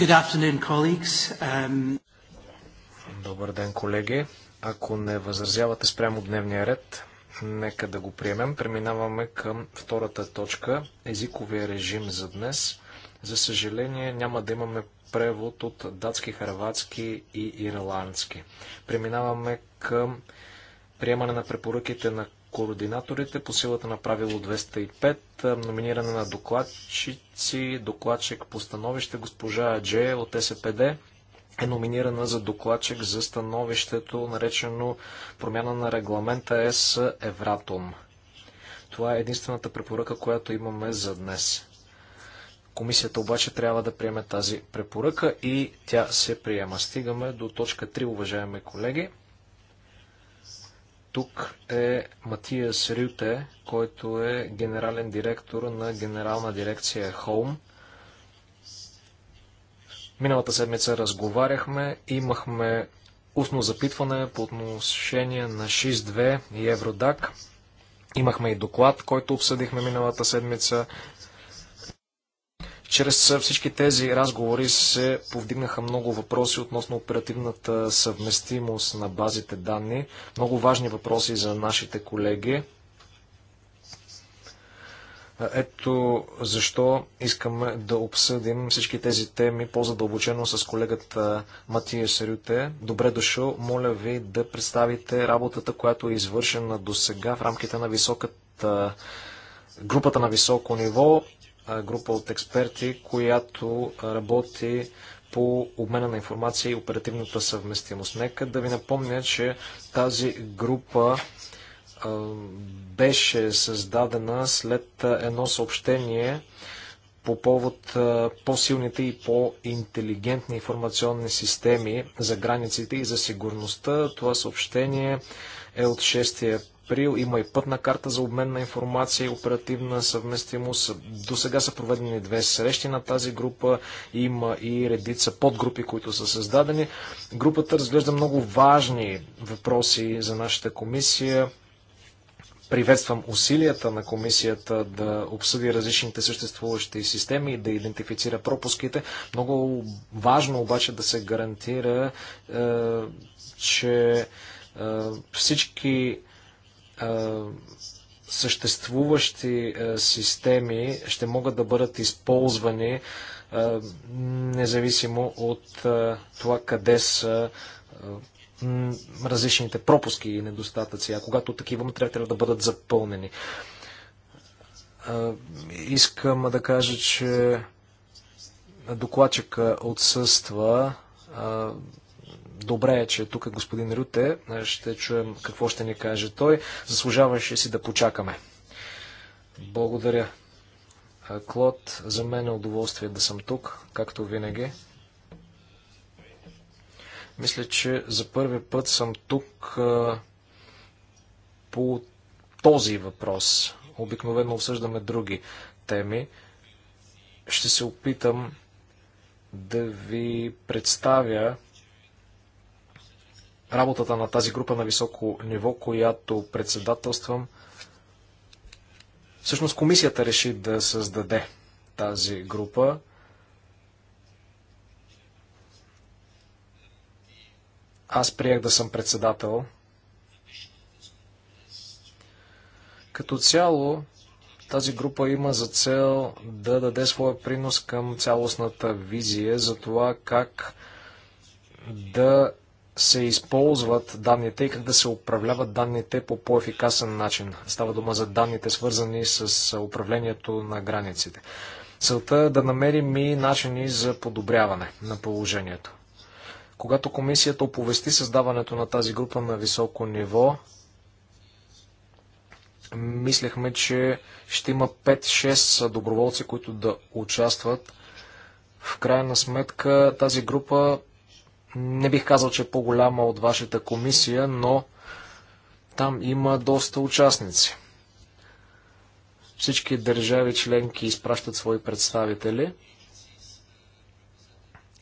Um... Добър ден, колеги. Ако не възразявате спрямо дневния ред, нека да го приемем. Преминаваме към втората точка езиковия режим за днес. За съжаление, няма да имаме превод от датски, харватски и ирландски. Преминаваме към приемане на препоръките на координаторите по силата на правило 205, номиниране на докладчици, докладчик по становище госпожа Адже от СПД е номинирана за докладчик за становището, наречено промяна на регламента ЕС Евратом. Това е единствената препоръка, която имаме за днес. Комисията обаче трябва да приеме тази препоръка и тя се приема. Стигаме до точка 3, уважаеми колеги тук е Матиас Рюте, който е генерален директор на генерална дирекция Home. Миналата седмица разговаряхме, имахме устно запитване по отношение на 6.2 и Евродак. Имахме и доклад, който обсъдихме миналата седмица. Чрез всички тези разговори се повдигнаха много въпроси относно оперативната съвместимост на базите данни. Много важни въпроси за нашите колеги. Ето защо искаме да обсъдим всички тези теми по-задълбочено с колегата Матия Сарюте. Добре дошъл, моля ви да представите работата, която е извършена до сега в рамките на високата групата на високо ниво група от експерти, която работи по обмена на информация и оперативната съвместимост. Нека да ви напомня, че тази група беше създадена след едно съобщение по повод по-силните и по-интелигентни информационни системи за границите и за сигурността. Това съобщение е от 6 април. Има и пътна карта за обмен на информация и оперативна съвместимост. До сега са проведени две срещи на тази група. Има и редица подгрупи, които са създадени. Групата разглежда много важни въпроси за нашата комисия. Приветствам усилията на комисията да обсъди различните съществуващи системи и да идентифицира пропуските. Много важно обаче да се гарантира, е, че е, всички съществуващи системи ще могат да бъдат използвани независимо от това къде са различните пропуски и недостатъци, а когато такива трябва да бъдат запълнени. Искам да кажа, че докладчика отсъства. Добре е, че тук господин Рюте. Е, ще чуем какво ще ни каже той. Заслужаваше си да почакаме. Благодаря. Клод, за мен е удоволствие да съм тук, както винаги. Мисля, че за първи път съм тук по този въпрос. Обикновено обсъждаме други теми. Ще се опитам да ви представя работата на тази група на високо ниво, която председателствам. Всъщност комисията реши да създаде тази група. Аз приех да съм председател. Като цяло, тази група има за цел да даде своя принос към цялостната визия за това как да се използват данните и как да се управляват данните по по-ефикасен начин. Става дума за данните, свързани с управлението на границите. Целта е да намерим и начини за подобряване на положението. Когато комисията оповести създаването на тази група на високо ниво, мислехме, че ще има 5-6 доброволци, които да участват. В крайна сметка тази група не бих казал, че е по-голяма от вашата комисия, но там има доста участници. Всички държави членки изпращат свои представители.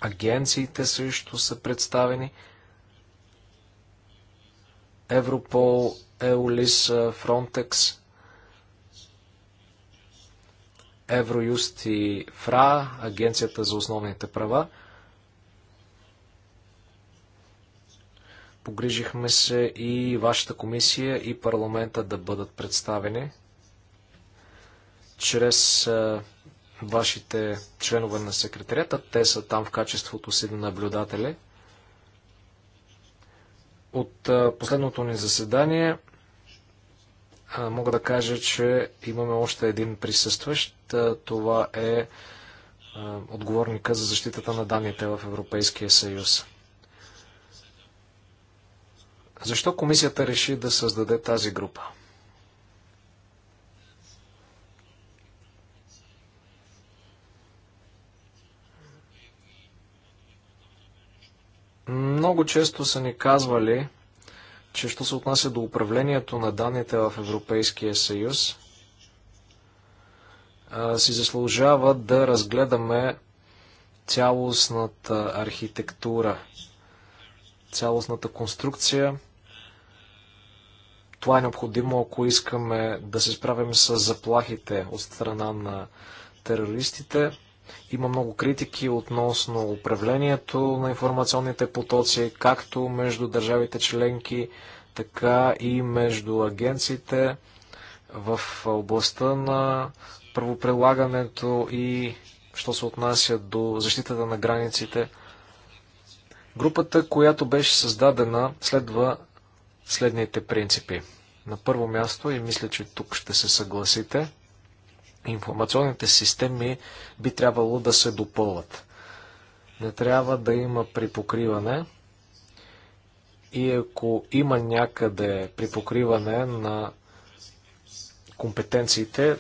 Агенциите също са представени. Европол, Еолис, Фронтекс, Евроюст и ФРА, Агенцията за основните права – Погрижихме се и вашата комисия и парламента да бъдат представени чрез вашите членове на секретарията. Те са там в качеството си на наблюдатели. От последното ни заседание мога да кажа, че имаме още един присъстващ. Това е отговорника за защитата на данните в Европейския съюз. Защо комисията реши да създаде тази група? Много често са ни казвали, че що се отнася до управлението на данните в Европейския съюз, си заслужава да разгледаме цялостната архитектура, цялостната конструкция това е необходимо, ако искаме да се справим с заплахите от страна на терористите. Има много критики относно управлението на информационните потоци, както между държавите членки, така и между агенциите в областта на правоприлагането и що се отнася до защитата на границите. Групата, която беше създадена, следва следните принципи. На първо място, и мисля, че тук ще се съгласите, информационните системи би трябвало да се допълват. Не трябва да има припокриване и ако има някъде припокриване на компетенциите,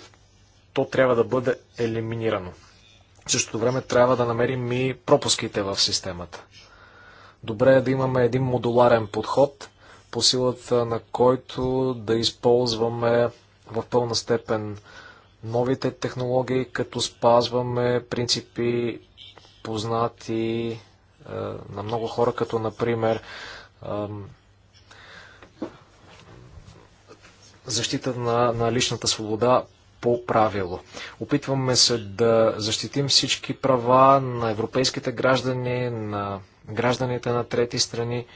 то трябва да бъде елиминирано. В същото време трябва да намерим и пропуските в системата. Добре е да имаме един модуларен подход – по силата на който да използваме в пълна степен новите технологии, като спазваме принципи познати е, на много хора, като например е, защита на, на личната свобода по правило. Опитваме се да защитим всички права на европейските граждани, на гражданите на трети страни.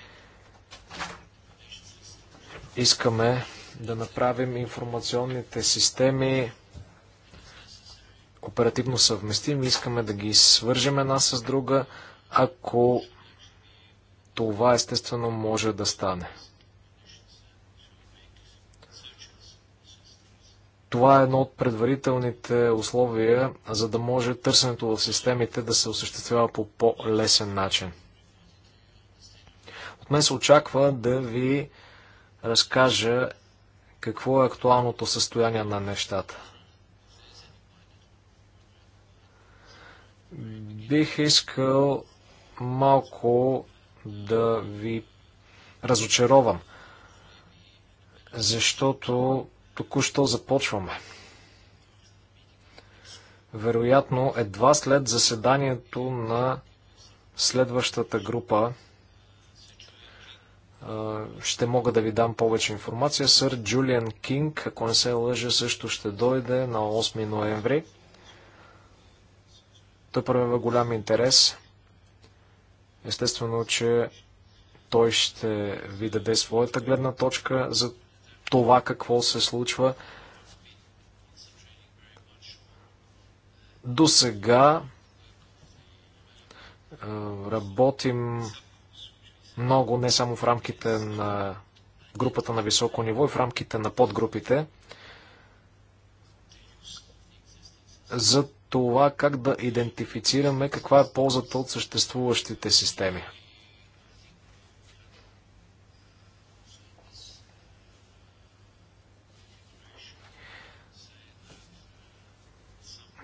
Искаме да направим информационните системи оперативно съвместими, искаме да ги свържем една с друга, ако това естествено може да стане. Това е едно от предварителните условия, за да може търсенето в системите да се осъществява по по-лесен начин. От мен се очаква да ви разкажа какво е актуалното състояние на нещата. Бих искал малко да ви разочаровам, защото току-що започваме. Вероятно, едва след заседанието на следващата група ще мога да ви дам повече информация. Сър Джулиан Кинг, ако не се лъжа, също ще дойде на 8 ноември. Той проявява голям интерес. Естествено, че той ще ви даде своята гледна точка за това какво се случва. До сега работим много, не само в рамките на групата на високо ниво и в рамките на подгрупите, за това как да идентифицираме каква е ползата от съществуващите системи.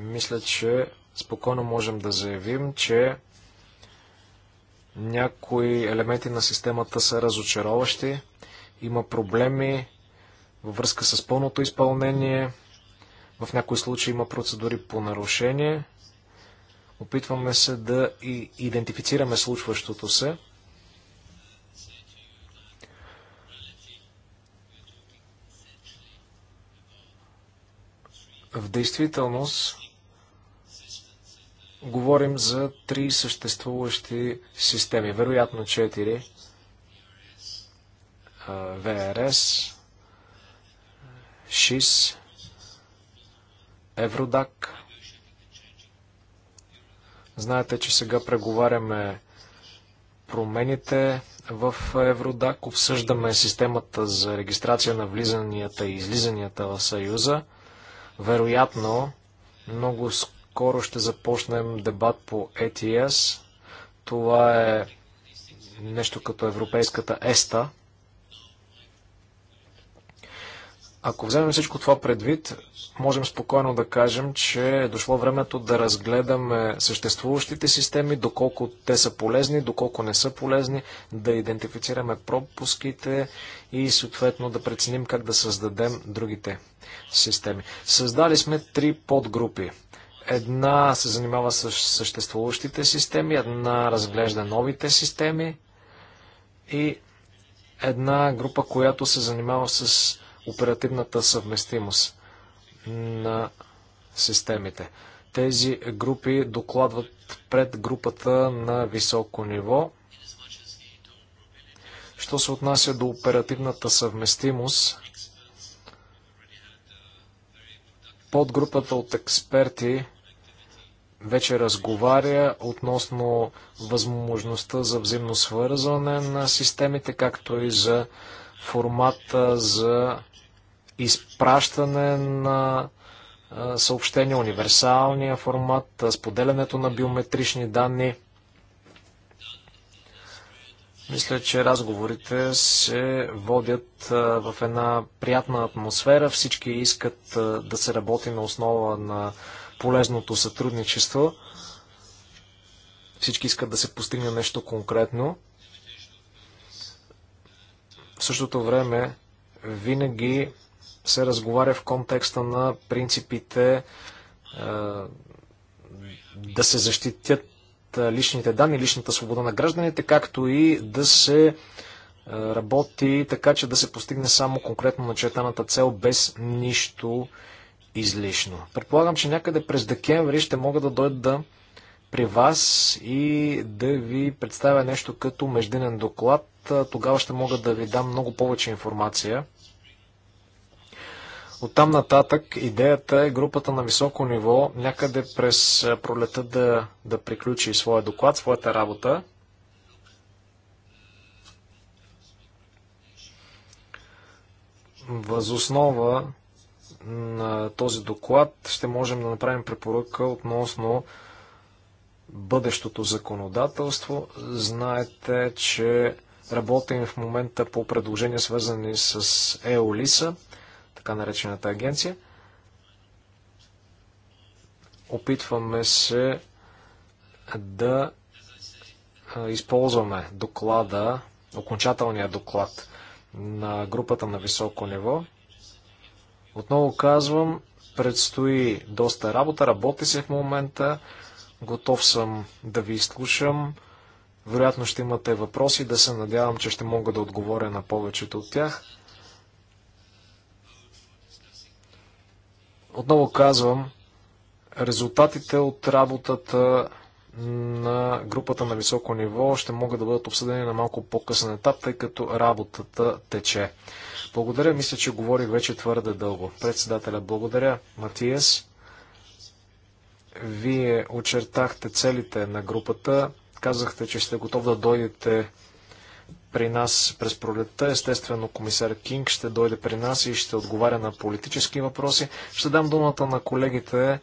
Мисля, че спокойно можем да заявим, че някои елементи на системата са разочароващи. Има проблеми във връзка с пълното изпълнение. В някои случаи има процедури по нарушение. Опитваме се да идентифицираме случващото се. В действителност Говорим за три съществуващи системи, вероятно четири. ВРС, ШИС, Евродак. Знаете, че сега преговаряме промените в Евродак, обсъждаме системата за регистрация на влизанията и излизанията в Съюза. Вероятно, много скоро скоро ще започнем дебат по ETS. Е това е нещо като европейската ЕСТА. Ако вземем всичко това предвид, можем спокойно да кажем, че е дошло времето да разгледаме съществуващите системи, доколко те са полезни, доколко не са полезни, да идентифицираме пропуските и съответно да преценим как да създадем другите системи. Създали сме три подгрупи Една се занимава с съществуващите системи, една разглежда новите системи и една група, която се занимава с оперативната съвместимост на системите. Тези групи докладват пред групата на високо ниво. Що се отнася до оперативната съвместимост, подгрупата от експерти вече разговаря относно възможността за взаимно свързване на системите, както и за формата за изпращане на съобщения, универсалния формат, споделянето на биометрични данни. Мисля, че разговорите се водят в една приятна атмосфера. Всички искат да се работи на основа на полезното сътрудничество. Всички искат да се постигне нещо конкретно. В същото време винаги се разговаря в контекста на принципите е, да се защитят е, личните данни, личната свобода на гражданите, както и да се е, работи така, че да се постигне само конкретно начертаната цел без нищо излишно. Предполагам, че някъде през декември ще мога да дойда да при вас и да ви представя нещо като междинен доклад. Тогава ще мога да ви дам много повече информация. От там нататък идеята е групата на високо ниво някъде през пролета да, да приключи своя доклад, своята работа. Възоснова на този доклад ще можем да направим препоръка относно бъдещото законодателство. Знаете, че работим в момента по предложения, свързани с ЕОЛИСА, така наречената агенция. Опитваме се да използваме доклада, окончателния доклад на групата на високо ниво. Отново казвам, предстои доста работа, работи се в момента, готов съм да ви изслушам. Вероятно ще имате въпроси, да се надявам, че ще мога да отговоря на повечето от тях. Отново казвам, резултатите от работата на групата на високо ниво ще могат да бъдат обсъдени на малко по-късен етап, тъй като работата тече. Благодаря, мисля, че говорих вече твърде дълго. Председателя, благодаря. Матиас, вие очертахте целите на групата. Казахте, че сте готов да дойдете при нас през пролетта. Естествено, комисар Кинг ще дойде при нас и ще отговаря на политически въпроси. Ще дам думата на колегите,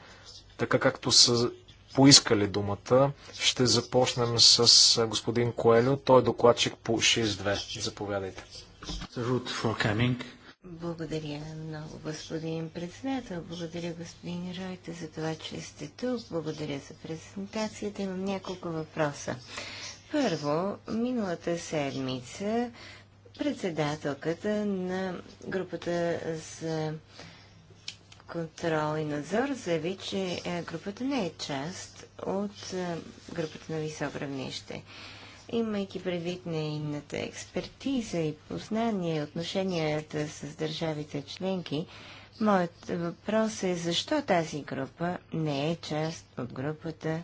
така както са поискали думата. Ще започнем с господин Коелю. Той е докладчик по 6.2. Заповядайте. Благодаря много, господин председател. Благодаря, господин Ройте за това, че сте тук. Благодаря за презентацията. Имам няколко въпроса. Първо, миналата седмица председателката на групата за контрол и надзор заяви, че е, групата не е част от е, групата на високо равнище имайки предвид нейната експертиза и познание и отношенията с държавите членки, моят въпрос е защо тази група не е част от групата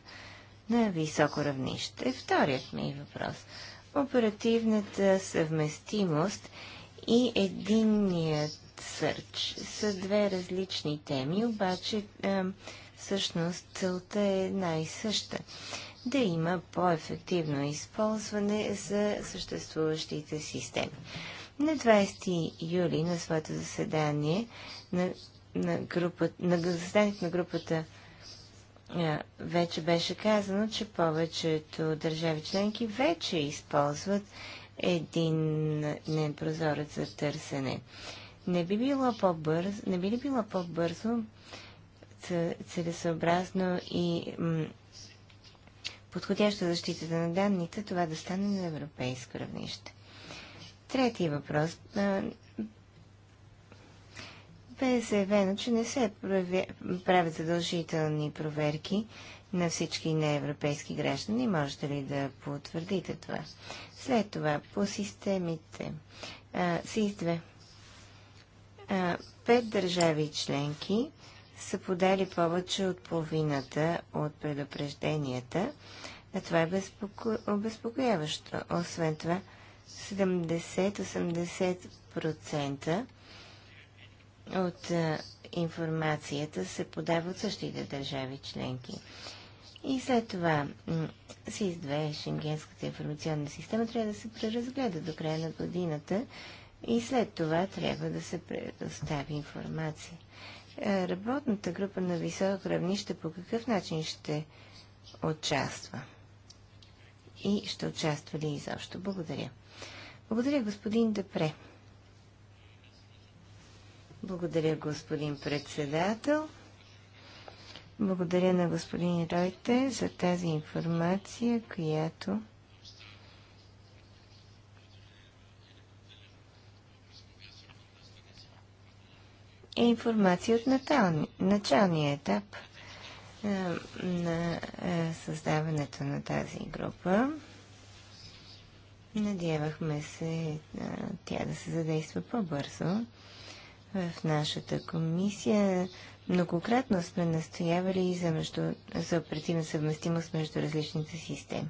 на високо равнище. Вторият ми въпрос. Оперативната съвместимост и единният сърч са две различни теми, обаче е, всъщност целта е една и съща да има по-ефективно използване за съществуващите системи. На 20 юли на своето заседание на, на, група, на заседанието на групата вече беше казано, че повечето държави членки вече използват един прозорец за търсене. Не би било по-бързо, не би ли било по-бързо целесъобразно и подходяща защита на данните, това да стане на европейско равнище. Трети въпрос. Бе заявено, че не се правят задължителни проверки на всички неевропейски граждани. Можете ли да потвърдите това? След това, по системите. СИС-2. Пет държави членки са подали повече от половината от предупрежденията а е, това е безпоко... обезпокояващо. Освен това, 70-80% от а, информацията се подава от същите държави членки. И след това СИС-2, Шенгенската информационна система, трябва да се преразгледа до края на годината и след това трябва да се предостави информация. Е, работната група на високо равнище по какъв начин ще участва? и ще участва ли изобщо. Благодаря. Благодаря, господин Депре. Благодаря, господин председател. Благодаря на господин Ройте за тази информация, която е информация от началния етап – е, на е, създаването на тази група. Надявахме се е, тя да се задейства по-бързо. В нашата комисия многократно сме настоявали за, между, за оперативна съвместимост между различните системи.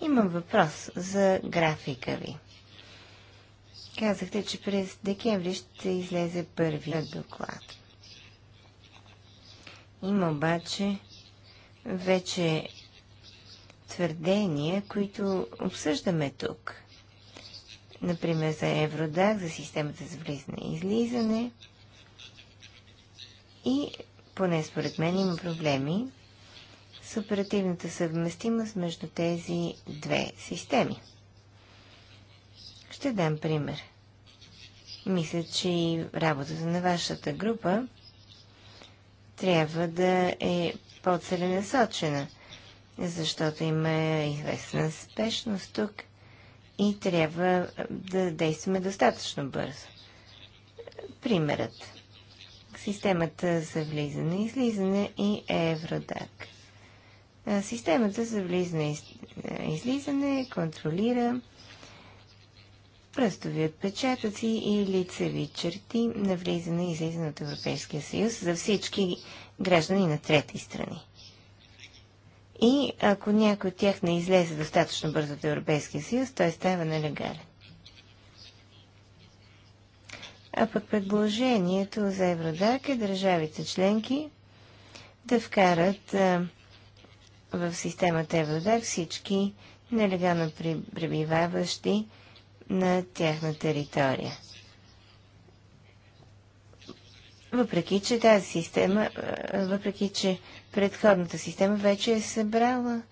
Имам въпрос за графика ви. Казахте, че през декември ще излезе първият доклад. Има обаче вече твърдения, които обсъждаме тук. Например, за Евродак, за системата за влизане и излизане. И, поне според мен, има проблеми с оперативната съвместимост между тези две системи. Ще дам пример. Мисля, че и работата на вашата група – трябва да е по-целенасочена, защото има известна спешност тук и трябва да действаме достатъчно бързо. Примерът. Системата за влизане и излизане и Евродак. Системата за влизане и излизане контролира пръстови отпечатъци и лицеви черти на влизане и излизане от Европейския съюз за всички граждани на трети страни. И ако някой от тях не излезе достатъчно бързо от Европейския съюз, той става нелегален. А под предложението за Евродак е държавите членки да вкарат а, в системата Евродак всички нелегално пребиваващи на тяхна територия. Въпреки, че тази система, въпреки, че предходната система вече е събрала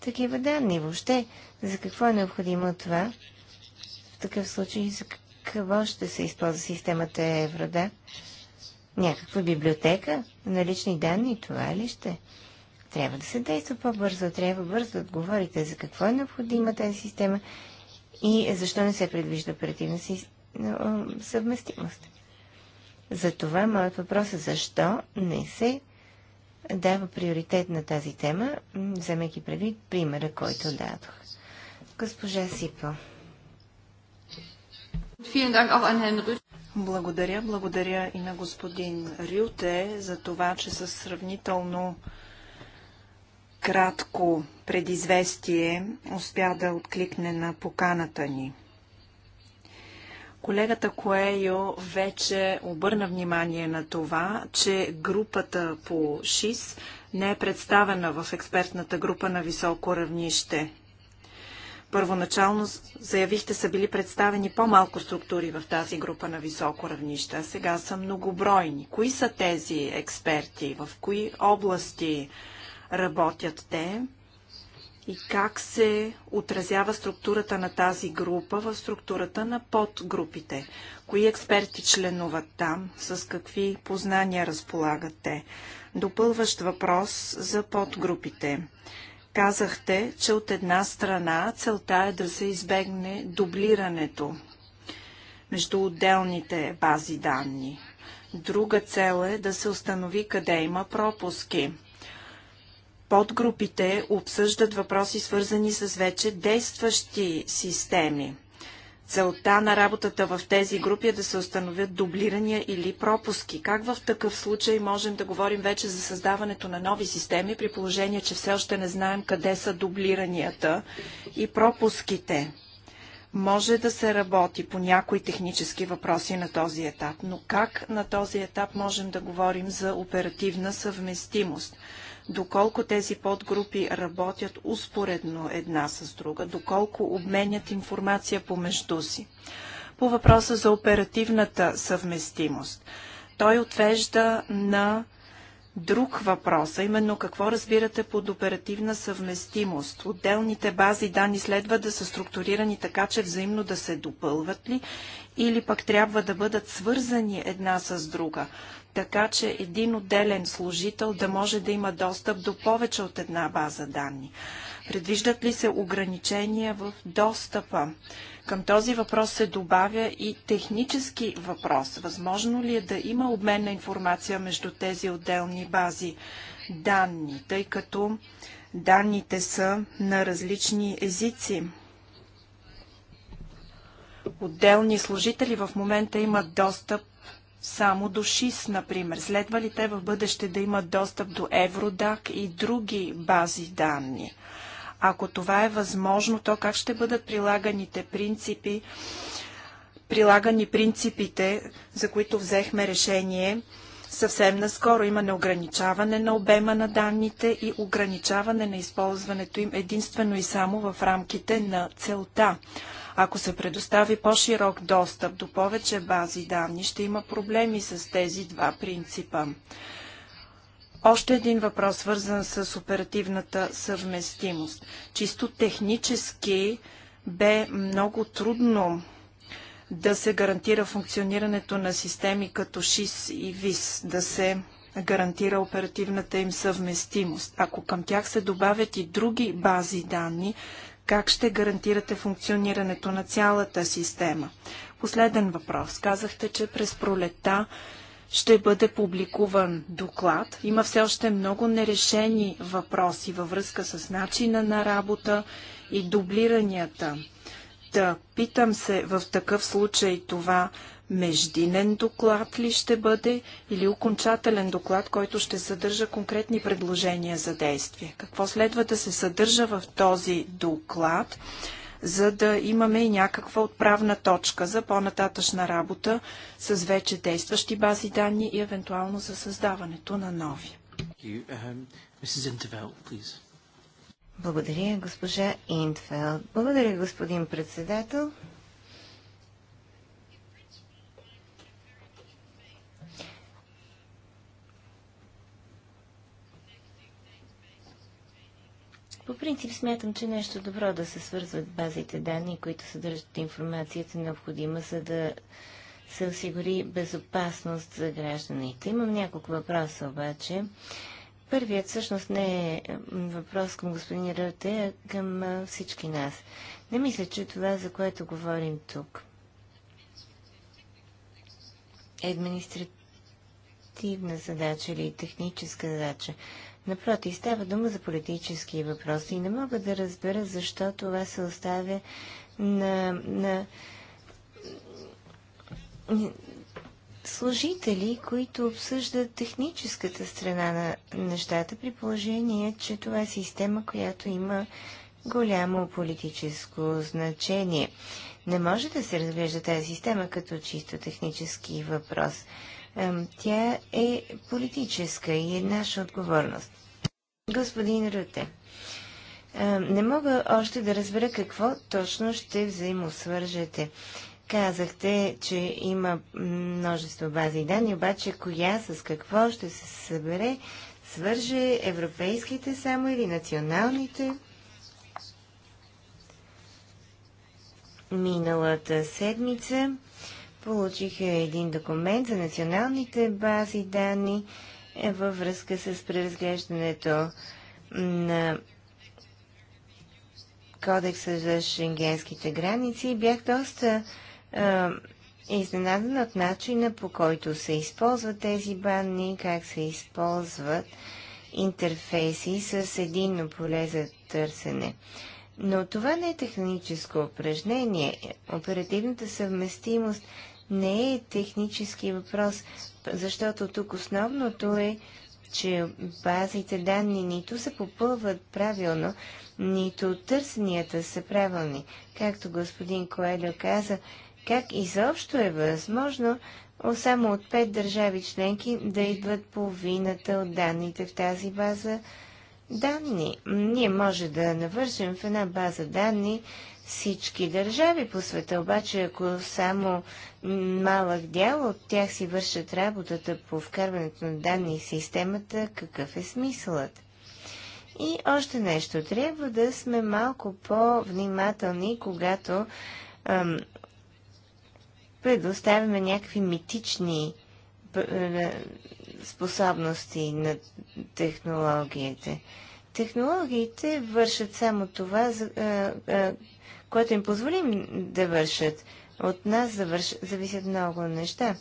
такива данни. Въобще, за какво е необходимо това? В такъв случай, за какво ще се използва системата Еврода? Някаква библиотека на лични данни, това ли ще? Трябва да се действа по-бързо, трябва бързо да отговорите за какво е необходима тази система и защо не се предвижда оперативна си съвместимост. Затова моят въпрос е защо не се дава приоритет на тази тема, вземайки предвид примера, който дадох. Госпожа Сипа. Благодаря, благодаря и на господин Рюте за това, че със сравнително кратко предизвестие успя да откликне на поканата ни. Колегата Коейо вече обърна внимание на това, че групата по ШИС не е представена в експертната група на високо равнище. Първоначално заявихте са били представени по-малко структури в тази група на високо равнище, а сега са многобройни. Кои са тези експерти? В кои области? работят те и как се отразява структурата на тази група в структурата на подгрупите. Кои експерти членуват там, с какви познания разполагат те. Допълващ въпрос за подгрупите. Казахте, че от една страна целта е да се избегне дублирането между отделните бази данни. Друга цел е да се установи къде има пропуски – подгрупите обсъждат въпроси свързани с вече действащи системи. Целта на работата в тези групи е да се установят дублирания или пропуски. Как в такъв случай можем да говорим вече за създаването на нови системи, при положение, че все още не знаем къде са дублиранията и пропуските? Може да се работи по някои технически въпроси на този етап, но как на този етап можем да говорим за оперативна съвместимост? доколко тези подгрупи работят успоредно една с друга, доколко обменят информация помежду си. По въпроса за оперативната съвместимост, той отвежда на друг въпрос, а именно какво разбирате под оперативна съвместимост? Отделните бази данни следва да са структурирани така, че взаимно да се допълват ли или пък трябва да бъдат свързани една с друга? така че един отделен служител да може да има достъп до повече от една база данни? Предвиждат ли се ограничения в достъпа? Към този въпрос се добавя и технически въпрос. Възможно ли е да има обмен на информация между тези отделни бази данни, тъй като данните са на различни езици? Отделни служители в момента имат достъп само до ШИС, например? Следва ли те в бъдеще да имат достъп до Евродак и други бази данни? Ако това е възможно, то как ще бъдат прилаганите принципи, прилагани принципите, за които взехме решение съвсем наскоро? Има неограничаване на обема на данните и ограничаване на използването им единствено и само в рамките на целта. Ако се предостави по-широк достъп до повече бази данни, ще има проблеми с тези два принципа. Още един въпрос, свързан с оперативната съвместимост. Чисто технически бе много трудно да се гарантира функционирането на системи като ШИС и ВИС, да се гарантира оперативната им съвместимост. Ако към тях се добавят и други бази данни, как ще гарантирате функционирането на цялата система? Последен въпрос. Казахте, че през пролета ще бъде публикуван доклад. Има все още много нерешени въпроси във връзка с начина на работа и дублиранията. Да, питам се в такъв случай това междинен доклад ли ще бъде или окончателен доклад, който ще съдържа конкретни предложения за действие? Какво следва да се съдържа в този доклад, за да имаме и някаква отправна точка за по-нататъчна работа с вече действащи бази данни и евентуално за създаването на нови? Um, Благодаря, госпожа Интфелд. Благодаря, господин председател. По принцип смятам, че нещо добро да се свързват базите данни, които съдържат информацията необходима, за да се осигури безопасност за гражданите. Имам няколко въпроса обаче. Първият всъщност не е въпрос към господин Ръте, а към всички нас. Не мисля, че това, за което говорим тук, е административна задача или техническа задача. Напротив, става дума за политически въпроси и не мога да разбера защо това се оставя на, на служители, които обсъждат техническата страна на нещата, при положение, че това е система, която има голямо политическо значение. Не може да се разглежда тази система като чисто технически въпрос. Тя е политическа и е наша отговорност. Господин Руте, не мога още да разбера какво точно ще взаимосвържете. Казахте, че има множество бази данни, обаче коя с какво ще се събере, свърже европейските само или националните? Миналата седмица получих един документ за националните бази данни е, във връзка с преразглеждането на кодекса за шенгенските граници и бях доста а, от начина по който се използват тези банни, как се използват интерфейси с единно поле за търсене. Но това не е техническо упражнение. Оперативната съвместимост не е технически въпрос, защото тук основното е, че базите данни нито се попълват правилно, нито търсенията са правилни. Както господин Коелю каза, как изобщо е възможно само от пет държави членки да идват половината от данните в тази база данни. Ние може да навършим в една база данни всички държави по света. Обаче, ако само малък дял от тях си вършат работата по вкарването на данни и системата, какъв е смисълът? И още нещо. Трябва да сме малко по-внимателни, когато ам, предоставяме някакви митични е, е, способности на технологиите. Технологиите вършат само това, за, а, е, а, което им позволим да вършат. От нас завърш... зависят много неща.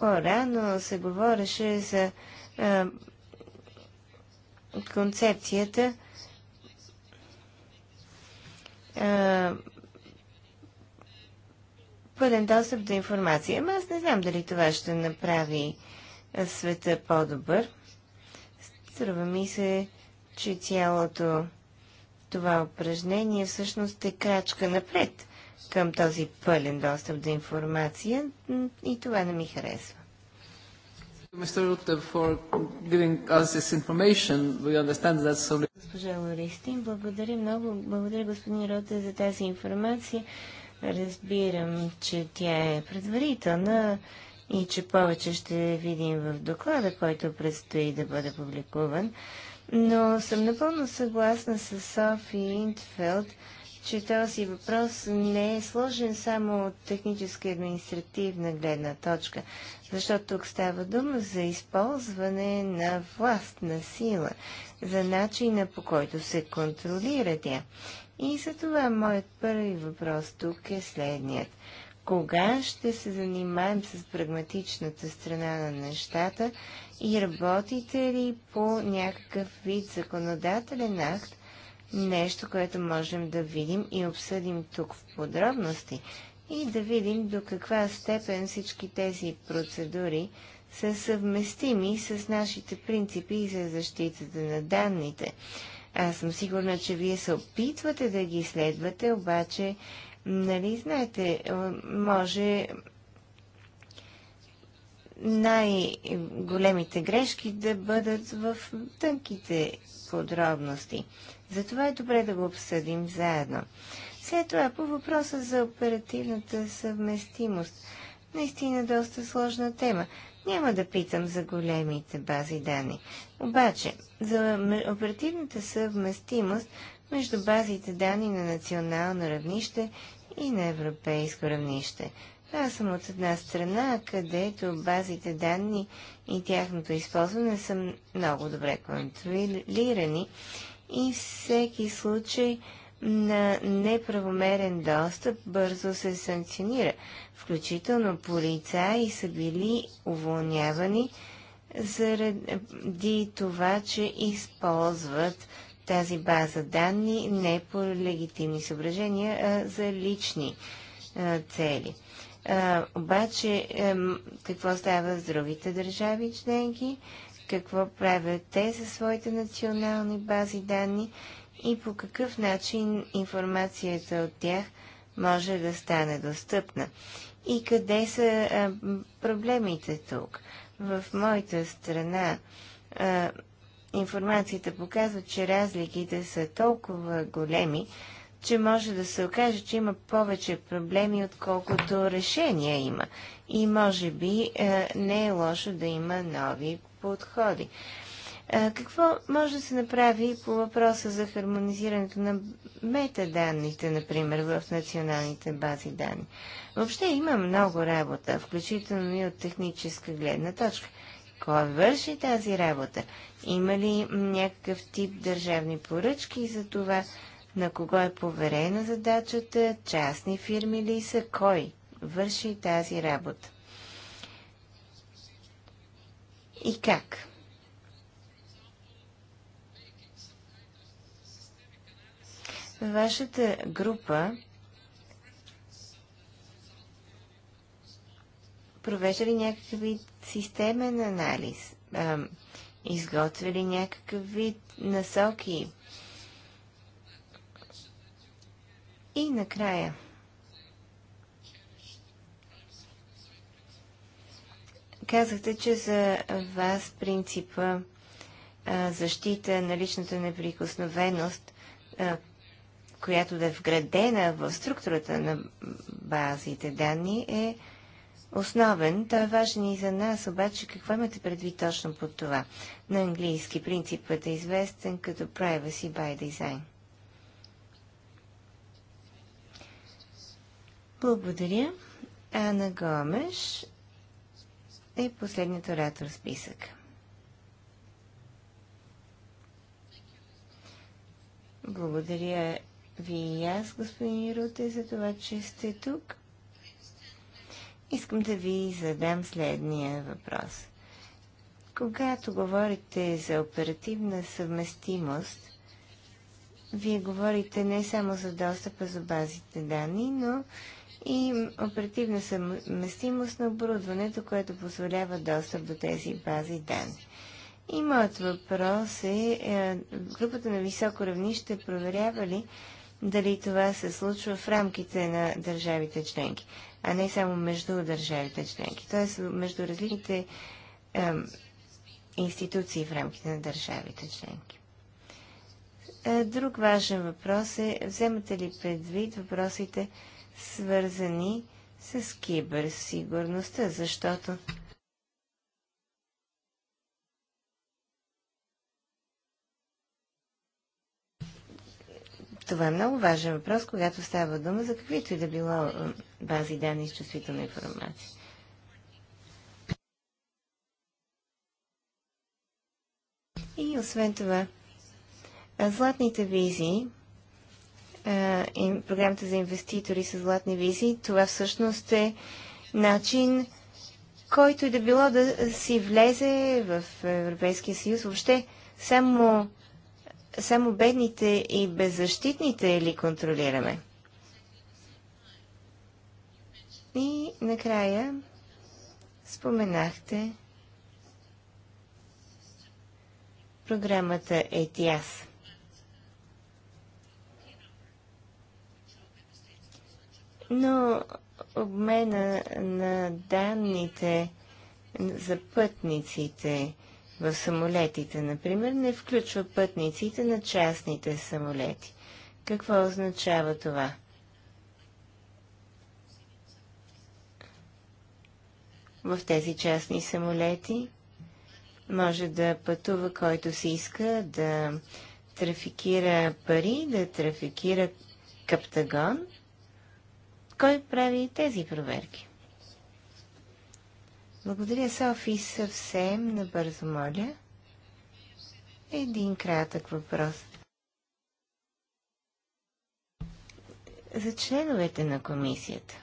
По-рано се говореше за концепцията пълен достъп до информация. Ама аз не знам дали това ще направи света по-добър. Струва ми се, че цялото това упражнение всъщност е крачка напред към този пълен достъп до информация и това не ми харесва. Госпожа Лористин, благодаря много. Благодаря господин Рота за тази информация. Разбирам, че тя е предварителна и че повече ще видим в доклада, който предстои да бъде публикуван. Но съм напълно съгласна с Софи Интфелд, че този въпрос не е сложен само от техническа и административна гледна точка, защото тук става дума за използване на власт, на сила, за начина по който се контролира тя. И за това моят първи въпрос тук е следният кога ще се занимаем с прагматичната страна на нещата и работите ли по някакъв вид законодателен акт, нещо, което можем да видим и обсъдим тук в подробности и да видим до каква степен всички тези процедури са съвместими с нашите принципи за защитата на данните. Аз съм сигурна, че вие се опитвате да ги следвате, обаче Нали знаете, може най-големите грешки да бъдат в тънките подробности. Затова е добре да го обсъдим заедно. След това по въпроса за оперативната съвместимост. Наистина доста сложна тема. Няма да питам за големите бази данни. Обаче, за оперативната съвместимост между базите данни на национално равнище и на европейско равнище. Аз съм от една страна, където базите данни и тяхното използване са много добре контролирани и всеки случай на неправомерен достъп бързо се санкционира. Включително полицаи са били уволнявани заради това, че използват тази база данни не по легитимни съображения, а за лични а, цели. А, обаче, какво става с другите държави членки? Какво правят те за своите национални бази данни и по какъв начин информацията от тях може да стане достъпна? И къде са проблемите тук? В моята страна информацията показва, че разликите са толкова големи, че може да се окаже, че има повече проблеми, отколкото решения има. И може би е, не е лошо да има нови подходи. Е, какво може да се направи по въпроса за хармонизирането на метаданните, например, в националните бази данни? Въобще има много работа, включително и от техническа гледна точка. Кой върши тази работа? Има ли някакъв тип държавни поръчки за това? На кого е поверена задачата? Частни фирми ли са? Кой върши тази работа? И как? Вашата група провежда ли някакви системен анализ? Изготвя ли някакъв вид насоки? И накрая. Казахте, че за вас принципа а, защита на личната неприкосновеност, а, която да е вградена в структурата на базите данни, е основен. Той е важен и за нас, обаче какво имате предвид точно под това? На английски принципът е известен като privacy by design. Благодаря. Ана Гомеш е последният оратор в Благодаря ви и аз, господин Руте, за това, че сте тук. Искам да ви задам следния въпрос. Когато говорите за оперативна съвместимост, вие говорите не само за достъпа за базите данни, но и оперативна съвместимост на оборудването, което позволява достъп до тези бази данни. И моят въпрос е, е групата на високо равнище проверява ли дали това се случва в рамките на държавите членки, а не само между държавите членки, т.е. между различните е, институции в рамките на държавите членки. Е, друг важен въпрос е, вземате ли предвид въпросите свързани с киберсигурността, защото Това е много важен въпрос, когато става дума за каквито и да било бази данни с чувствителна информация. И освен това, златните визи, програмата за инвеститори с златни визи, това всъщност е начин, който и да било да си влезе в Европейския съюз. Въобще, само само бедните и беззащитните ли контролираме? И накрая споменахте програмата ЕТИАС. Но обмена на данните за пътниците в самолетите, например, не включва пътниците на частните самолети. Какво означава това? В тези частни самолети може да пътува който си иска, да трафикира пари, да трафикира каптагон. Кой прави тези проверки? Благодаря, Софи. Съвсем набързо, моля. Един кратък въпрос. За членовете на комисията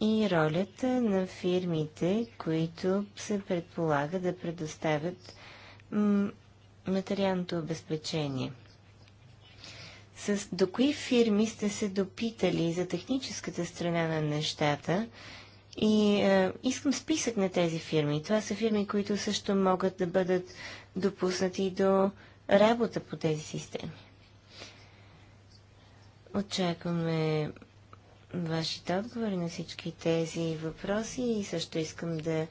и ролята на фирмите, които се предполага да предоставят материалното обезпечение. С до кои фирми сте се допитали за техническата страна на нещата и е, искам списък на тези фирми. Това са фирми, които също могат да бъдат допуснати до работа по тези системи. Очакваме вашите отговори на всички тези въпроси и също искам да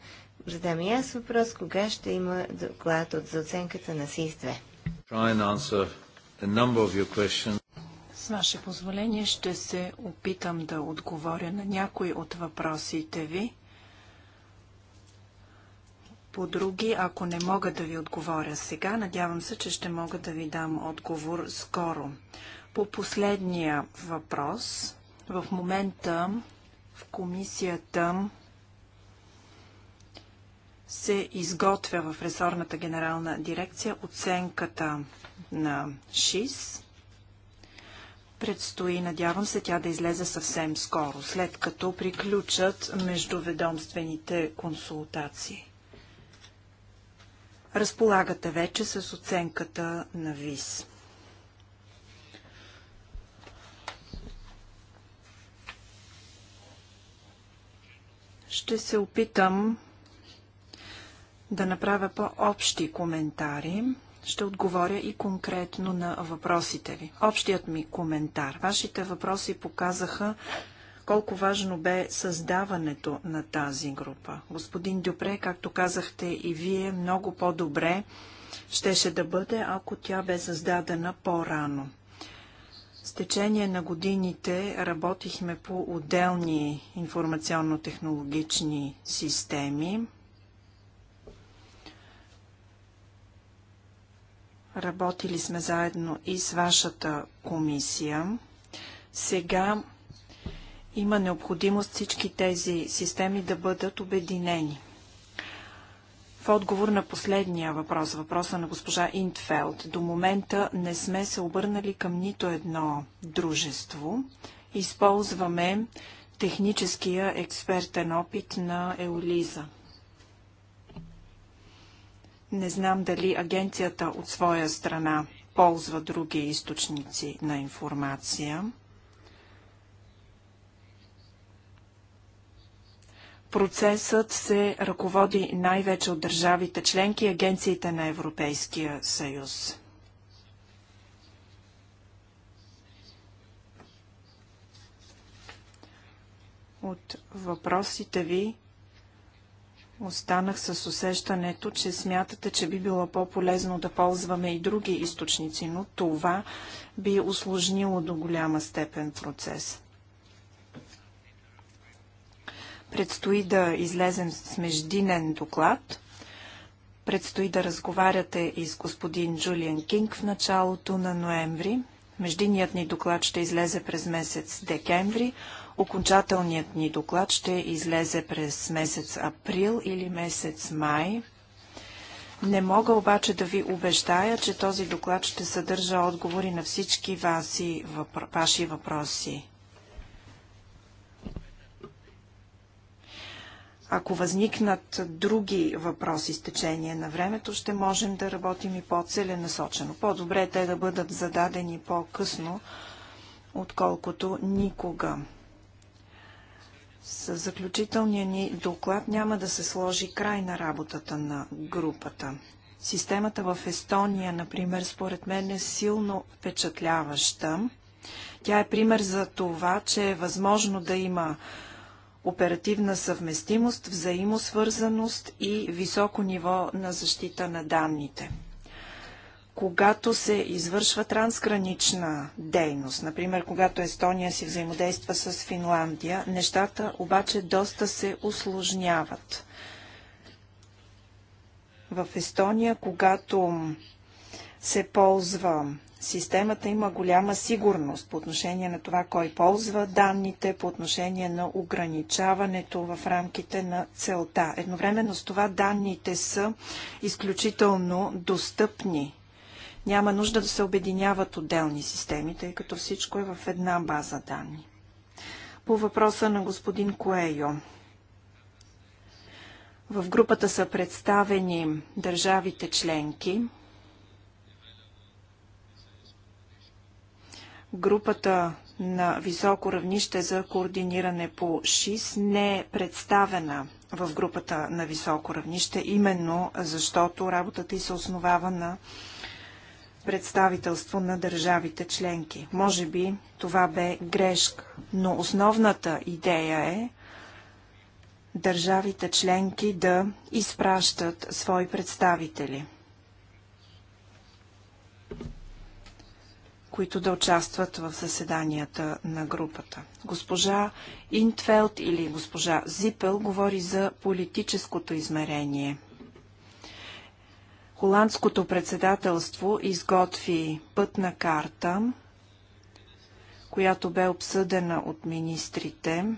задам и аз въпрос, кога ще има доклад от за оценката на СИС-2. С ваше позволение ще се опитам да отговоря на някои от въпросите ви. По други, ако не мога да ви отговоря сега, надявам се, че ще мога да ви дам отговор скоро. По последния въпрос, в момента в комисията се изготвя в ресорната генерална дирекция оценката на ШИС. Предстои, надявам се, тя да излезе съвсем скоро, след като приключат междуведомствените консултации. Разполагате вече с оценката на ВИС. Ще се опитам да направя по-общи коментари ще отговоря и конкретно на въпросите ви. Общият ми коментар. Вашите въпроси показаха колко важно бе създаването на тази група. Господин Дюпре, както казахте и вие, много по-добре щеше да бъде, ако тя бе създадена по-рано. С течение на годините работихме по отделни информационно-технологични системи. Работили сме заедно и с вашата комисия. Сега има необходимост всички тези системи да бъдат обединени. В отговор на последния въпрос, въпроса на госпожа Интфелд, до момента не сме се обърнали към нито едно дружество. Използваме техническия експертен опит на Еолиза. Не знам дали агенцията от своя страна ползва други източници на информация. Процесът се ръководи най-вече от държавите членки и агенциите на Европейския съюз. От въпросите ви Останах с усещането, че смятате, че би било по-полезно да ползваме и други източници, но това би осложнило до голяма степен процес. Предстои да излезем с междинен доклад. Предстои да разговаряте и с господин Джулиан Кинг в началото на ноември. Междиният ни доклад ще излезе през месец декември. Окончателният ни доклад ще излезе през месец април или месец май. Не мога обаче да ви убеждая, че този доклад ще съдържа отговори на всички ваши, ваши въпроси. Ако възникнат други въпроси с течение на времето, ще можем да работим и по-целенасочено. По-добре е те да бъдат зададени по-късно, отколкото никога. С заключителния ни доклад няма да се сложи край на работата на групата. Системата в Естония, например, според мен е силно впечатляваща. Тя е пример за това, че е възможно да има оперативна съвместимост, взаимосвързаност и високо ниво на защита на данните когато се извършва трансгранична дейност, например, когато Естония си взаимодейства с Финландия, нещата обаче доста се усложняват. В Естония, когато се ползва системата, има голяма сигурност по отношение на това, кой ползва данните, по отношение на ограничаването в рамките на целта. Едновременно с това данните са изключително достъпни няма нужда да се обединяват отделни системи, тъй като всичко е в една база данни. По въпроса на господин Коейо. В групата са представени държавите членки. Групата на високо равнище за координиране по ШИС не е представена в групата на високо равнище, именно защото работата й се основава на представителство на държавите членки. Може би това бе грешка, но основната идея е държавите членки да изпращат свои представители, които да участват в заседанията на групата. Госпожа Интфелд или госпожа Зипел говори за политическото измерение – Холандското председателство изготви пътна карта, която бе обсъдена от министрите.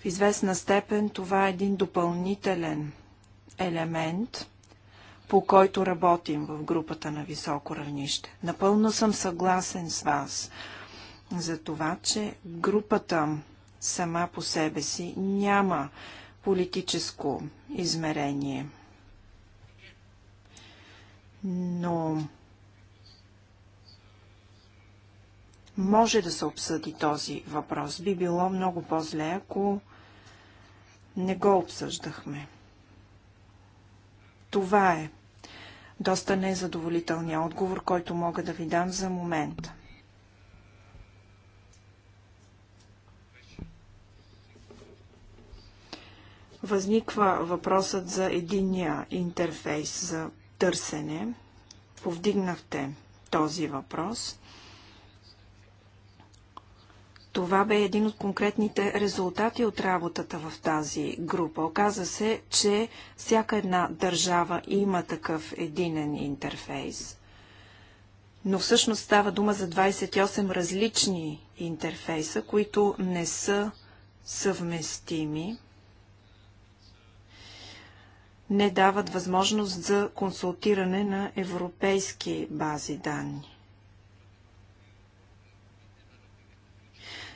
В известна степен това е един допълнителен елемент, по който работим в групата на високо равнище. Напълно съм съгласен с вас за това, че групата сама по себе си няма политическо измерение – но може да се обсъди този въпрос. Би било много по-зле, ако не го обсъждахме. Това е доста незадоволителният отговор, който мога да ви дам за момента. Възниква въпросът за единия интерфейс, за търсене. Повдигнахте този въпрос. Това бе един от конкретните резултати от работата в тази група. Оказа се, че всяка една държава има такъв единен интерфейс, но всъщност става дума за 28 различни интерфейса, които не са съвместими не дават възможност за консултиране на европейски бази данни.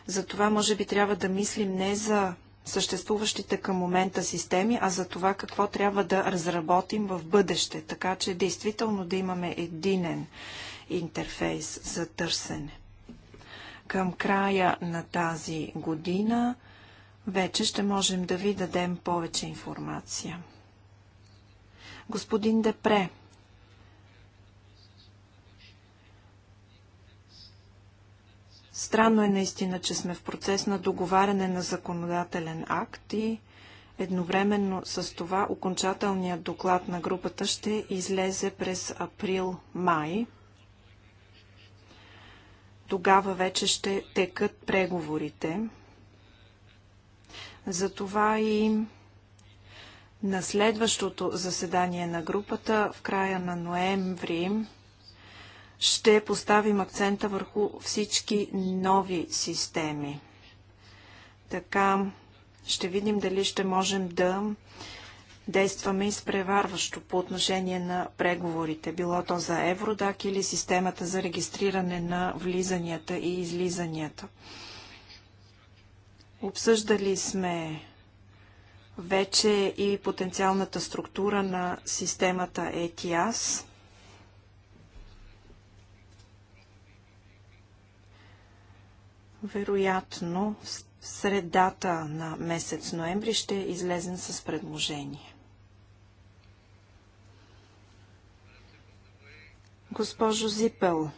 Затова може би трябва да мислим не за съществуващите към момента системи, а за това какво трябва да разработим в бъдеще, така че действително да имаме единен интерфейс за търсене. Към края на тази година вече ще можем да ви дадем повече информация. Господин Депре. Странно е наистина, че сме в процес на договаряне на законодателен акт и едновременно с това окончателният доклад на групата ще излезе през април-май. Тогава вече ще текат преговорите. Затова и на следващото заседание на групата в края на ноември ще поставим акцента върху всички нови системи. Така ще видим дали ще можем да действаме изпреварващо по отношение на преговорите, било то за Евродак или системата за регистриране на влизанията и излизанията. Обсъждали сме вече и потенциалната структура на системата ETIAS. Е Вероятно, в средата на месец ноември ще е излезем с предложение. Госпожо Зипел,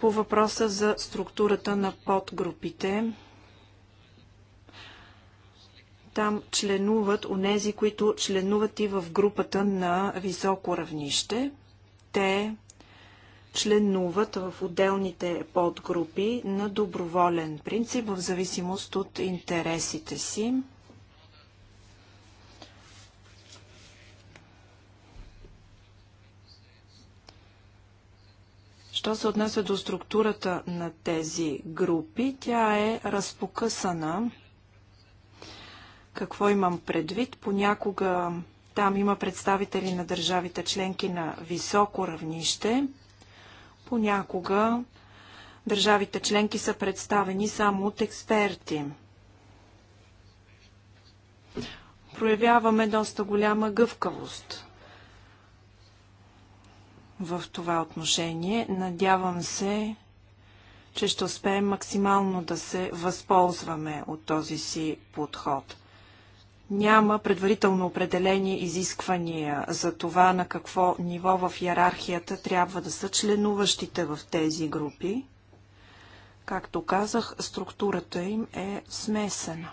по въпроса за структурата на подгрупите, там членуват онези, които членуват и в групата на високо равнище. Те членуват в отделните подгрупи на доброволен принцип в зависимост от интересите си. Що се отнася до структурата на тези групи, тя е разпокъсана какво имам предвид? Понякога там има представители на държавите членки на високо равнище. Понякога държавите членки са представени само от експерти. Проявяваме доста голяма гъвкавост в това отношение. Надявам се, че ще успеем максимално да се възползваме от този си подход няма предварително определени изисквания за това на какво ниво в иерархията трябва да са членуващите в тези групи. Както казах, структурата им е смесена.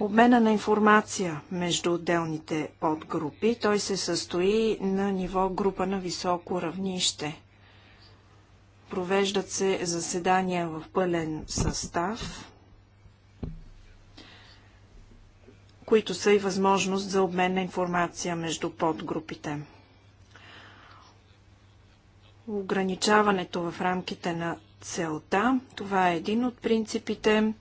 Обмена на информация между отделните подгрупи, той се състои на ниво група на високо равнище. Провеждат се заседания в пълен състав, които са и възможност за обмен на информация между подгрупите. Ограничаването в рамките на целта, това е един от принципите,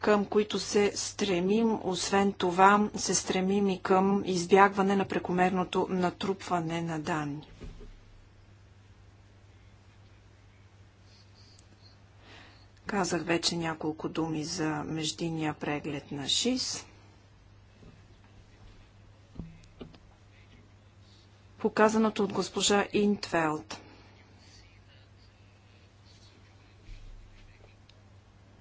към които се стремим. Освен това, се стремим и към избягване на прекомерното натрупване на данни. Казах вече няколко думи за междиния преглед на ШИС. показаното от госпожа Интвелт.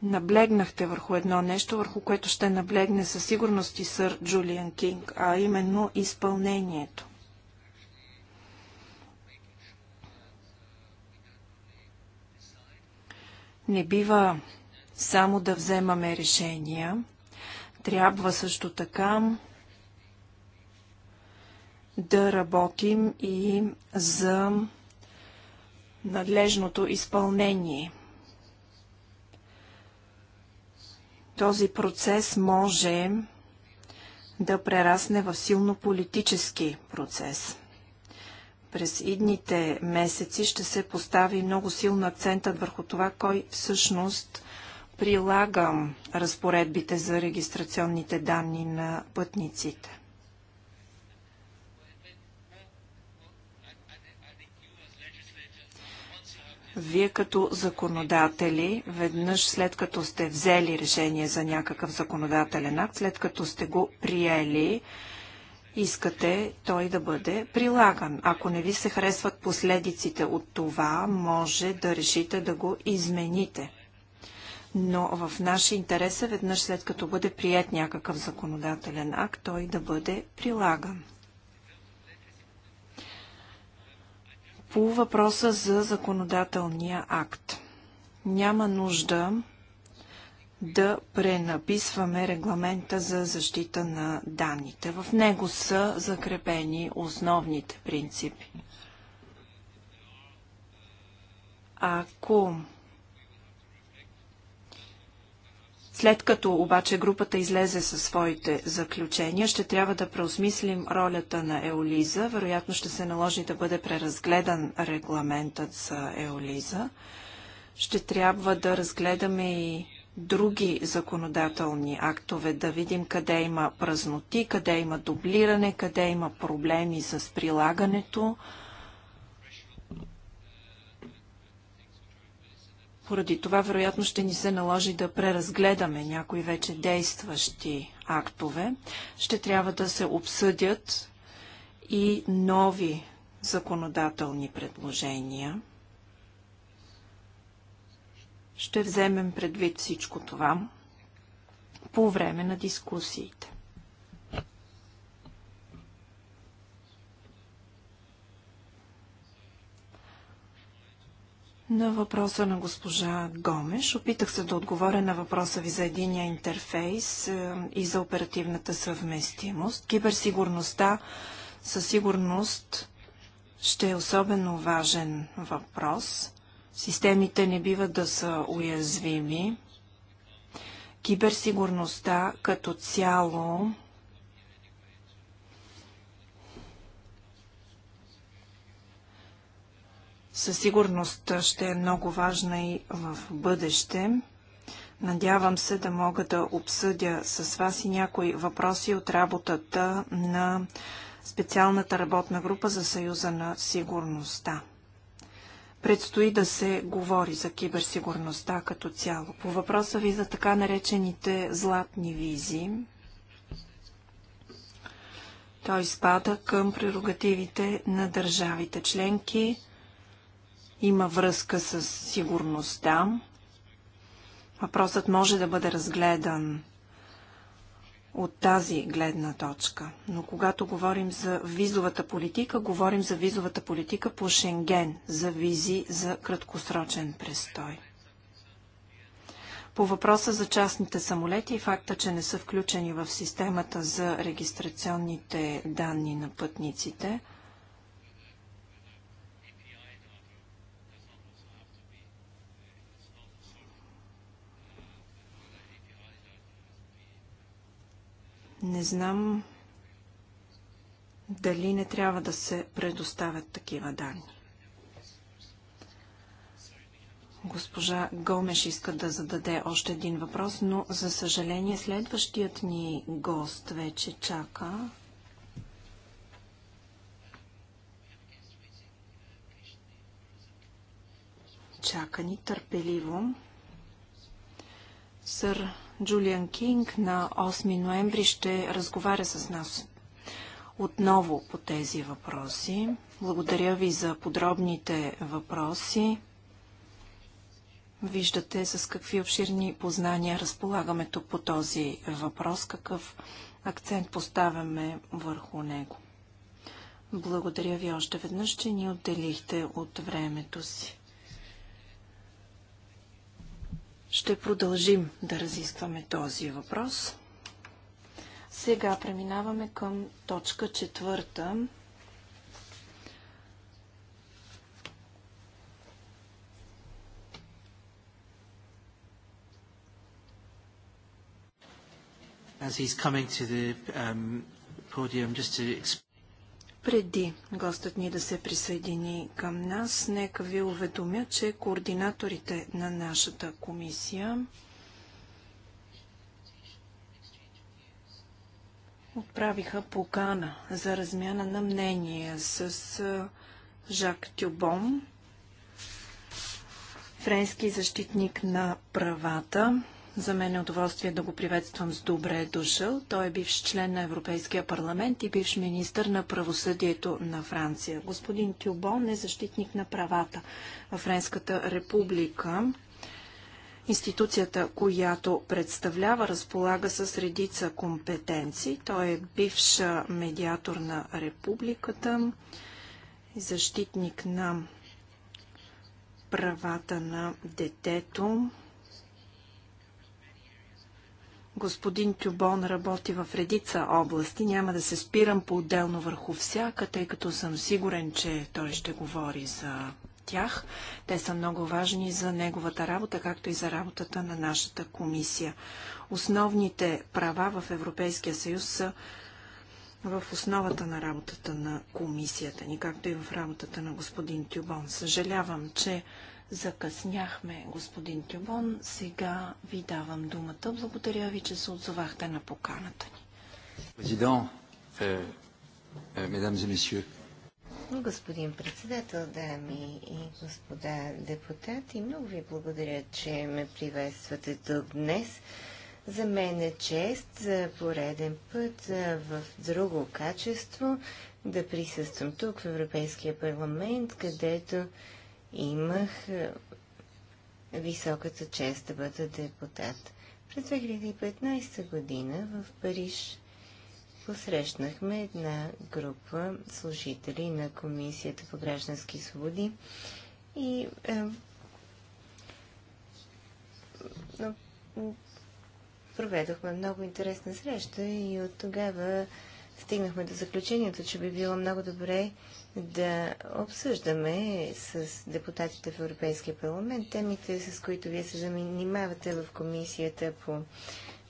Наблегнахте върху едно нещо, върху което ще наблегне със сигурност и сър Джулиан Кинг, а именно изпълнението. Не бива само да вземаме решения, трябва също така да работим и за надлежното изпълнение. Този процес може да прерасне в силно политически процес. През идните месеци ще се постави много силно акцентът върху това, кой всъщност прилага разпоредбите за регистрационните данни на пътниците. Вие като законодатели, веднъж след като сте взели решение за някакъв законодателен акт, след като сте го приели, искате той да бъде прилаган. Ако не ви се харесват последиците от това, може да решите да го измените. Но в наш интерес е веднъж след като бъде прият някакъв законодателен акт, той да бъде прилаган. По въпроса за законодателния акт. Няма нужда да пренаписваме регламента за защита на данните. В него са закрепени основните принципи. Ако След като обаче групата излезе със своите заключения, ще трябва да преосмислим ролята на Еолиза. Вероятно ще се наложи да бъде преразгледан регламентът за Еолиза. Ще трябва да разгледаме и други законодателни актове, да видим къде има празноти, къде има дублиране, къде има проблеми с прилагането. Поради това, вероятно, ще ни се наложи да преразгледаме някои вече действащи актове. Ще трябва да се обсъдят и нови законодателни предложения. Ще вземем предвид всичко това по време на дискусиите. на въпроса на госпожа Гомеш. Опитах се да отговоря на въпроса ви за единия интерфейс е, и за оперативната съвместимост. Киберсигурността със сигурност ще е особено важен въпрос. Системите не бива да са уязвими. Киберсигурността като цяло със сигурност ще е много важна и в бъдеще. Надявам се да мога да обсъдя с вас и някои въпроси от работата на специалната работна група за Съюза на сигурността. Предстои да се говори за киберсигурността като цяло. По въпроса ви за така наречените златни визи, той спада към прерогативите на държавите членки – има връзка с сигурността. Въпросът може да бъде разгледан от тази гледна точка. Но когато говорим за визовата политика, говорим за визовата политика по Шенген, за визи за краткосрочен престой. По въпроса за частните самолети и факта, че не са включени в системата за регистрационните данни на пътниците – Не знам дали не трябва да се предоставят такива данни. Госпожа Гомеш иска да зададе още един въпрос, но за съжаление следващият ни гост вече чака. Чака ни търпеливо. Сър Джулиан Кинг на 8 ноември ще разговаря с нас отново по тези въпроси. Благодаря ви за подробните въпроси. Виждате с какви обширни познания разполагаме тук по този въпрос, какъв акцент поставяме върху него. Благодаря ви още веднъж, че ни отделихте от времето си. Ще продължим да разискваме този въпрос. Сега преминаваме към точка четвърта. As he's coming to the um, podium, just to explain. Преди гостът ни да се присъедини към нас, нека ви уведомя, че координаторите на нашата комисия отправиха покана за размяна на мнение с Жак Тюбом, френски защитник на правата, за мен е удоволствие да го приветствам с добре дошъл. Той е бивш член на Европейския парламент и бивш министр на правосъдието на Франция. Господин Тюбон е защитник на правата в Френската република. Институцията, която представлява, разполага с редица компетенции. Той е бивш медиатор на републиката, и защитник на правата на детето, Господин Тюбон работи в редица области. Няма да се спирам по-отделно върху всяка, тъй като съм сигурен, че той ще говори за тях. Те са много важни за неговата работа, както и за работата на нашата комисия. Основните права в Европейския съюз са в основата на работата на комисията ни, както и в работата на господин Тюбон. Съжалявам, че Закъсняхме, господин Тюбон. Сега ви давам думата. Благодаря ви, че се отзовахте на поканата ни. Президент, медам месье. Е, господин председател, дами и господа депутати, много ви благодаря, че ме приветствате тук днес. За мен е чест за пореден път в друго качество да присъствам тук в Европейския парламент, където имах е, високата чест да бъда депутат. През 2015 година в Париж посрещнахме една група служители на Комисията по граждански свободи и е, проведохме много интересна среща и от тогава стигнахме до заключението, че би било много добре да обсъждаме с депутатите в Европейския парламент темите, с които вие се занимавате в Комисията по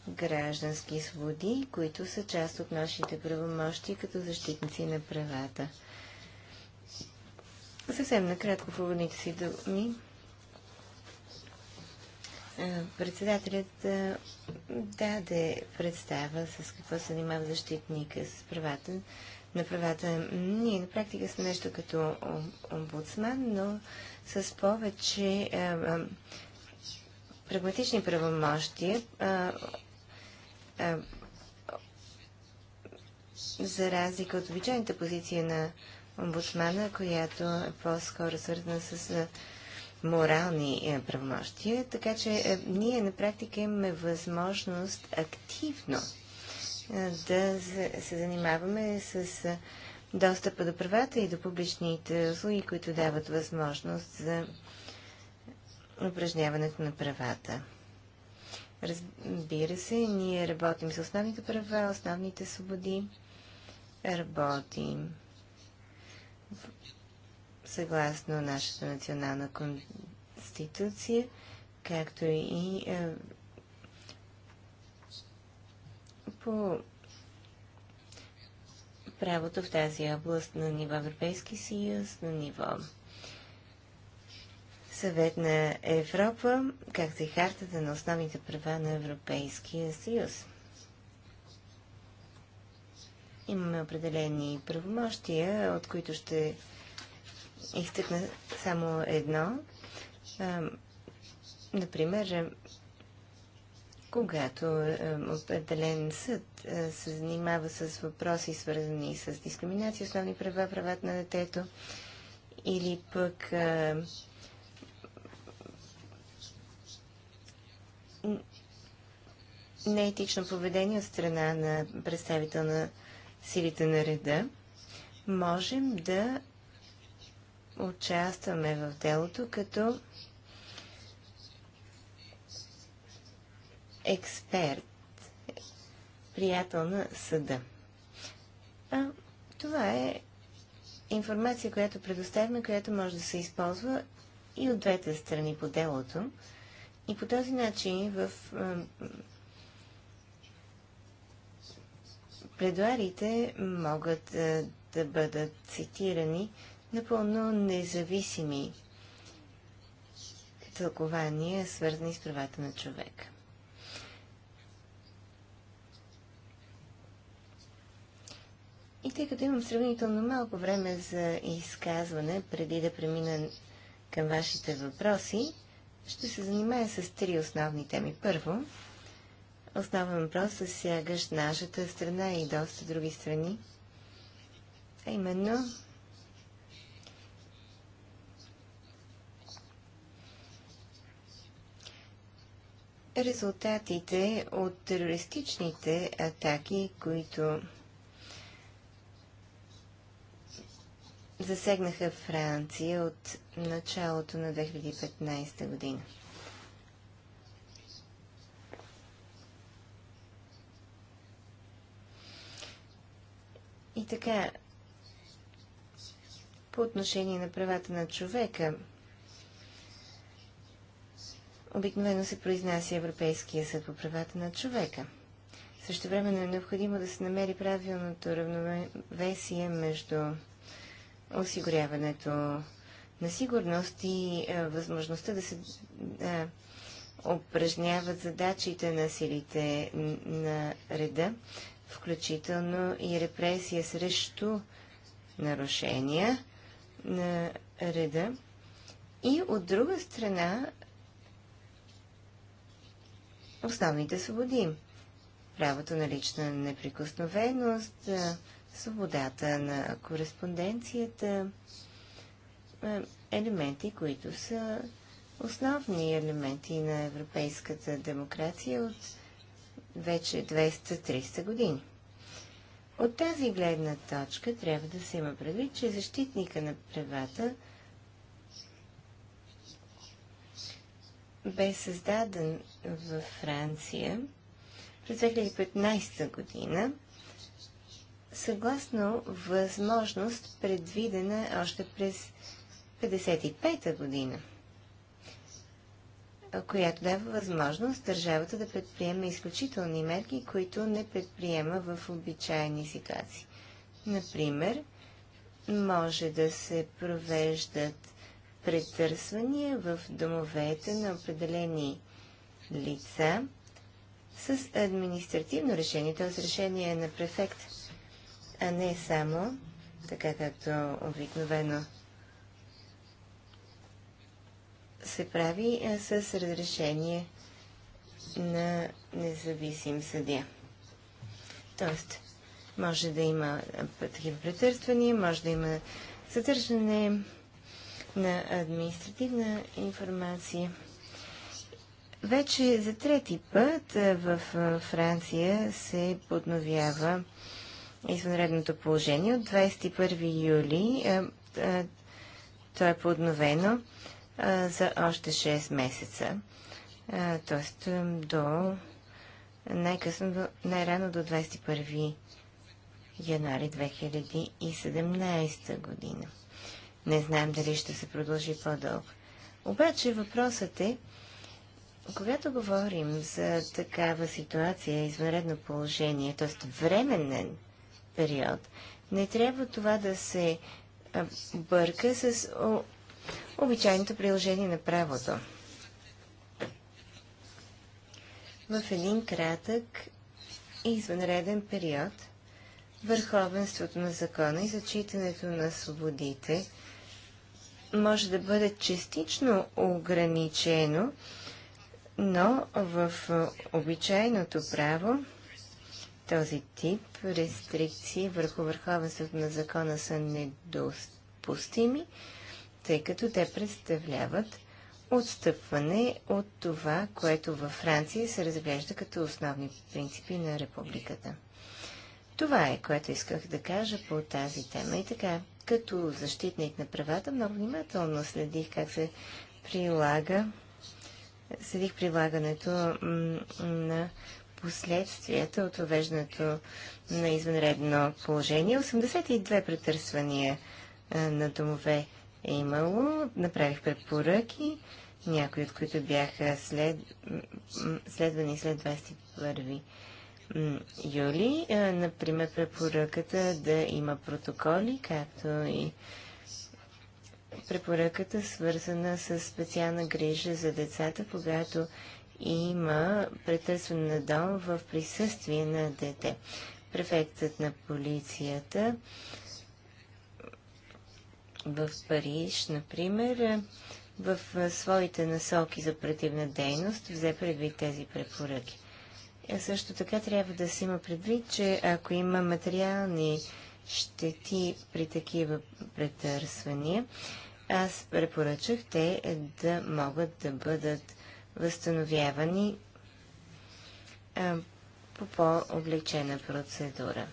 граждански свободи, които са част от нашите правомощи като защитници на правата. Съвсем накратко в уводните си думи. Председателят даде представа с какво се занимава защитника с правата на правата. Ние на практика сме нещо като омбудсман, но с повече а, е, а, е, прагматични правомощия а, е, за разлика от обичайната позиция на омбудсмана, която е по-скоро свързана с морални правомощия. Така че ние на практика имаме възможност активно да се занимаваме с достъпа до правата и до публичните услуги, които дават възможност за упражняването на правата. Разбира се, ние работим с основните права, основните свободи. Работим съгласно нашата национална конституция, както и по правото в тази област на ниво Европейски съюз, на ниво Съвет на Европа, както и хартата на основните права на Европейския съюз. Имаме определени правомощия, от които ще изтъкна само едно. например, когато е, определен съд е, се занимава с въпроси, свързани с дискриминация, основни права, правата на детето, или пък е, неетично поведение от страна на представител на силите на реда, можем да участваме в делото като експерт, приятел на съда. А, това е информация, която предоставяме, която може да се използва и от двете страни по делото. И по този начин в а, предуарите могат а, да бъдат цитирани напълно независими тълкования, свързани с правата на човека. И тъй като имам сравнително малко време за изказване, преди да премина към вашите въпроси, ще се занимая с три основни теми. Първо, основен въпрос е сягаш нашата страна и доста други страни, а именно резултатите от терористичните атаки, които засегнаха Франция от началото на 2015 година. И така, по отношение на правата на човека, обикновено се произнася Европейския съд по правата на човека. Също време е необходимо да се намери правилното равновесие между осигуряването на сигурност и а, възможността да се а, упражняват задачите на силите на реда, включително и репресия срещу нарушения на реда. И от друга страна основните свободи. Правото на лична неприкосновеност, свободата на кореспонденцията, е, елементи, които са основни елементи на европейската демокрация от вече 200-300 години. От тази гледна точка трябва да се има предвид, че защитника на правата бе създаден във Франция през 2015 година съгласно възможност предвидена още през 55-та година, която дава възможност държавата да предприема изключителни мерки, които не предприема в обичайни ситуации. Например, може да се провеждат претърсвания в домовете на определени лица с административно решение, т.е. решение на префекта а не само, така както обикновено се прави с разрешение на независим съдия. Тоест, може да има такива претърствания, може да има съдържане на административна информация. Вече за трети път в Франция се подновява извънредното положение от 21 юли. Е, е, то е подновено е, за още 6 месеца, т.е. до най-късно, най-рано до 21 януари 2017 година. Не знаем дали ще се продължи по-дълго. Обаче въпросът е, когато говорим за такава ситуация, извънредно положение, т.е. временен период. Не трябва това да се бърка с обичайното приложение на правото. В един кратък и извънреден период върховенството на закона и зачитането на свободите може да бъде частично ограничено, но в обичайното право този тип рестрикции върху върховенството на закона са недопустими, тъй като те представляват отстъпване от това, което във Франция се разглежда като основни принципи на републиката. Това е, което исках да кажа по тази тема. И така, като защитник на правата, много внимателно следих как се прилага, следих прилагането на последствията от увеждането на извънредно положение. 82 претърсвания на домове е имало. Направих препоръки, някои от които бяха след... следвани след 21 юли. Например, препоръката да има протоколи, както и препоръката свързана с специална грижа за децата, когато има претърсване дом в присъствие на дете. Префектът на полицията в Париж, например, в своите насоки за оперативна дейност взе предвид тези препоръки. А е, също така трябва да се има предвид, че ако има материални щети при такива претърсвания, аз препоръчах те да могат да бъдат възстановявани а, по по-облегчена процедура.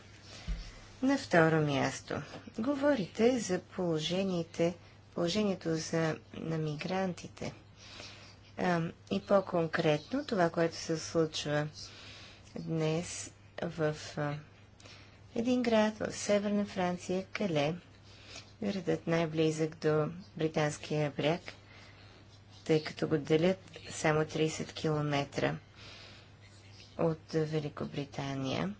На второ място, говорите за положените, положението за, на мигрантите. А, и по-конкретно това, което се случва днес в а, един град в северна Франция, Кале, градът най-близък до британския бряг – тъй като го делят само 30 км от Великобритания,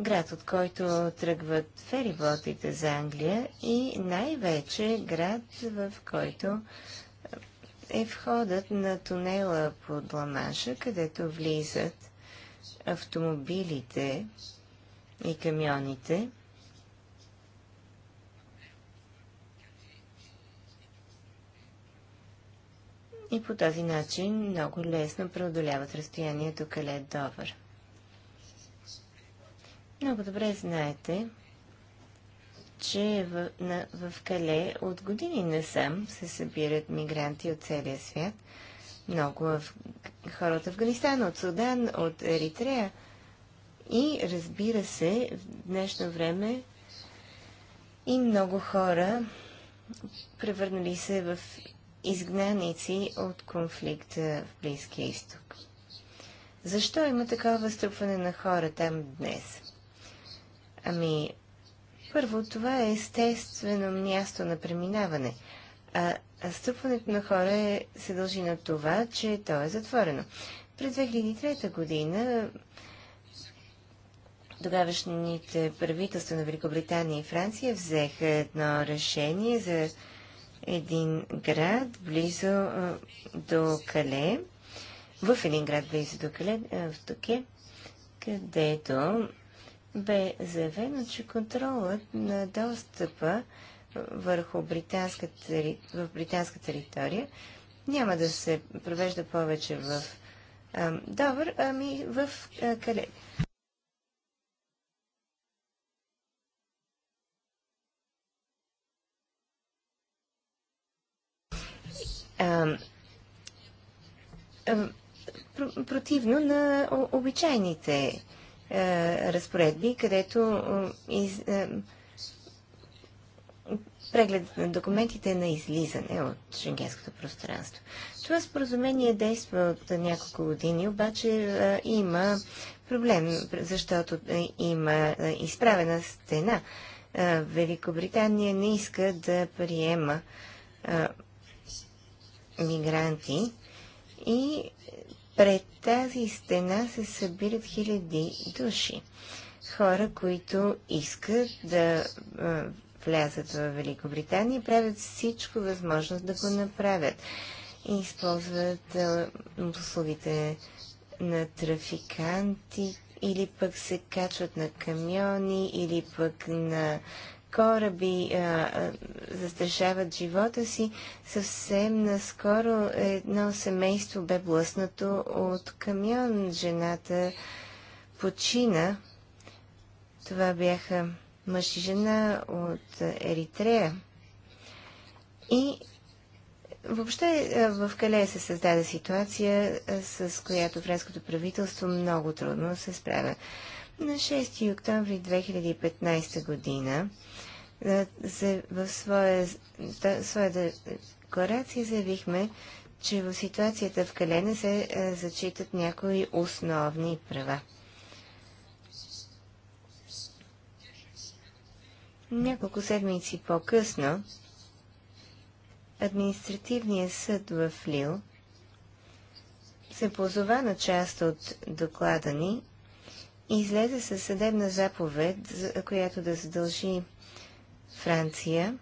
град, от който тръгват фериботите за Англия и най-вече град, в който е входът на тунела под Ламаша, където влизат автомобилите и камионите и по този начин много лесно преодоляват разстоянието Кале-Довър. Много добре знаете, че в, на, в Кале от години насам се събират мигранти от целия свят. Много хора от Афганистан, от Судан, от Еритрея. И разбира се, в днешно време и много хора, превърнали се в изгнаници от конфликта в Близкия изток. Защо има такова струпване на хора там днес? Ами, първо, това е естествено място на преминаване. А, струпването на хора е, се дължи на това, че то е затворено. През 2003 година тогавашните правителства на Великобритания и Франция взеха едно решение за един град близо до Кале, в един град близо до Кале, в Токе, където бе заявено, че контролът на достъпа върху британска, в британска територия няма да се провежда повече в Добър, ами в Кале. противно на обичайните е, разпоредби, където прегледът преглед на документите на излизане от шенгенското пространство. Това споразумение действа от няколко години, обаче е, има проблем, защото е, има изправена стена. Великобритания не иска да приема мигранти и пред тази стена се събират хиляди души. Хора, които искат да влязат в Великобритания правят всичко възможно да го направят. И използват условите на трафиканти или пък се качват на камиони или пък на кораби а, а, застрашават живота си. Съвсем наскоро едно семейство бе блъснато от камион. Жената почина. Това бяха мъж и жена от Еритрея. И въобще в Калея се създаде ситуация, с която френското правителство много трудно се справя. На 6 октомври 2015 година е, е, в своя, своя декларация заявихме, че в ситуацията в Калене се е, зачитат някои основни права. Няколко седмици по-късно административният съд в Лил се позова на част от доклада ни и излезе със съдебна заповед, която да задължи Франция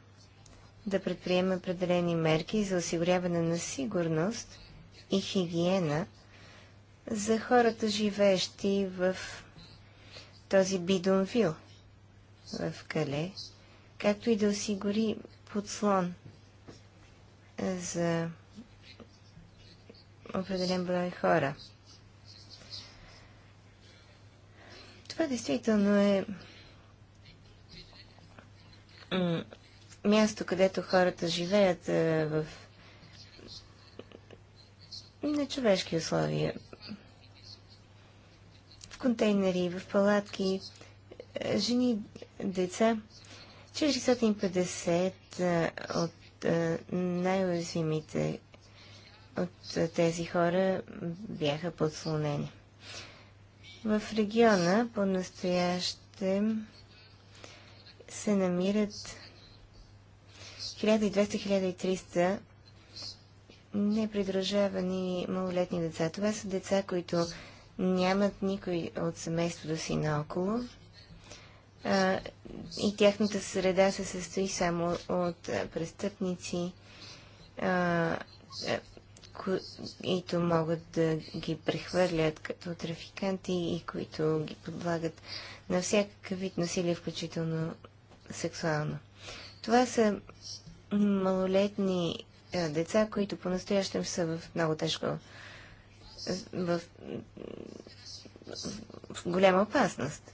да предприеме определени мерки за осигуряване на сигурност и хигиена за хората, живеещи в този бидонвил в Кале, както и да осигури подслон за определен брой хора. Това действително е място, където хората живеят а, е, в нечовешки условия. В контейнери, в палатки, е, жени, деца. 450 е, от най-уязвимите от тези хора бяха подслонени. В региона по-настояще се намират 1200-1300 непридружавани малолетни деца. Това са деца, които нямат никой от семейството си наоколо а, и тяхната среда се състои само от а, престъпници, а, които могат да ги прехвърлят като трафиканти и които ги подлагат на всякакъв вид насилие, включително сексуална. Това са малолетни е, деца, които по-настоящем са в много тежко в, в, в голяма опасност.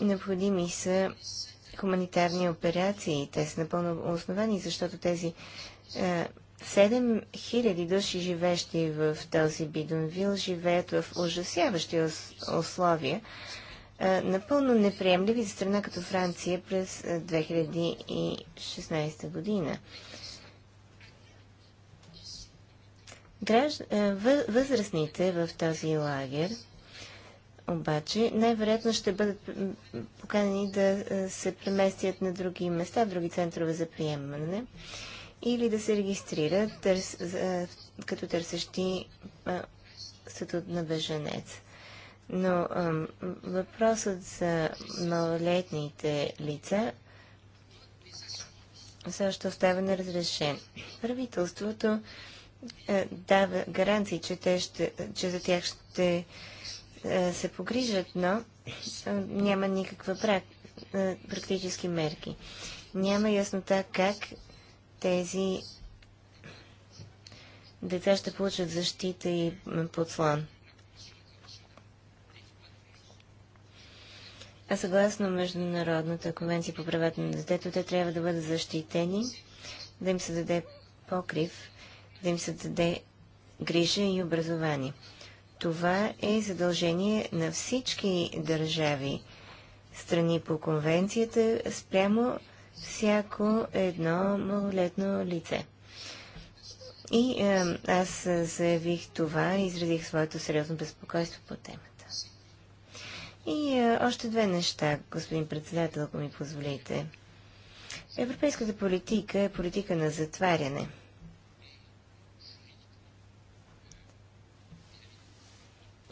Необходими са хуманитарни операции. Те са напълно основани, защото тези е, 7000 души, живещи в този бидонвил, живеят в ужасяващи ос, условия е, напълно неприемливи за страна като Франция през 2016 е, година. Гражд... Е, възрастните в този лагер обаче най-вероятно ще бъдат поканени да се преместят на други места, в други центрове за приемане или да се регистрират като търсещи статут на беженец. Но ам, въпросът за малолетните лица все още остава неразрешен. Правителството е, дава гаранции, че, те ще, че за тях ще е, се погрижат, но е, няма никаква прак, практически мерки. Няма яснота как тези деца ще получат защита и подслон. А съгласно Международната конвенция по правата на детето, те трябва да бъдат защитени, да им се даде покрив, да им се даде грижа и образование. Това е задължение на всички държави, страни по конвенцията, спрямо всяко едно малолетно лице. И е, аз заявих това и изразих своето сериозно безпокойство по темата. И а, е, още две неща, господин председател, ако ми позволите. Европейската политика е политика на затваряне.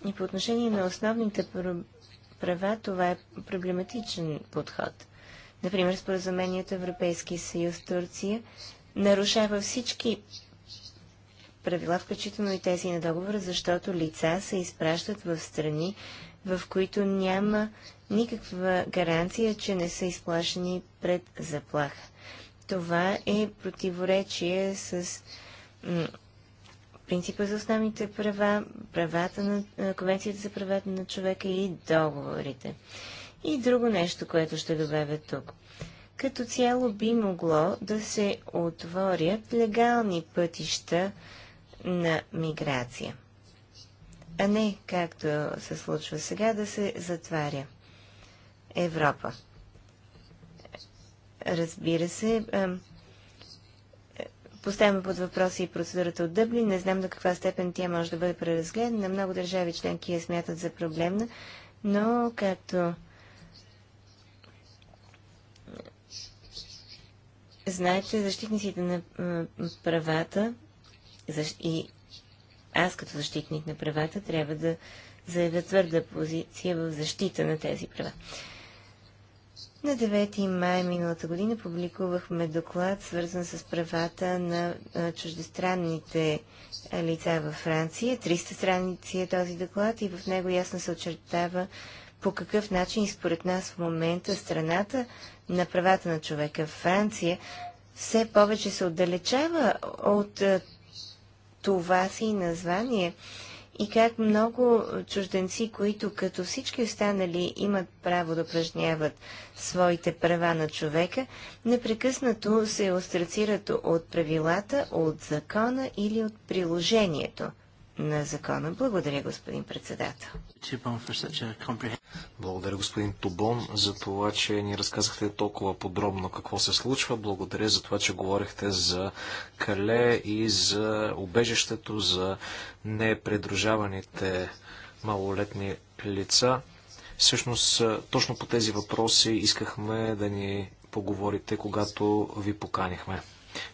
И по отношение на основните права, това е проблематичен подход. Например, споразумението Европейски съюз Турция нарушава всички правила, включително и тези на договора, защото лица се изпращат в страни, в които няма никаква гаранция, че не са изплашени пред заплаха. Това е противоречие с принципа за основните права, правата на, Конвенцията за правата на човека и договорите. И друго нещо, което ще добавя тук. Като цяло би могло да се отворят легални пътища на миграция а не както се случва сега да се затваря Европа. Разбира се, поставяме под въпроси и процедурата от Дъблин. Не знам до каква степен тя може да бъде преразгледана. Много държави членки я смятат за проблемна, но както знаете, защитниците на правата и аз като защитник на правата трябва да заявя твърда позиция в защита на тези права. На 9 май миналата година публикувахме доклад, свързан с правата на чуждестранните лица във Франция. 300 страници е този доклад и в него ясно се очертава по какъв начин според нас в момента страната на правата на човека в Франция все повече се отдалечава от това си название и как много чужденци, които като всички останали имат право да упражняват своите права на човека, непрекъснато се острацират от правилата, от закона или от приложението – на закона. Благодаря, господин председател. Благодаря, господин Тубон, за това, че ни разказахте толкова подробно какво се случва. Благодаря за това, че говорихте за Кале и за убежището, за непредружаваните малолетни лица. Всъщност, точно по тези въпроси искахме да ни поговорите, когато ви поканихме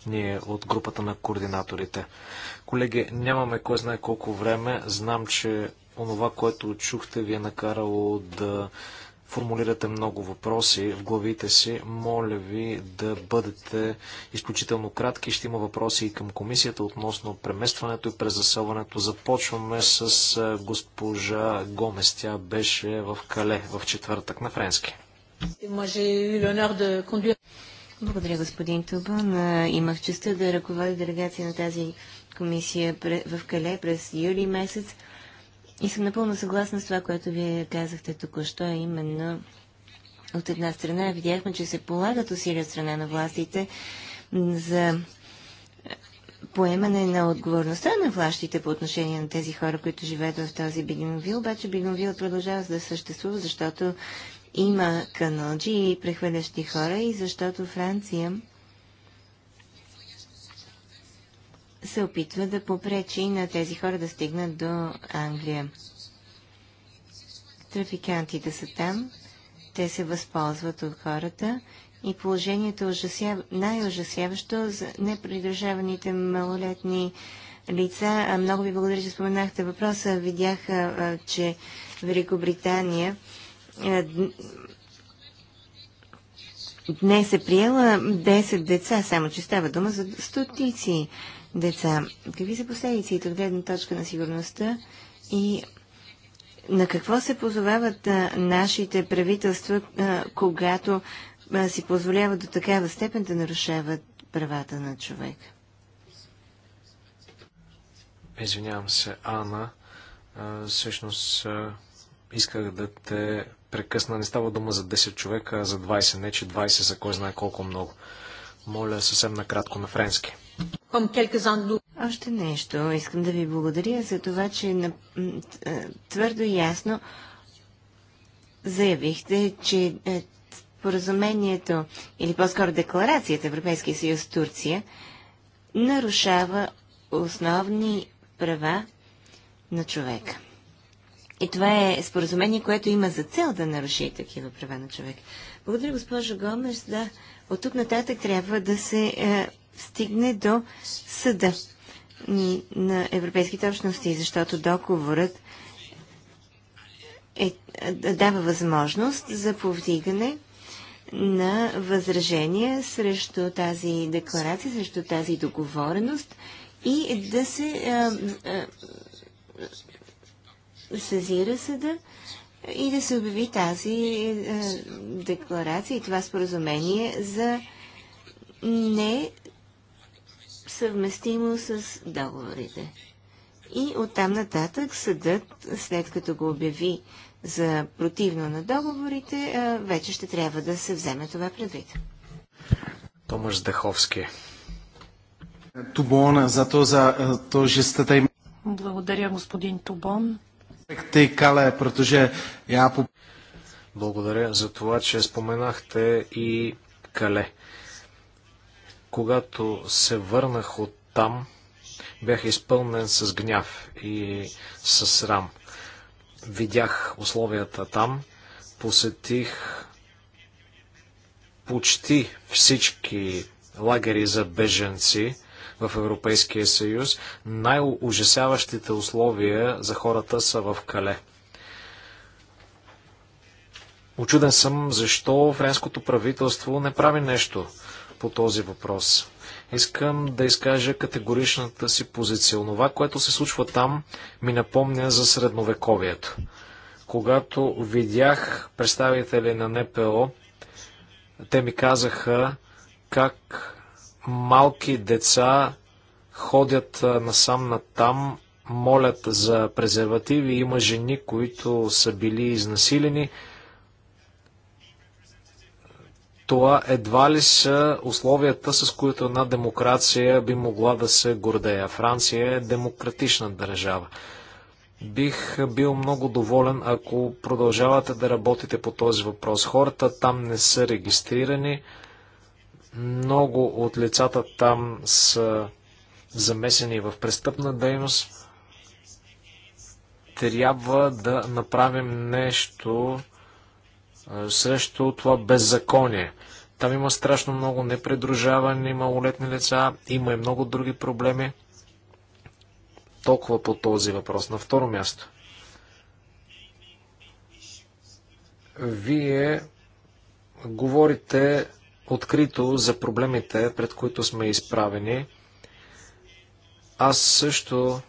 ние от групата на координаторите. Колеги, нямаме кой знае колко време. Знам, че онова, което чухте, ви е накарало да формулирате много въпроси в главите си. Моля ви да бъдете изключително кратки. Ще има въпроси и към комисията относно преместването и презасъването. Започваме с госпожа Гомес. Тя беше в Кале в четвъртък на френски. Благодаря, господин Тубан. Имах честа да ръководя делегация на тази комисия в Кале през юли месец. И съм напълно съгласна с това, което вие казахте току-що, именно от една страна видяхме, че се полагат усилия от страна на властите за е, поемане на отговорността на властите по отношение на тези хора, които живеят в този Бигновил, обаче Бигновил продължава да съществува, защото има каналджи и прехвърлящи хора и защото Франция се опитва да попречи на тези хора да стигнат до Англия. Трафикантите са там, те се възползват от хората и положението е най-ужасяващо за непридържаваните малолетни лица. Много ви благодаря, че споменахте въпроса. Видях, че Великобритания днес е приела 10 деца, само че става дума за стотици деца. Какви са последиците от гледна точка на сигурността и на какво се позовават а, нашите правителства, а, когато а, си позволяват до такава степен да нарушават правата на човека? Извинявам се, Ана. А, всъщност а, исках да те прекъсна. Не става дума за 10 човека, а за 20. Не, че 20 за кой знае колко много. Моля съвсем накратко на френски. Още нещо. Искам да ви благодаря за това, че е, твърдо и ясно заявихте, че е, споразумението или по-скоро декларацията Европейския съюз Турция нарушава основни права на човека. И това е споразумение, което има за цел да наруши такива права на човек. Благодаря, госпожо Гомеш. Да, от тук нататък трябва да се е, стигне до съда на европейските общности, защото договорът е, е, дава възможност за повдигане на възражения срещу тази декларация, срещу тази договореност и да се а, е, а, е, сезира съда и да се обяви тази а, декларация и това споразумение за не съвместимо с договорите. И оттам нататък съдът, след като го обяви за противно на договорите, вече ще трябва да се вземе това предвид. Томаш Даховски. Тубон, за то, за е, то, че сте тъй... Благодаря, господин Тубон. Тъй кале, протоже я... Благодаря за това, че споменахте и кале. Когато се върнах от там, бях изпълнен с гняв и с срам. Видях условията там, посетих почти всички лагери за беженци в Европейския съюз. Най-ужасяващите условия за хората са в Кале. Очуден съм защо френското правителство не прави нещо по този въпрос. Искам да изкажа категоричната си позиция. Онова, което се случва там, ми напомня за средновековието. Когато видях представители на НПО, те ми казаха как малки деца ходят насам на там, молят за презервативи. Има жени, които са били изнасилени това едва ли са условията, с които една демокрация би могла да се гордея. Франция е демократична държава. Бих бил много доволен, ако продължавате да работите по този въпрос. Хората там не са регистрирани. Много от лицата там са замесени в престъпна дейност. Трябва да направим нещо срещу това беззаконие. Там има страшно много непредружавани малолетни лица, има и много други проблеми. Толкова по този въпрос. На второ място. Вие говорите открито за проблемите, пред които сме изправени. Аз също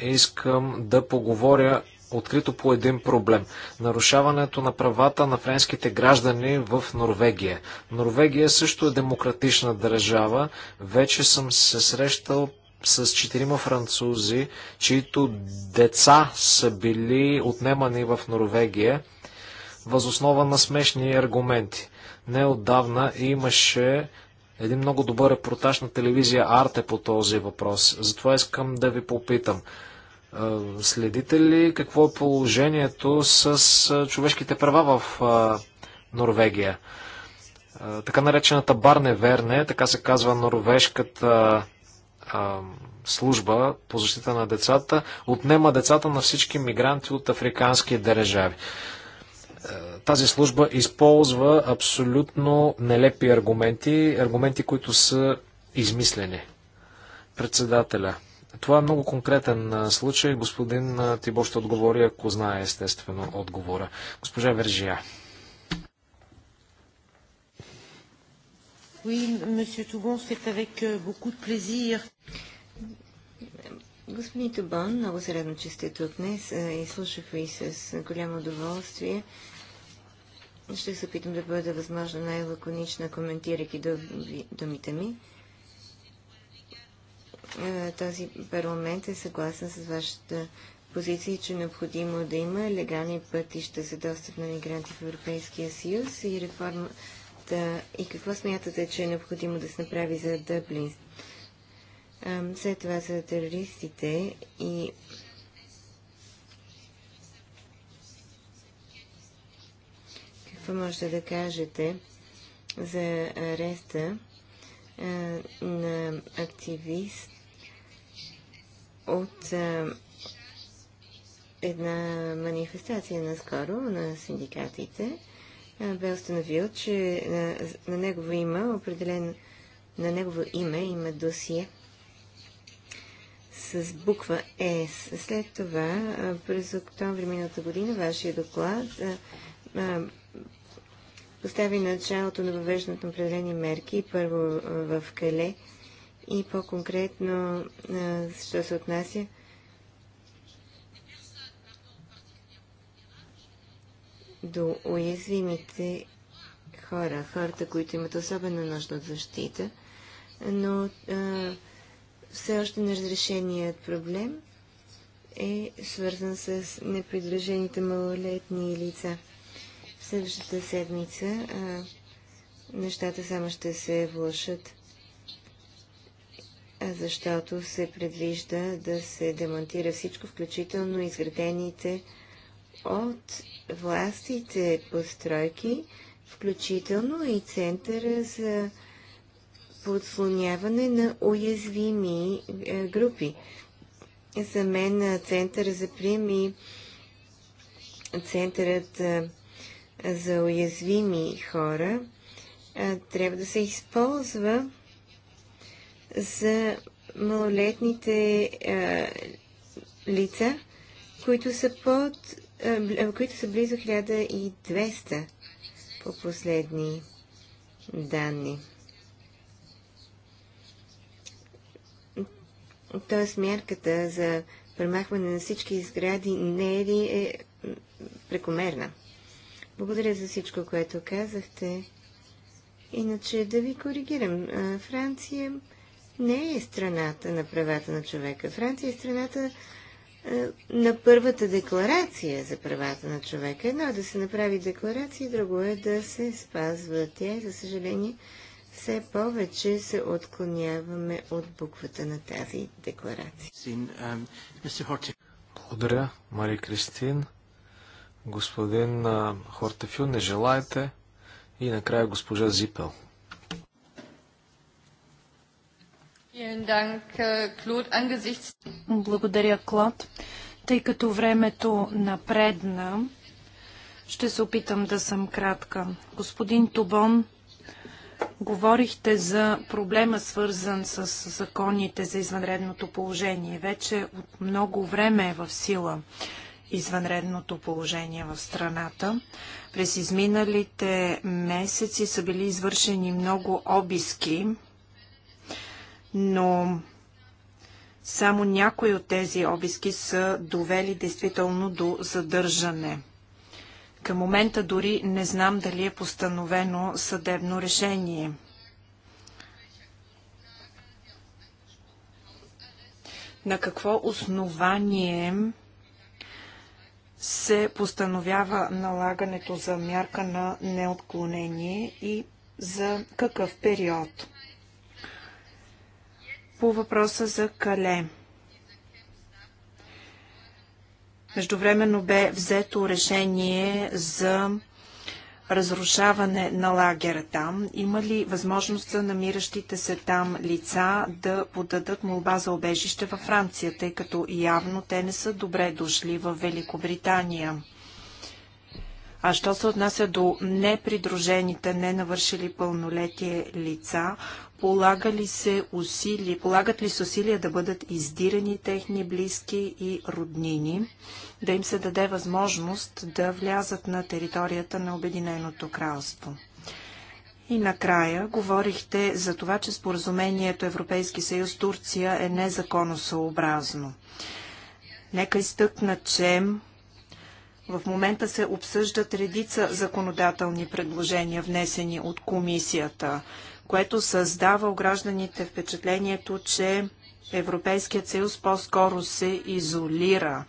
искам да поговоря открито по един проблем. Нарушаването на правата на френските граждани в Норвегия. Норвегия също е демократична държава. Вече съм се срещал с четирима французи, чието деца са били отнемани в Норвегия, възоснова на смешни аргументи. Неодавна имаше един много добър репортаж на телевизия Арте по този въпрос. Затова искам да ви попитам. Е, следите ли какво е положението с е, човешките права в е, Норвегия? Така наречената Барне Верне, така се казва норвежката служба по защита на децата, отнема децата на всички мигранти от африкански държави. Тази служба използва абсолютно нелепи аргументи, аргументи, които са измислени. Председателя. Това е много конкретен случай. Господин Тибо ще отговори, ако знае естествено отговора. Госпожа Вержия. Oui, monsieur Toubon, c'est avec euh, beaucoup de plaisir. Господин Тубон, много се радвам, че сте тук днес. И слушах ви с голямо удоволствие. Ще се опитам да бъда възможно най-лаконична, коментирайки думите ми. Е, този парламент е съгласен с вашата позиция, че е необходимо да има легални пътища за достъп на мигранти в Европейския съюз и реформата и какво смятате, че е необходимо да се направи за Дъблин. Е, след това за терористите и какво можете да кажете за ареста е, на активист от е, една манифестация наскоро на синдикатите е, бе установил, че на, е, на негово има определен на негово име има досие с буква С. След това, през октомври миналата година, вашия доклад постави началото на въвеждането на определени мерки, първо в Кале, и по-конкретно, що се отнася до уязвимите хора, хората, които имат особена нужда от защита, но а, все още неразрешеният проблем е свързан с непридружените малолетни лица. В следващата седмица а, нещата само ще се влушат защото се предвижда да се демонтира всичко, включително изградените от властите постройки, включително и центъра за подслоняване на уязвими е, групи. За мен е, центъра за прием и центърът е, за уязвими хора трябва да се използва за малолетните а, лица, които са, под, а, които са близо 1200 по последни данни. Тоест мярката за премахване на всички сгради не е ли е прекомерна? Благодаря за всичко, което казахте. Иначе да ви коригирам. Франция не е страната на правата на човека. Франция е страната е, на първата декларация за правата на човека. Едно е да се направи декларация, друго е да се спазва тя. За съжаление, все повече се отклоняваме от буквата на тази декларация. Благодаря, Мари Кристин. Господин Хортефю, не желаете. И накрая госпожа Зипел. Äh, Благодаря, Клод. Тъй като времето напредна, ще се опитам да съм кратка. Господин Тубон, говорихте за проблема свързан с законите за извънредното положение. Вече от много време е в сила извънредното положение в страната. През изминалите месеци са били извършени много обиски но само някои от тези обиски са довели действително до задържане. Към момента дори не знам дали е постановено съдебно решение. На какво основание се постановява налагането за мярка на неотклонение и за какъв период? по въпроса за Кале. Междувременно бе взето решение за разрушаване на лагера там. Има ли възможност за намиращите се там лица да подадат молба за обежище във Франция, тъй като явно те не са добре дошли в Великобритания? А що се отнася до непридружените, ненавършили пълнолетие лица, полагали се усили, полагат ли се усилия да бъдат издирани техни близки и роднини, да им се даде възможност да влязат на територията на Обединеното кралство? И накрая говорихте за това, че споразумението Европейски съюз Турция е незаконосъобразно. Нека изтъкна, че в момента се обсъждат редица законодателни предложения, внесени от комисията което създава у гражданите впечатлението, че Европейският съюз по-скоро се изолира,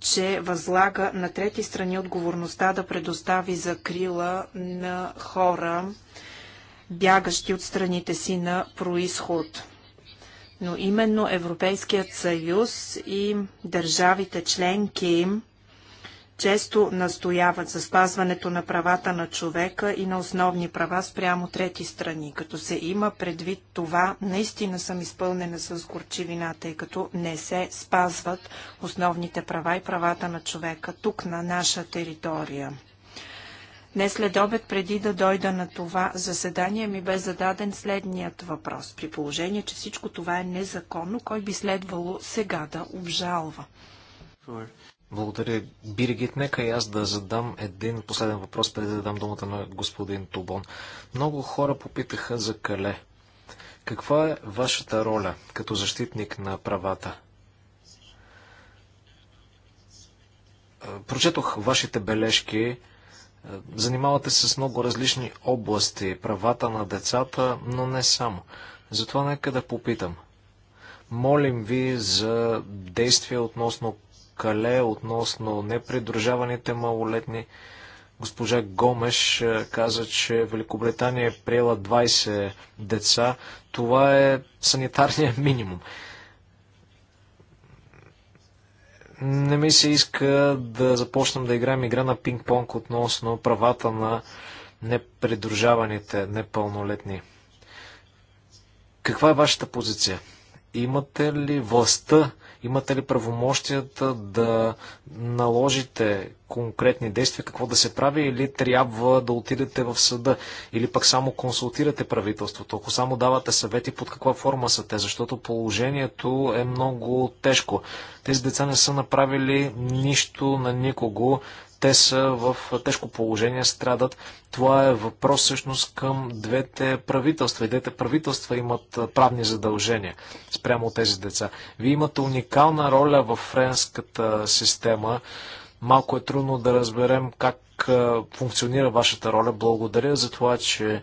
че възлага на трети страни отговорността да предостави закрила на хора, бягащи от страните си на происход. Но именно Европейският съюз и държавите членки им често настояват за спазването на правата на човека и на основни права спрямо трети страни. Като се има предвид това, наистина съм изпълнена с горчивина, тъй като не се спазват основните права и правата на човека тук на наша територия. Днес след обед, преди да дойда на това заседание, ми бе зададен следният въпрос. При положение, че всичко това е незаконно, кой би следвало сега да обжалва? Благодаря, Биригит. Нека и аз да задам един последен въпрос, преди да дам думата на господин Тубон. Много хора попитаха за Кале. Каква е вашата роля като защитник на правата? Прочетох вашите бележки. Занимавате се с много различни области, правата на децата, но не само. Затова нека да попитам. Молим ви за действия относно Кале относно непридружаваните малолетни. Госпожа Гомеш е, каза, че Великобритания е приела 20 деца. Това е санитарният минимум. Не ми се иска да започнем да играем игра на пинг-понг относно правата на непридружаваните непълнолетни. Каква е вашата позиция? Имате ли властта Имате ли правомощията да наложите конкретни действия, какво да се прави или трябва да отидете в съда? Или пък само консултирате правителството? Ако само давате съвети, под каква форма са те? Защото положението е много тежко. Тези деца не са направили нищо на никого те са в тежко положение, страдат. Това е въпрос всъщност към двете правителства. И двете правителства имат правни задължения спрямо от тези деца. Вие имате уникална роля в френската система. Малко е трудно да разберем как функционира вашата роля. Благодаря за това, че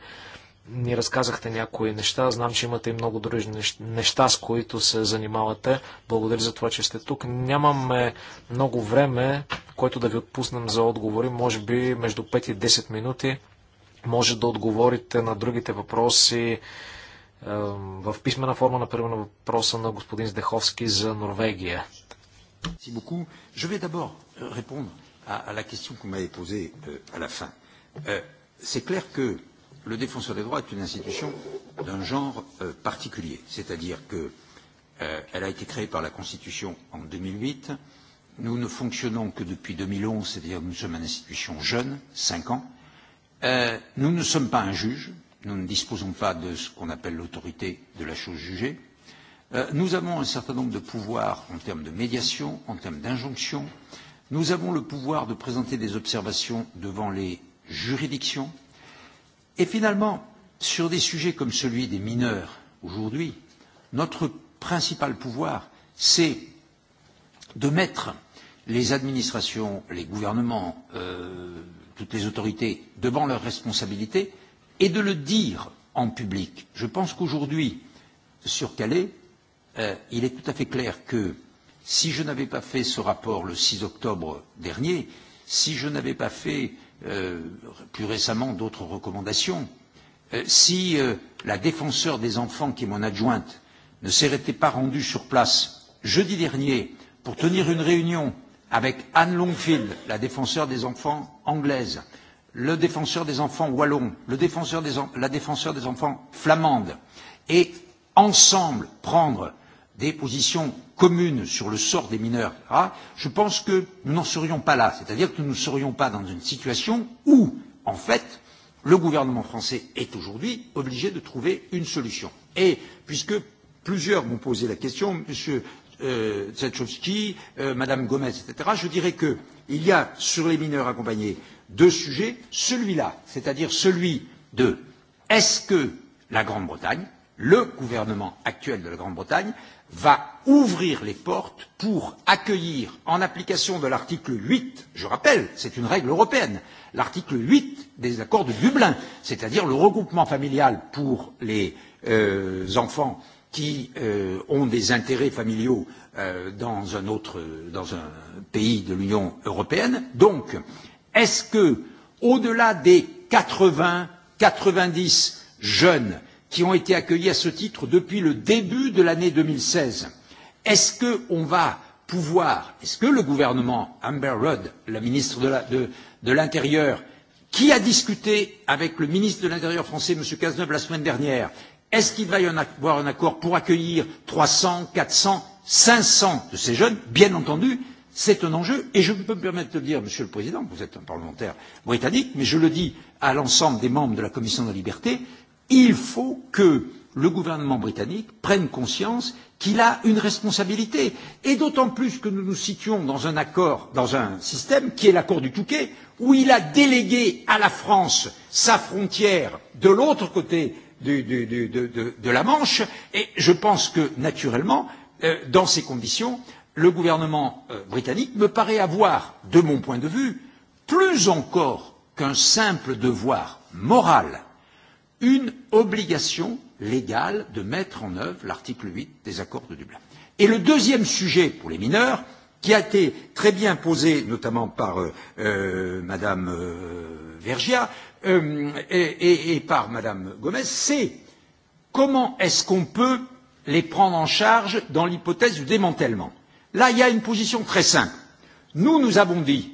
ни разказахте някои неща. Знам, че имате и много други неща, с които се занимавате. Благодаря за това, че сте тук. Нямаме много време, което да ви отпуснем за отговори. Може би между 5 и 10 минути може да отговорите на другите въпроси е, в писмена форма, например, на въпроса на господин Здеховски за Норвегия. Merci beaucoup. Je vais d'abord euh, répondre à, à la question que vous m'avez posée euh, à la fin. Euh, c'est clair que euh, le Défenseur des droits est une institution d'un genre euh, particulier, c'est-à-dire qu'elle euh, a été créée par la Constitution en 2008. Nous ne fonctionnons que depuis 2011, c'est-à-dire nous sommes une institution jeune, 5 ans. Euh, nous ne sommes pas un juge, nous ne disposons pas de ce qu'on appelle l'autorité de la chose jugée. Euh, nous avons un certain nombre de pouvoirs en termes de médiation, en termes d'injonction. Nous avons le pouvoir de présenter des observations devant les juridictions, Et finalement, sur des sujets comme celui des mineurs, aujourd'hui, notre principal pouvoir, c'est de mettre les administrations, les gouvernements, euh, toutes les autorités devant leurs responsabilités et de le dire en public. Je pense qu'aujourd'hui, sur Calais, euh, il est tout à fait clair que si je n'avais pas fait ce rapport le 6 octobre dernier, si je n'avais pas fait euh, plus récemment d'autres recommandations. si la défenseur des enfants, qui est mon adjointe, ne s'était pas rendue sur place jeudi dernier pour tenir une réunion avec Anne Longfield, la défenseur des enfants anglaise, le défenseur des enfants wallon, le défenseur des, la défenseur des enfants flamande, et ensemble prendre des positions commune sur le sort des mineurs, etc., je pense que nous n'en serions pas là. C'est-à-dire que nous ne serions pas dans une situation où, en fait, le gouvernement français est aujourd'hui obligé de trouver une solution. Et puisque plusieurs m'ont posé la question, M. Euh, Tchaikovsky, euh, Mme Gomez, etc., je dirais qu'il y a sur les mineurs accompagnés deux sujets. Celui-là, c'est-à-dire celui de est-ce que la Grande-Bretagne, le gouvernement actuel de la Grande-Bretagne, va ouvrir les portes pour accueillir, en application de l'article 8, je rappelle, c'est une règle européenne, l'article 8 des accords de Dublin, c'est-à-dire le regroupement familial pour les euh, enfants qui euh, ont des intérêts familiaux euh, dans un autre dans un pays de l'Union européenne. Donc, est-ce que, au-delà des 80, 90 jeunes qui ont été accueillis à ce titre depuis le début de l'année deux mille seize. Est-ce que qu'on va pouvoir, est-ce que le gouvernement, Amber Rudd, la ministre de l'Intérieur, qui a discuté avec le ministre de l'Intérieur français, M. Cazeneuve, la semaine dernière, est-ce qu'il va y avoir un accord pour accueillir trois cents, quatre cents, cinq cents de ces jeunes Bien entendu, c'est un enjeu, et je peux me permettre de le dire, Monsieur le Président, vous êtes un parlementaire britannique, mais je le dis à l'ensemble des membres de la Commission de la liberté, il faut que le gouvernement britannique prenne conscience qu'il a une responsabilité, et d'autant plus que nous nous situons dans un accord, dans un système qui est l'accord du Touquet, où il a délégué à la France sa frontière de l'autre côté du, du, du, de, de, de la Manche, et je pense que, naturellement, euh, dans ces conditions, le gouvernement euh, britannique me paraît avoir, de mon point de vue, plus encore qu'un simple devoir moral une obligation légale de mettre en œuvre l'article 8 des accords de Dublin. Et le deuxième sujet pour les mineurs, qui a été très bien posé notamment par euh, Madame euh, Vergia euh, et, et, et par Madame Gomez, c'est comment est-ce qu'on peut les prendre en charge dans l'hypothèse du démantèlement. Là, il y a une position très simple. Nous, nous avons dit,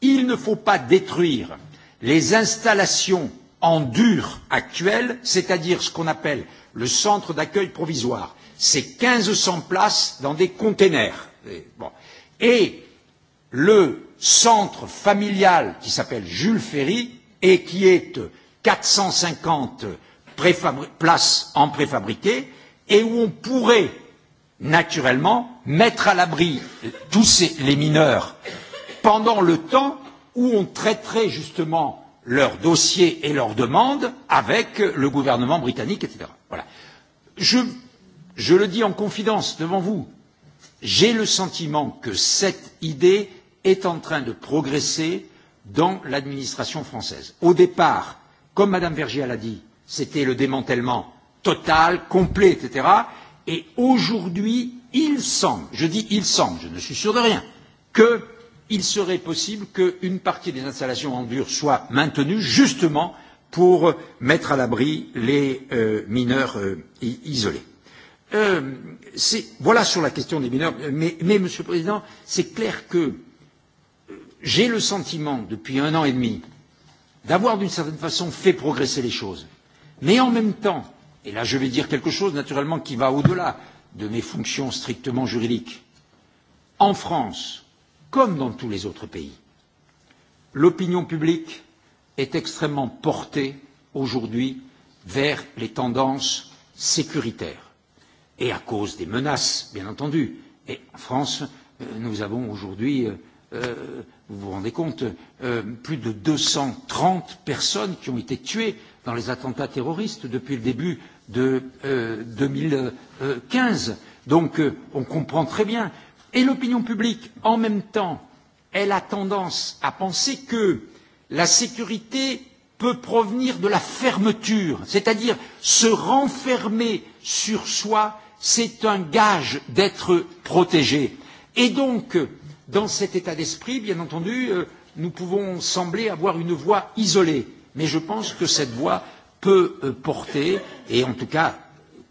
il ne faut pas détruire les installations en dur actuel, c'est-à-dire ce qu'on appelle le centre d'accueil provisoire. C'est 1500 places dans des containers. Et le centre familial qui s'appelle Jules Ferry et qui est 450 places en préfabriqué et où on pourrait naturellement mettre à l'abri tous les mineurs pendant le temps où on traiterait justement leurs dossiers et leurs demandes avec le gouvernement britannique, etc. Voilà. Je, je le dis en confidence devant vous, j'ai le sentiment que cette idée est en train de progresser dans l'administration française. Au départ, comme Mme Vergier l'a dit, c'était le démantèlement total, complet, etc. Et aujourd'hui, il semble, je dis il semble, je ne suis sûr de rien, que il serait possible qu'une partie des installations en dur soit maintenue justement pour mettre à l'abri les mineurs isolés. voilà sur la question des mineurs, mais, Monsieur le Président, c'est clair que j'ai le sentiment, depuis un an et demi, d'avoir d'une certaine façon fait progresser les choses. Mais en même temps, et là je vais dire quelque chose naturellement qui va au-delà de mes fonctions strictement juridiques, en France, comme dans tous les autres pays. L'opinion publique est extrêmement portée aujourd'hui vers les tendances sécuritaires et à cause des menaces, bien entendu. Et en France, nous avons aujourd'hui, vous vous rendez compte, plus de deux cent trente personnes qui ont été tuées dans les attentats terroristes depuis le début de deux mille quinze. Donc on comprend très bien Et l'opinion publique, en même temps, elle a tendance à penser que la sécurité peut provenir de la fermeture, c'est-à-dire se renfermer sur soi, c'est un gage d'être protégé. Et donc, dans cet état d'esprit, bien entendu, nous pouvons sembler avoir une voix isolée, mais je pense que cette voix peut porter, et en tout cas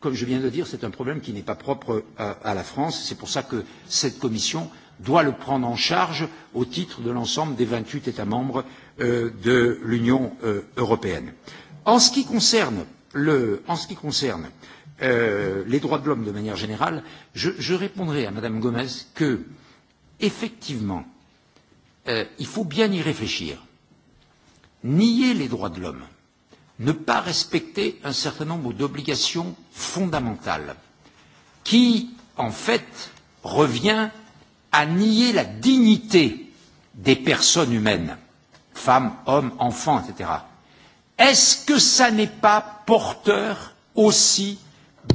comme je viens de le dire, c'est un problème qui n'est pas propre à, à la France. C'est pour ça que cette Commission doit le prendre en charge au titre de l'ensemble des 28 États membres euh, de l'Union euh, européenne. En ce qui concerne, le, en ce qui concerne euh, les droits de l'homme de manière générale, je, je répondrai à Madame Gomez que, effectivement, euh, il faut bien y réfléchir. Nier les droits de l'homme, ne pas respecter un certain nombre d'obligations fondamentales, qui, en fait, revient à nier la dignité des personnes humaines, femmes, hommes, enfants, etc. Est-ce que ça n'est pas porteur aussi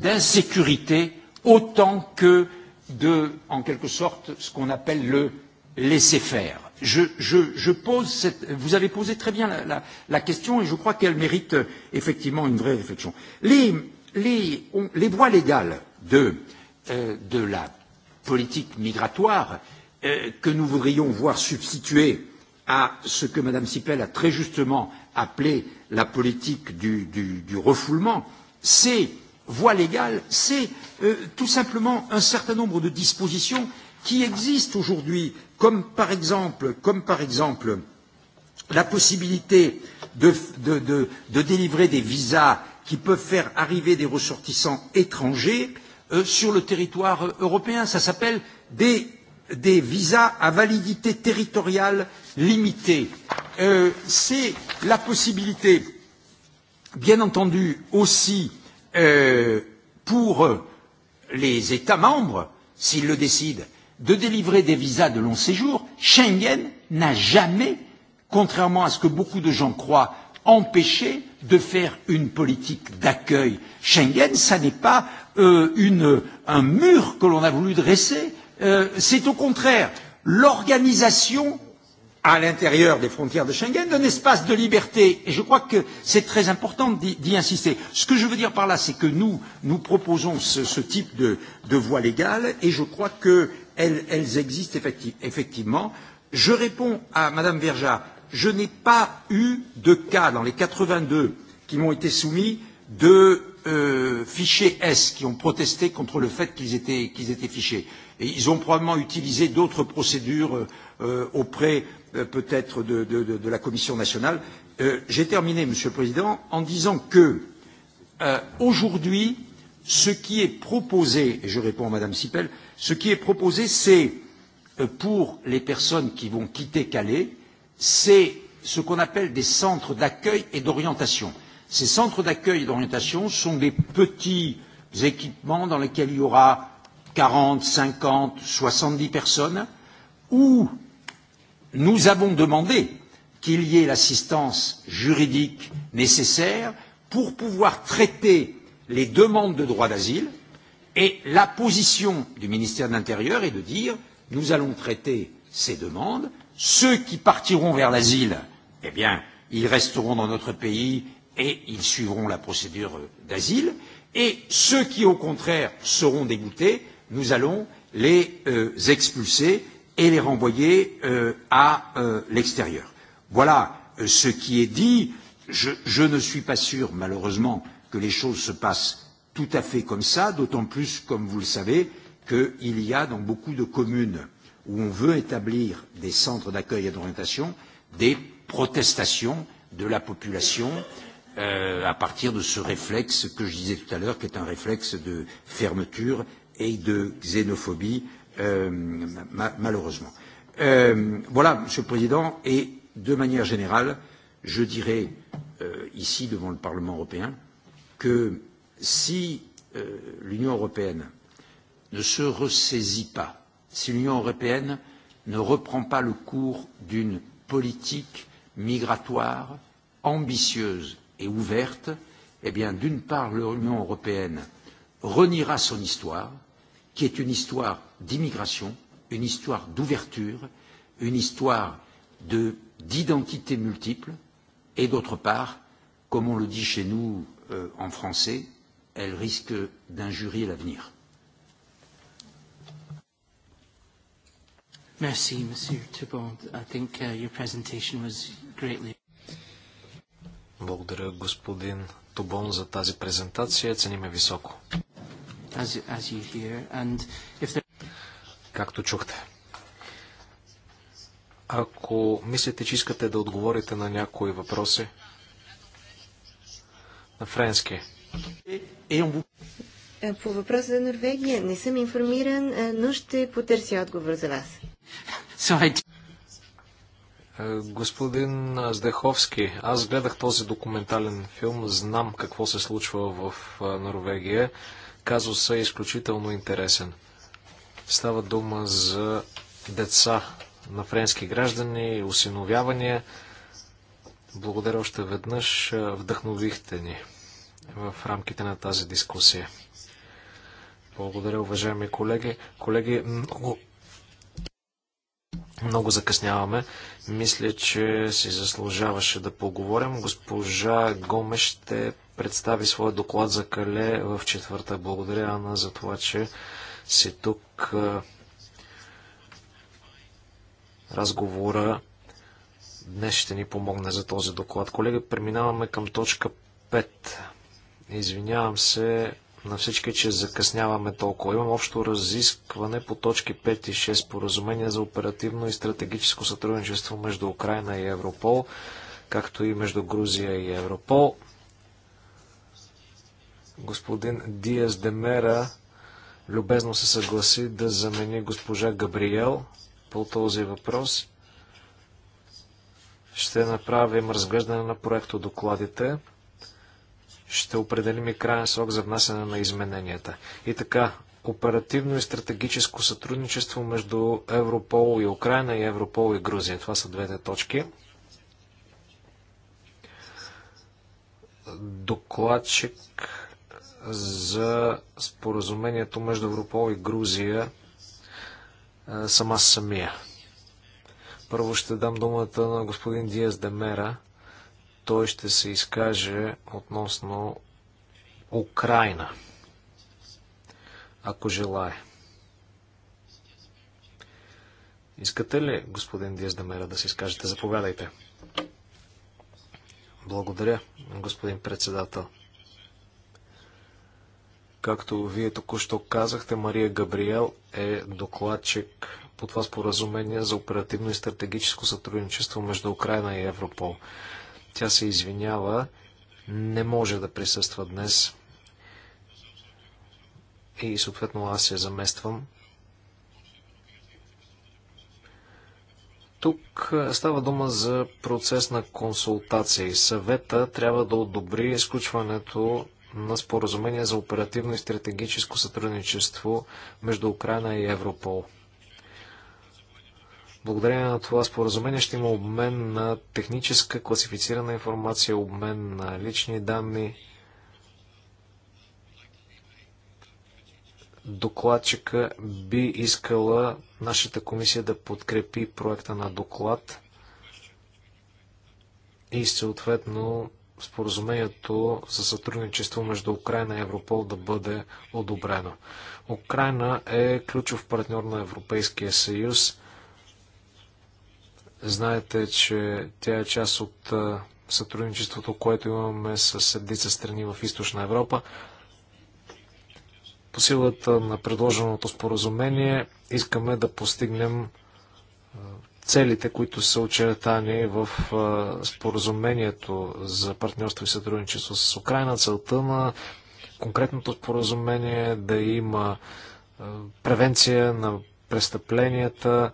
d'insécurité autant que de, en quelque sorte, ce qu'on appelle le laisser faire je, je, je pose cette, vous avez posé très bien la, la, la question et je crois qu'elle mérite effectivement une vraie réflexion. Les, les, on, les voies légales de, euh, de la politique migratoire euh, que nous voudrions voir substituer à ce que Mme Sipel a très justement appelé la politique du, du, du refoulement, ces voies légales, c'est euh, tout simplement un certain nombre de dispositions qui existent aujourd'hui, comme par exemple, comme par exemple la possibilité de, de, de, de délivrer des visas qui peuvent faire arriver des ressortissants étrangers euh, sur le territoire européen. Ça s'appelle des, des visas à validité territoriale limitée. Euh, C'est la possibilité, bien entendu, aussi euh, pour les États membres, s'ils le décident, de délivrer des visas de long séjour, Schengen n'a jamais, contrairement à ce que beaucoup de gens croient, empêché de faire une politique d'accueil. Schengen, ça n'est pas euh, une, un mur que l'on a voulu dresser, euh, c'est au contraire l'organisation à l'intérieur des frontières de Schengen d'un espace de liberté. Et je crois que c'est très important d'y insister. Ce que je veux dire par là, c'est que nous, nous proposons ce, ce type de, de voie légale et je crois que elles, elles existent effecti effectivement. Je réponds à Madame Verja, je n'ai pas eu de cas dans les 82 qui m'ont été soumis de euh, fichiers S qui ont protesté contre le fait qu'ils étaient, qu étaient fichés. Et ils ont probablement utilisé d'autres procédures euh, auprès euh, peut-être de, de, de, de la Commission nationale. Euh, J'ai terminé, Monsieur le Président, en disant que euh, aujourd'hui, ce qui est proposé, et je réponds à Madame Sipel, Ce qui est proposé, c'est pour les personnes qui vont quitter Calais, c'est ce qu'on appelle des centres d'accueil et d'orientation. Ces centres d'accueil et d'orientation sont des petits équipements dans lesquels il y aura quarante, cinquante, soixante dix personnes, où nous avons demandé qu'il y ait l'assistance juridique nécessaire pour pouvoir traiter les demandes de droit d'asile, Et la position du ministère de l'Intérieur est de dire nous allons traiter ces demandes. Ceux qui partiront vers l'asile, eh bien, ils resteront dans notre pays et ils suivront la procédure d'asile. Et ceux qui, au contraire, seront dégoûtés, nous allons les euh, expulser et les renvoyer euh, à euh, l'extérieur. Voilà euh, ce qui est dit. Je, je ne suis pas sûr, malheureusement, que les choses se passent tout à fait comme ça, d'autant plus, comme vous le savez, qu'il y a dans beaucoup de communes où on veut établir des centres d'accueil et d'orientation des protestations de la population euh, à partir de ce réflexe que je disais tout à l'heure, qui est un réflexe de fermeture et de xénophobie, euh, ma malheureusement. Euh, voilà, Monsieur le Président, et de manière générale, je dirais euh, ici devant le Parlement européen que si l'Union européenne ne se ressaisit pas, si l'Union européenne ne reprend pas le cours d'une politique migratoire ambitieuse et ouverte, eh bien, d'une part, l'Union européenne reniera son histoire, qui est une histoire d'immigration, une histoire d'ouverture, une histoire d'identité multiple, et d'autre part, comme on le dit chez nous en français, elle risque d'injurier l'avenir. Merci, Monsieur Thibault. I think uh, your presentation was greatly... Благодаря, господин Тубон, за тази презентация. Цениме високо. As, as you hear, and if there... Както чухте. Ако мислите, че искате да отговорите на някои въпроси, на френски. Е, по въпроса за Норвегия не съм информиран, е, но ще потърся отговор за вас. Е, господин Здеховски, аз гледах този документален филм, знам какво се случва в Норвегия. Казусът е изключително интересен. Става дума за деца на френски граждани, осиновявания. Благодаря още веднъж, вдъхновихте ни в рамките на тази дискусия. Благодаря, уважаеми колеги. Колеги, много, много закъсняваме. Мисля, че си заслужаваше да поговорим. Госпожа Гоме ще представи своя доклад за Кале в четвърта. Благодаря, Анна, за това, че си тук. Разговора днес ще ни помогне за този доклад. Колеги, преминаваме към точка 5. Извинявам се на всички, че закъсняваме толкова. Имам общо разискване по точки 5 и 6 поразумение за оперативно и стратегическо сътрудничество между Украина и Европол, както и между Грузия и Европол. Господин Диас Демера любезно се съгласи да замени госпожа Габриел по този въпрос. Ще направим разглеждане на проекто докладите ще определим и крайен срок за внасяне на измененията. И така, оперативно и стратегическо сътрудничество между Европол и Украина и Европол и Грузия. Това са двете точки. Докладчик за споразумението между Европол и Грузия е, сама самия. Първо ще дам думата на господин Диас Демера. Той ще се изкаже относно Украина, ако желая. Искате ли, господин Диездамера, да се изкажете? Заповядайте. Благодаря, господин председател. Както вие току-що казахте, Мария Габриел е докладчик по това споразумение за оперативно и стратегическо сътрудничество между Украина и Европол. Тя се извинява, не може да присъства днес. И съответно аз я замествам. Тук става дума за процес на консултация и Съвета трябва да одобри изключването на споразумение за оперативно и стратегическо сътрудничество между Украина и Европол. Благодарение на това споразумение ще има обмен на техническа класифицирана информация, обмен на лични данни. Докладчика би искала нашата комисия да подкрепи проекта на доклад и съответно споразумението за сътрудничество между Украина и Европол да бъде одобрено. Украина е ключов партньор на Европейския съюз Знаете, че тя е част от сътрудничеството, което имаме с редица страни в Източна Европа. По силата на предложеното споразумение искаме да постигнем целите, които са очертани в споразумението за партньорство и сътрудничество с Украина. Целта на конкретното споразумение е да има превенция на престъпленията,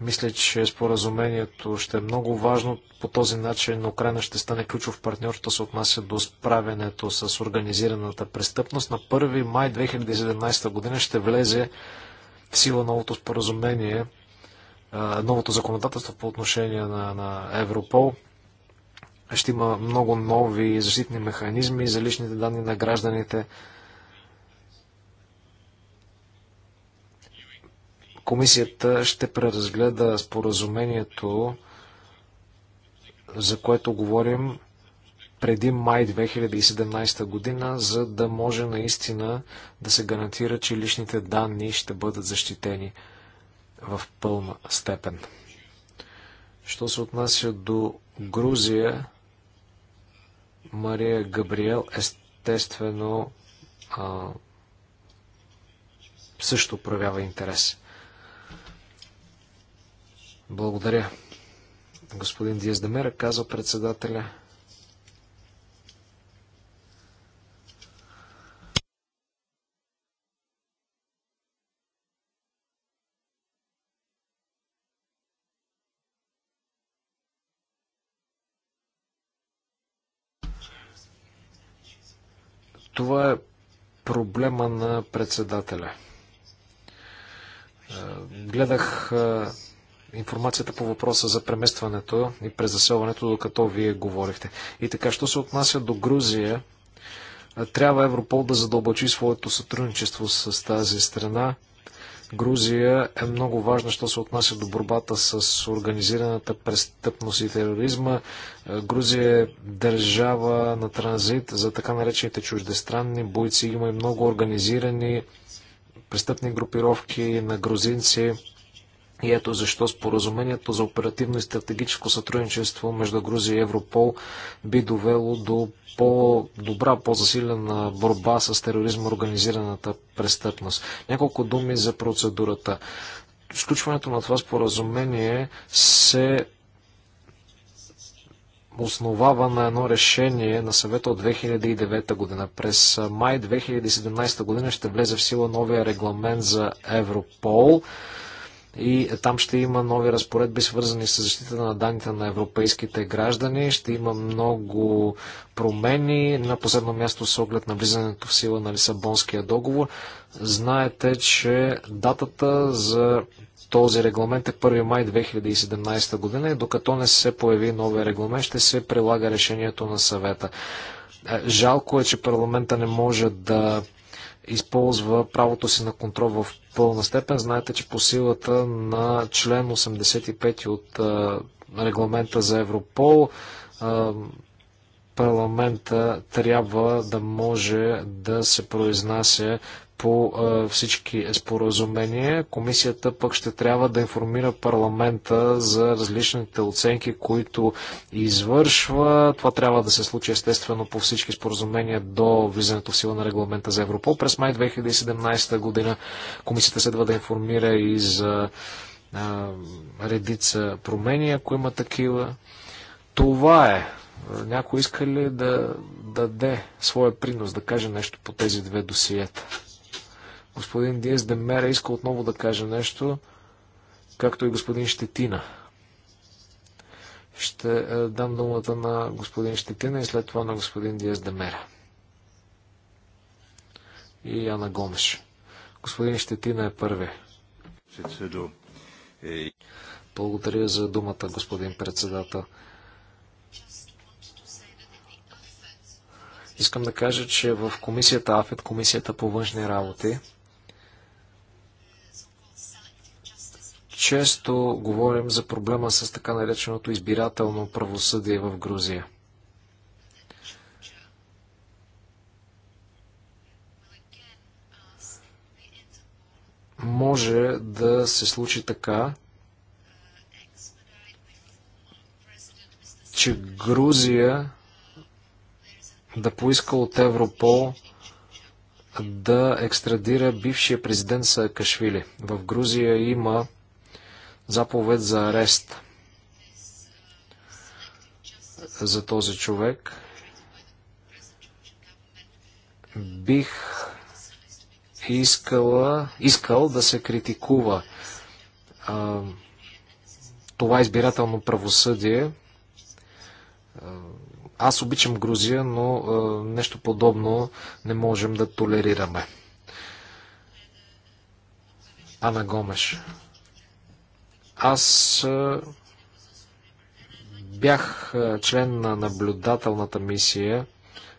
мисля, че споразумението ще е много важно. По този начин Украина ще стане ключов партньор, що се отнася до справянето с организираната престъпност. На 1 май 2017 година ще влезе в сила новото споразумение, новото законодателство по отношение на, на Европол. Ще има много нови защитни механизми за личните данни на гражданите. Комисията ще преразгледа споразумението, за което говорим преди май 2017 година, за да може наистина да се гарантира, че личните данни ще бъдат защитени в пълна степен. Що се отнася до Грузия, Мария Габриел естествено а, също проявява интерес. Благодаря. Господин Диездемера казва председателя. Това е проблема на председателя. Е, гледах е, информацията по въпроса за преместването и презаселването, докато вие говорихте. И така, що се отнася до Грузия, трябва Европол да задълбочи своето сътрудничество с тази страна. Грузия е много важна, що се отнася до борбата с организираната престъпност и тероризма. Грузия е държава на транзит за така наречените чуждестранни бойци. Има и много организирани престъпни групировки на грузинци. И ето защо споразумението за оперативно и стратегическо сътрудничество между Грузия и Европол би довело до по-добра, по-засилена борба с тероризма, организираната престъпност. Няколко думи за процедурата. Сключването на това споразумение се основава на едно решение на съвета от 2009 година. През май 2017 година ще влезе в сила новия регламент за Европол и там ще има нови разпоредби, свързани с защита на данните на европейските граждани. Ще има много промени. На последно място с оглед на влизането в сила на Лисабонския договор. Знаете, че датата за този регламент е 1 май 2017 година и докато не се появи новия регламент, ще се прилага решението на съвета. Е, жалко е, че парламента не може да използва правото си на контрол в пълна степен. Знаете, че по силата на член 85 от регламента за Европол парламента трябва да може да се произнася по всички споразумения. Комисията пък ще трябва да информира парламента за различните оценки, които извършва. Това трябва да се случи естествено по всички споразумения до влизането в сила на регламента за Европол. През май 2017 година комисията следва да информира и за а, редица промени, ако има такива. Това е. Някой иска ли да даде своя принос, да каже нещо по тези две досиета? Господин Диес Демера иска отново да каже нещо, както и господин Щетина. Ще е, дам думата на господин Щетина и след това на господин Диес Демера. И Яна Гомеш. Господин Щетина е първи. Е, Благодаря за думата, господин председател. Искам да кажа, че в комисията АФЕД, комисията по външни работи, често говорим за проблема с така нареченото избирателно правосъдие в Грузия. Може да се случи така, че Грузия да поиска от Европол да екстрадира бившия президент Саакашвили. В Грузия има заповед за арест за този човек. Бих искала, искал да се критикува а, това избирателно правосъдие. Аз обичам Грузия, но а, нещо подобно не можем да толерираме. Ана Гомеш. Аз бях член на наблюдателната мисия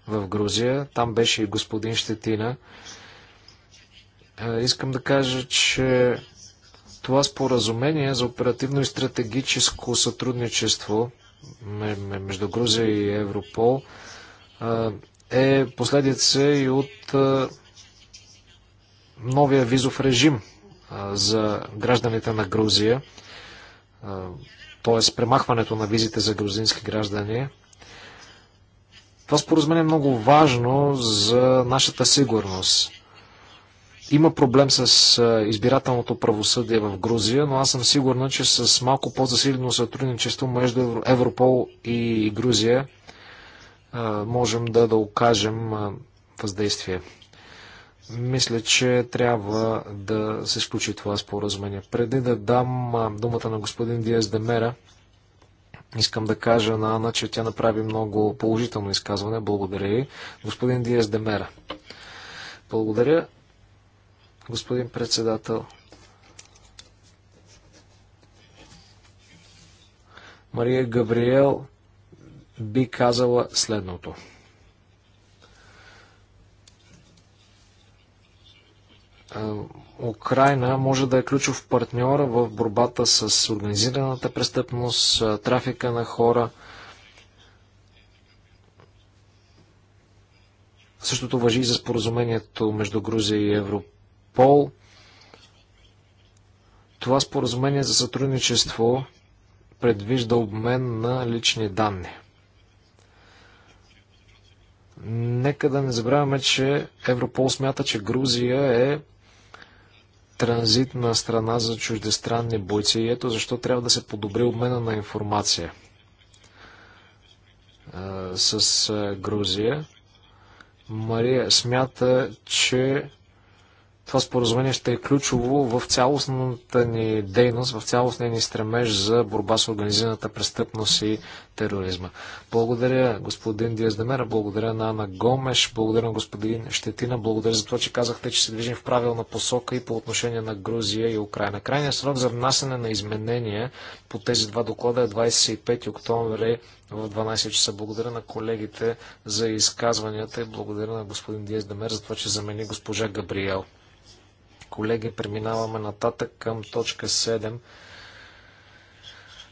в Грузия. Там беше и господин Щетина. Искам да кажа, че това споразумение за оперативно и стратегическо сътрудничество между Грузия и Европол е последица и от новия визов режим за гражданите на Грузия т.е. премахването на визите за грузински граждани. Това според мен е много важно за нашата сигурност. Има проблем с избирателното правосъдие в Грузия, но аз съм сигурна, че с малко по-засилено сътрудничество между Европол и Грузия можем да, да окажем въздействие мисля, че трябва да се сключи това споразумение. Преди да дам думата на господин Диас Демера, искам да кажа на Ана, че тя направи много положително изказване. Благодаря ви, господин Диас Демера. Благодаря, господин председател. Мария Габриел би казала следното. Е, Украина може да е ключов партньор в борбата с организираната престъпност, е, трафика на хора. Същото въжи и за споразумението между Грузия и Европол. Това споразумение за сътрудничество предвижда обмен на лични данни. Нека да не забравяме, че Европол смята, че Грузия е транзитна страна за чуждестранни бойци. И ето защо трябва да се подобри обмена на информация е, с е, Грузия. Мария смята, че това споразумение ще е ключово в цялостната ни дейност, в цялостния ни стремеж за борба с организираната престъпност и тероризма. Благодаря господин Демера, благодаря на Ана Гомеш, благодаря на господин Щетина, благодаря за това, че казахте, че се движим в правилна посока и по отношение на Грузия и Украина. Крайният срок за внасяне на изменения по тези два доклада е 25 октомври в 12 часа. Благодаря на колегите за изказванията и благодаря на господин Демер за това, че замени госпожа Габриел колеги. Преминаваме нататък към точка 7.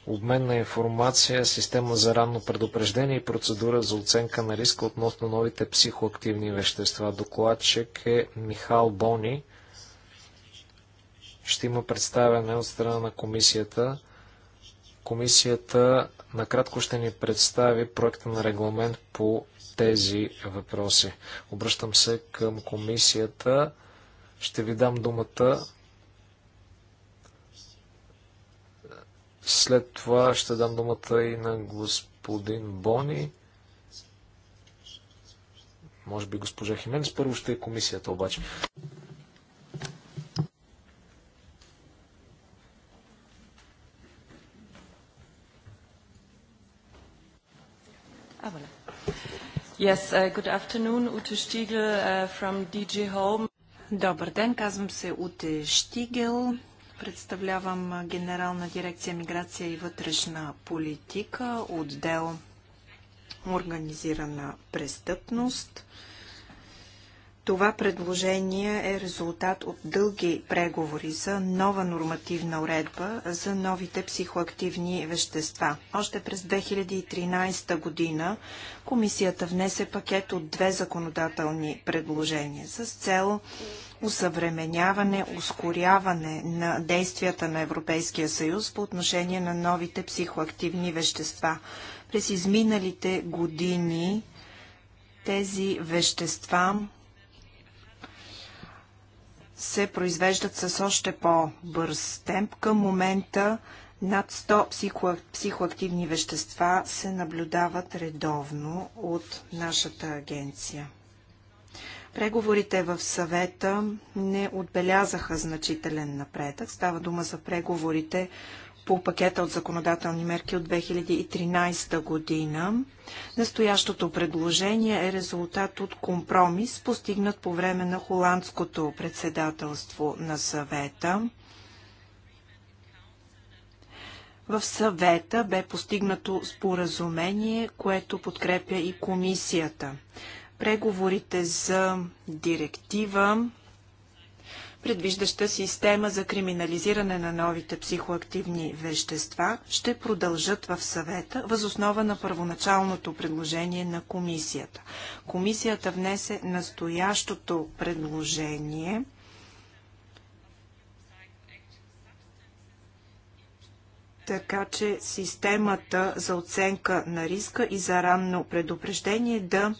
Обмен на информация, система за ранно предупреждение и процедура за оценка на риска относно новите психоактивни вещества. Докладчик е Михал Бони. Ще има представяне от страна на комисията. Комисията накратко ще ни представи проекта на регламент по тези въпроси. Обръщам се към комисията. Ще ви дам думата. След това ще дам думата и на господин Бони. Може би госпожа Хименес. Първо ще е комисията обаче. Ah, yes, uh, good afternoon. Ute Stiegel uh, from DG Home. Добър ден, казвам се Уте Штигел. Представлявам Генерална дирекция Миграция и вътрешна политика, отдел Организирана престъпност. Това предложение е резултат от дълги преговори за нова нормативна уредба за новите психоактивни вещества. Още през 2013 година комисията внесе пакет от две законодателни предложения с цел усъвременяване, ускоряване на действията на Европейския съюз по отношение на новите психоактивни вещества. През изминалите години тези вещества се произвеждат с още по-бърз темп. Към момента над 100 психо... психоактивни вещества се наблюдават редовно от нашата агенция. Преговорите в съвета не отбелязаха значителен напредък. Става дума за преговорите по пакета от законодателни мерки от 2013 година. Настоящото предложение е резултат от компромис, постигнат по време на холандското председателство на съвета. В съвета бе постигнато споразумение, което подкрепя и комисията. Преговорите за директива предвиждаща система за криминализиране на новите психоактивни вещества, ще продължат в съвета възоснова на първоначалното предложение на комисията. Комисията внесе настоящото предложение така че системата за оценка на риска и за ранно предупреждение да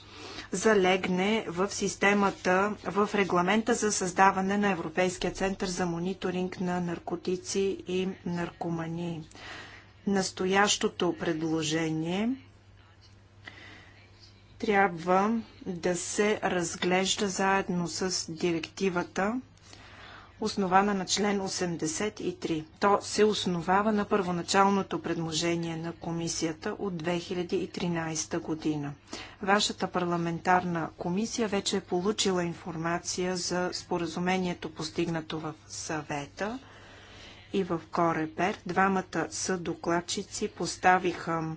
залегне в системата, в регламента за създаване на Европейския център за мониторинг на наркотици и наркомании. Настоящото предложение трябва да се разглежда заедно с директивата основана на член 83. То се основава на първоначалното предложение на комисията от 2013 година. Вашата парламентарна комисия вече е получила информация за споразумението постигнато в съвета и в Корепер. Двамата са докладчици поставиха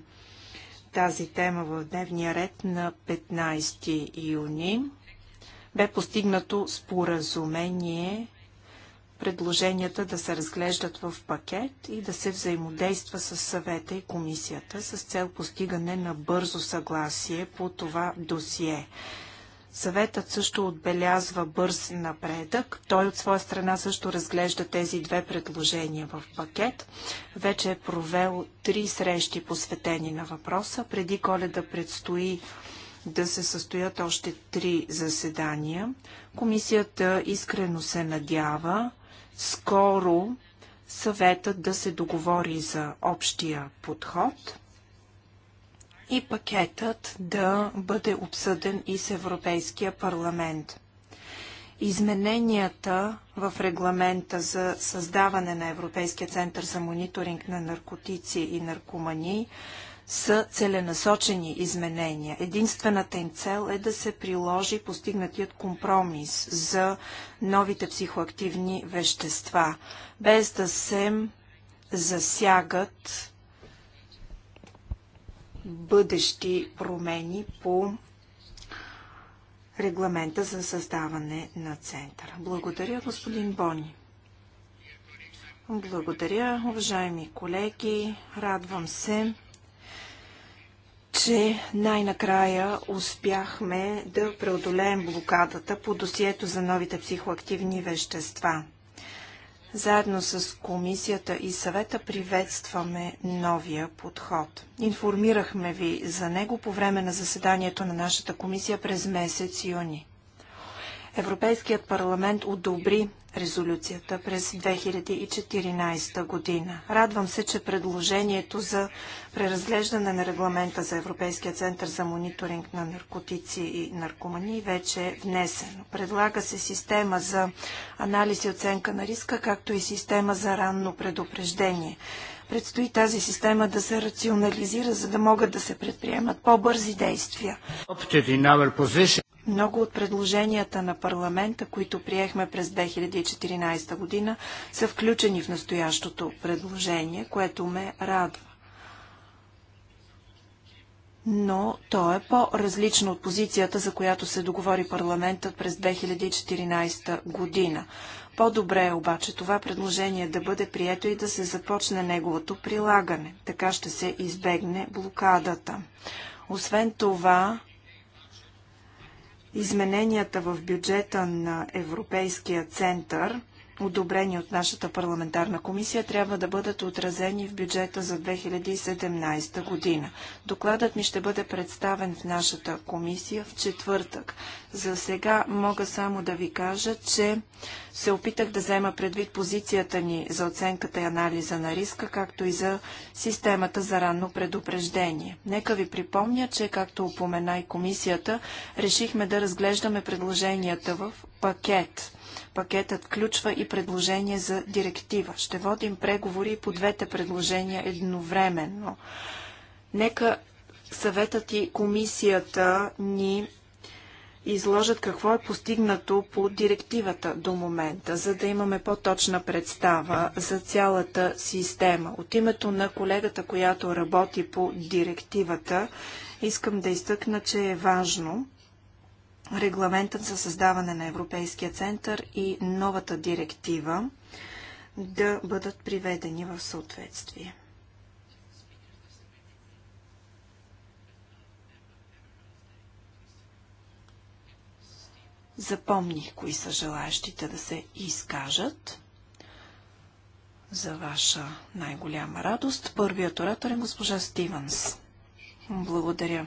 тази тема в дневния ред на 15 юни. Бе постигнато споразумение предложенията да се разглеждат в пакет и да се взаимодейства с съвета и комисията с цел постигане на бързо съгласие по това досие. Съветът също отбелязва бърз напредък. Той от своя страна също разглежда тези две предложения в пакет. Вече е провел три срещи посветени на въпроса. Преди коледа предстои да се състоят още три заседания. Комисията искрено се надява скоро съветът да се договори за общия подход и пакетът да бъде обсъден и с Европейския парламент. Измененията в регламента за създаване на Европейския център за мониторинг на наркотици и наркомании са целенасочени изменения. Единствената им цел е да се приложи постигнатият компромис за новите психоактивни вещества, без да се засягат бъдещи промени по регламента за създаване на центъра. Благодаря, господин Бони. Благодаря, уважаеми колеги. Радвам се, че най-накрая успяхме да преодолеем блокадата по досието за новите психоактивни вещества. Заедно с комисията и съвета приветстваме новия подход. Информирахме ви за него по време на заседанието на нашата комисия през месец юни. Европейският парламент одобри резолюцията през 2014 година. Радвам се, че предложението за преразглеждане на регламента за Европейския център за мониторинг на наркотици и наркомани вече е внесено. Предлага се система за анализ и оценка на риска, както и система за ранно предупреждение. Предстои тази система да се рационализира, за да могат да се предприемат по-бързи действия. Много от предложенията на парламента, които приехме през 2014 година, са включени в настоящото предложение, което ме радва. Но то е по-различно от позицията, за която се договори парламентът през 2014 година. По-добре е обаче това предложение да бъде прието и да се започне неговото прилагане. Така ще се избегне блокадата. Освен това, измененията в бюджета на Европейския център одобрени от нашата парламентарна комисия, трябва да бъдат отразени в бюджета за 2017 година. Докладът ми ще бъде представен в нашата комисия в четвъртък. За сега мога само да ви кажа, че се опитах да взема предвид позицията ни за оценката и анализа на риска, както и за системата за ранно предупреждение. Нека ви припомня, че, както упомена и комисията, решихме да разглеждаме предложенията в пакет Пакетът включва и предложение за директива. Ще водим преговори по двете предложения едновременно. Нека съветът и комисията ни изложат какво е постигнато по директивата до момента, за да имаме по-точна представа за цялата система. От името на колегата, която работи по директивата, искам да изтъкна, че е важно регламентът за създаване на Европейския център и новата директива да бъдат приведени в съответствие. Запомних кои са желаящите да се изкажат за ваша най-голяма радост. Първият оратор е госпожа Стивенс. Благодаря.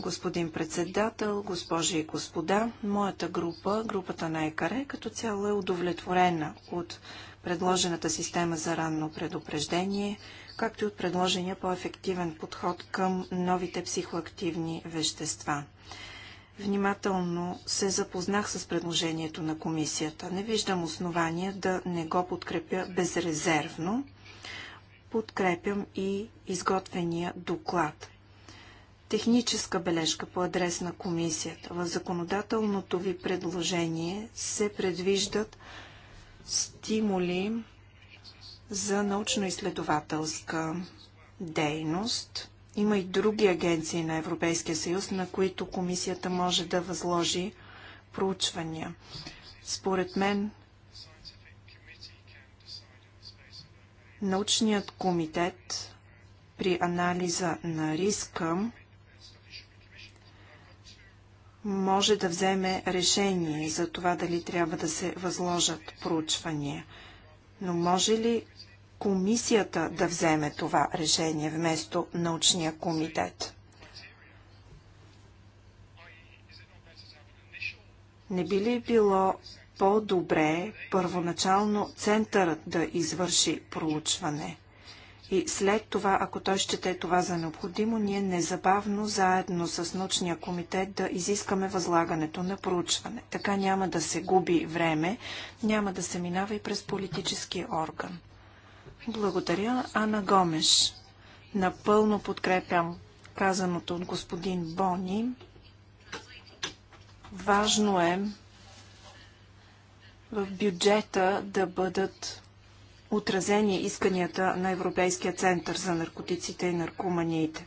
Господин председател, госпожи и господа, моята група, групата на ЕКАРЕ, като цяло е удовлетворена от предложената система за ранно предупреждение, както и от предложения по-ефективен подход към новите психоактивни вещества. Внимателно се запознах с предложението на комисията. Не виждам основания да не го подкрепя безрезервно. Подкрепям и изготвения доклад техническа бележка по адрес на комисията. В законодателното ви предложение се предвиждат стимули за научно-изследователска дейност. Има и други агенции на Европейския съюз, на които комисията може да възложи проучвания. Според мен, научният комитет при анализа на риска може да вземе решение за това дали трябва да се възложат проучвания. Но може ли комисията да вземе това решение вместо научния комитет? Не би ли било по-добре първоначално центърът да извърши проучване? И след това, ако той щете това за необходимо, ние незабавно, заедно с научния комитет, да изискаме възлагането на проучване. Така няма да се губи време, няма да се минава и през политически орган. Благодаря, Ана Гомеш. Напълно подкрепям казаното от господин Бони. Важно е в бюджета да бъдат отразени исканията на Европейския център за наркотиците и наркоманиите.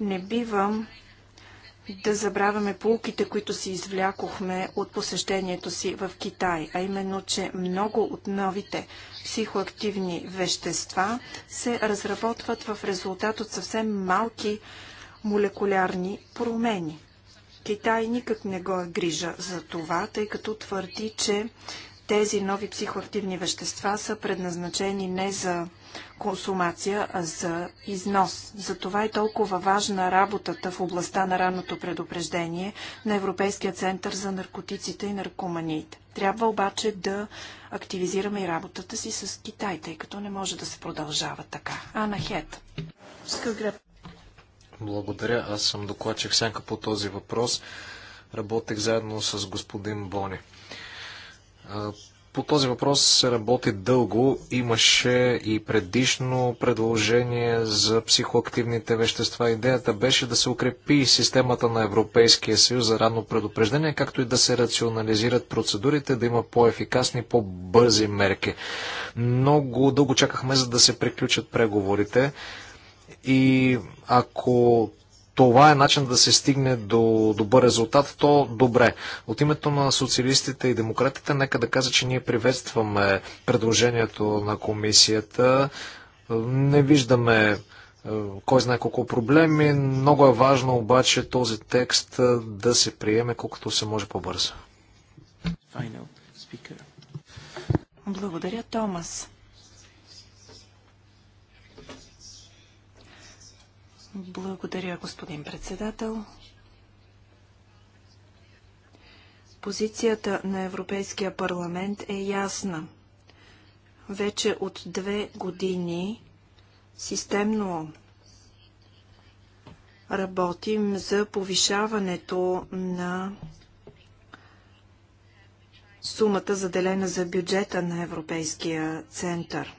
Не бивам да забравяме полуките, които си извлякохме от посещението си в Китай, а именно, че много от новите психоактивни вещества се разработват в резултат от съвсем малки молекулярни промени. Китай никак не го е грижа за това, тъй като твърди, че тези нови психоактивни вещества са предназначени не за консумация, а за износ. Затова е толкова важна работата в областта на ранното предупреждение на Европейския център за наркотиците и наркоманиите. Трябва обаче да активизираме и работата си с Китай, тъй като не може да се продължава така. Ана Хет. Благодаря. Аз съм докладчик Сянка по този въпрос. Работех заедно с господин Бони. По този въпрос се работи дълго. Имаше и предишно предложение за психоактивните вещества. Идеята беше да се укрепи системата на Европейския съюз за ранно предупреждение, както и да се рационализират процедурите, да има по-ефикасни, по-бързи мерки. Много дълго чакахме, за да се приключат преговорите. И ако това е начин да се стигне до добър резултат, то добре. От името на социалистите и демократите, нека да кажа, че ние приветстваме предложението на комисията. Не виждаме е, кой знае колко проблеми. Много е важно обаче този текст е, да се приеме колкото се може по-бързо. Благодаря, Томас. Благодаря, господин председател. Позицията на Европейския парламент е ясна. Вече от две години системно работим за повишаването на сумата заделена за бюджета на Европейския център.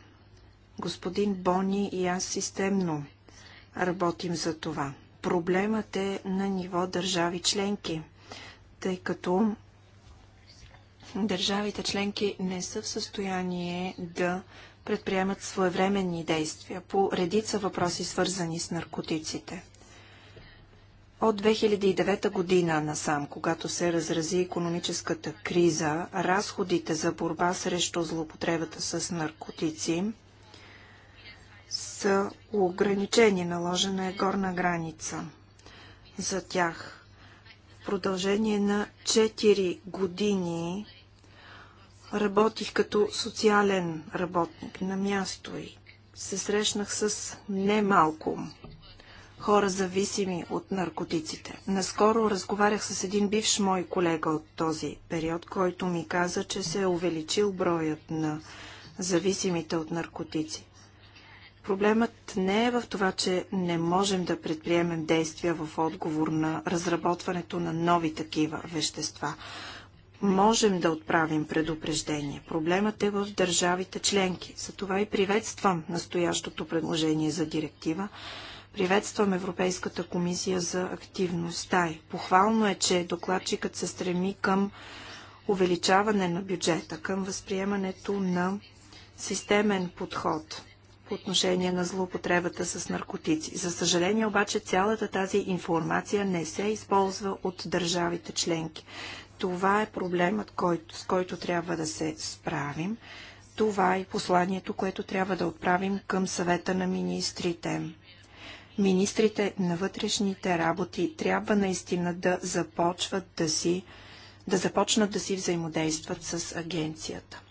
Господин Бони и аз системно работим за това. Проблемът е на ниво държави членки, тъй като държавите членки не са в състояние да предприемат своевременни действия по редица въпроси, свързани с наркотиците. От 2009 година насам, когато се разрази економическата криза, разходите за борба срещу злоупотребата с наркотици са ограничени, наложена е горна граница за тях. В продължение на 4 години работих като социален работник на място и се срещнах с немалко хора зависими от наркотиците. Наскоро разговарях с един бивш мой колега от този период, който ми каза, че се е увеличил броят на зависимите от наркотици. Проблемът не е в това, че не можем да предприемем действия в отговор на разработването на нови такива вещества. Можем да отправим предупреждение. Проблемът е в държавите членки. Затова и приветствам настоящото предложение за директива. Приветствам Европейската комисия за активността. И похвално е, че докладчикът се стреми към увеличаване на бюджета, към възприемането на системен подход по отношение на злоупотребата с наркотици. За съжаление обаче цялата тази информация не се използва от държавите членки. Това е проблемът, който, с който трябва да се справим. Това е посланието, което трябва да отправим към съвета на министрите. Министрите на вътрешните работи трябва наистина да започват да си да започнат да си взаимодействат с агенцията.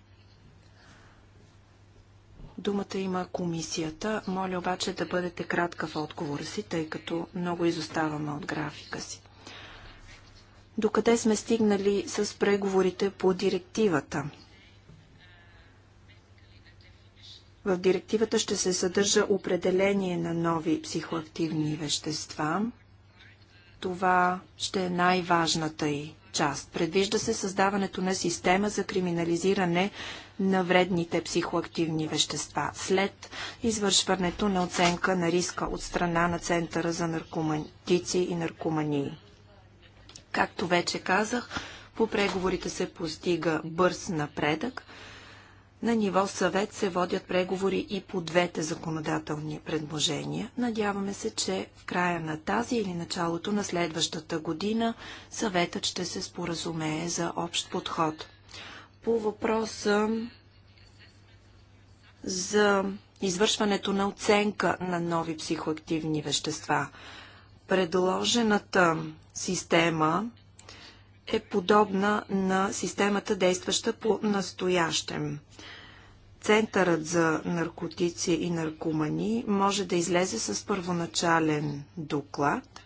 Думата има комисията. Моля обаче да бъдете кратка в отговора си, тъй като много изоставаме от графика си. Докъде сме стигнали с преговорите по директивата? В директивата ще се съдържа определение на нови психоактивни вещества. Това ще е най-важната и част. Предвижда се създаването на система за криминализиране на вредните психоактивни вещества след извършването на оценка на риска от страна на Центъра за наркоматици и наркомании. Както вече казах, по преговорите се постига бърз напредък. На ниво съвет се водят преговори и по двете законодателни предложения. Надяваме се, че в края на тази или началото на следващата година съветът ще се споразумее за общ подход по въпроса за извършването на оценка на нови психоактивни вещества. Предложената система е подобна на системата, действаща по настоящем. Центърът за наркотици и наркомани може да излезе с първоначален доклад –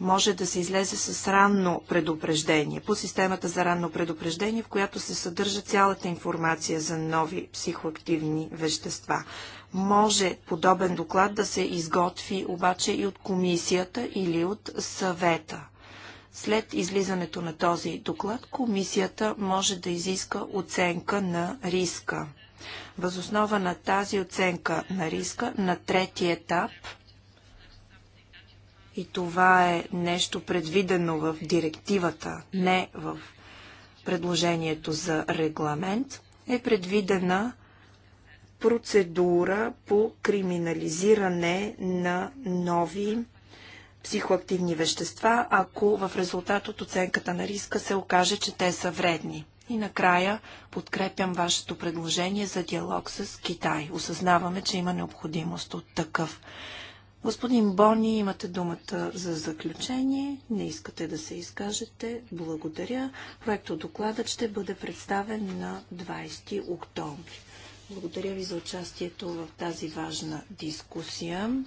може да се излезе с ранно предупреждение, по системата за ранно предупреждение, в която се съдържа цялата информация за нови психоактивни вещества. Може подобен доклад да се изготви обаче и от комисията или от съвета. След излизането на този доклад, комисията може да изиска оценка на риска. Възоснова на тази оценка на риска на трети етап – и това е нещо предвидено в директивата, не в предложението за регламент, е предвидена процедура по криминализиране на нови психоактивни вещества, ако в резултат от оценката на риска се окаже, че те са вредни. И накрая подкрепям вашето предложение за диалог с Китай. Осъзнаваме, че има необходимост от такъв. Господин Бони, имате думата за заключение. Не искате да се изкажете. Благодаря. Проектът докладът ще бъде представен на 20 октомври. Благодаря ви за участието в тази важна дискусия.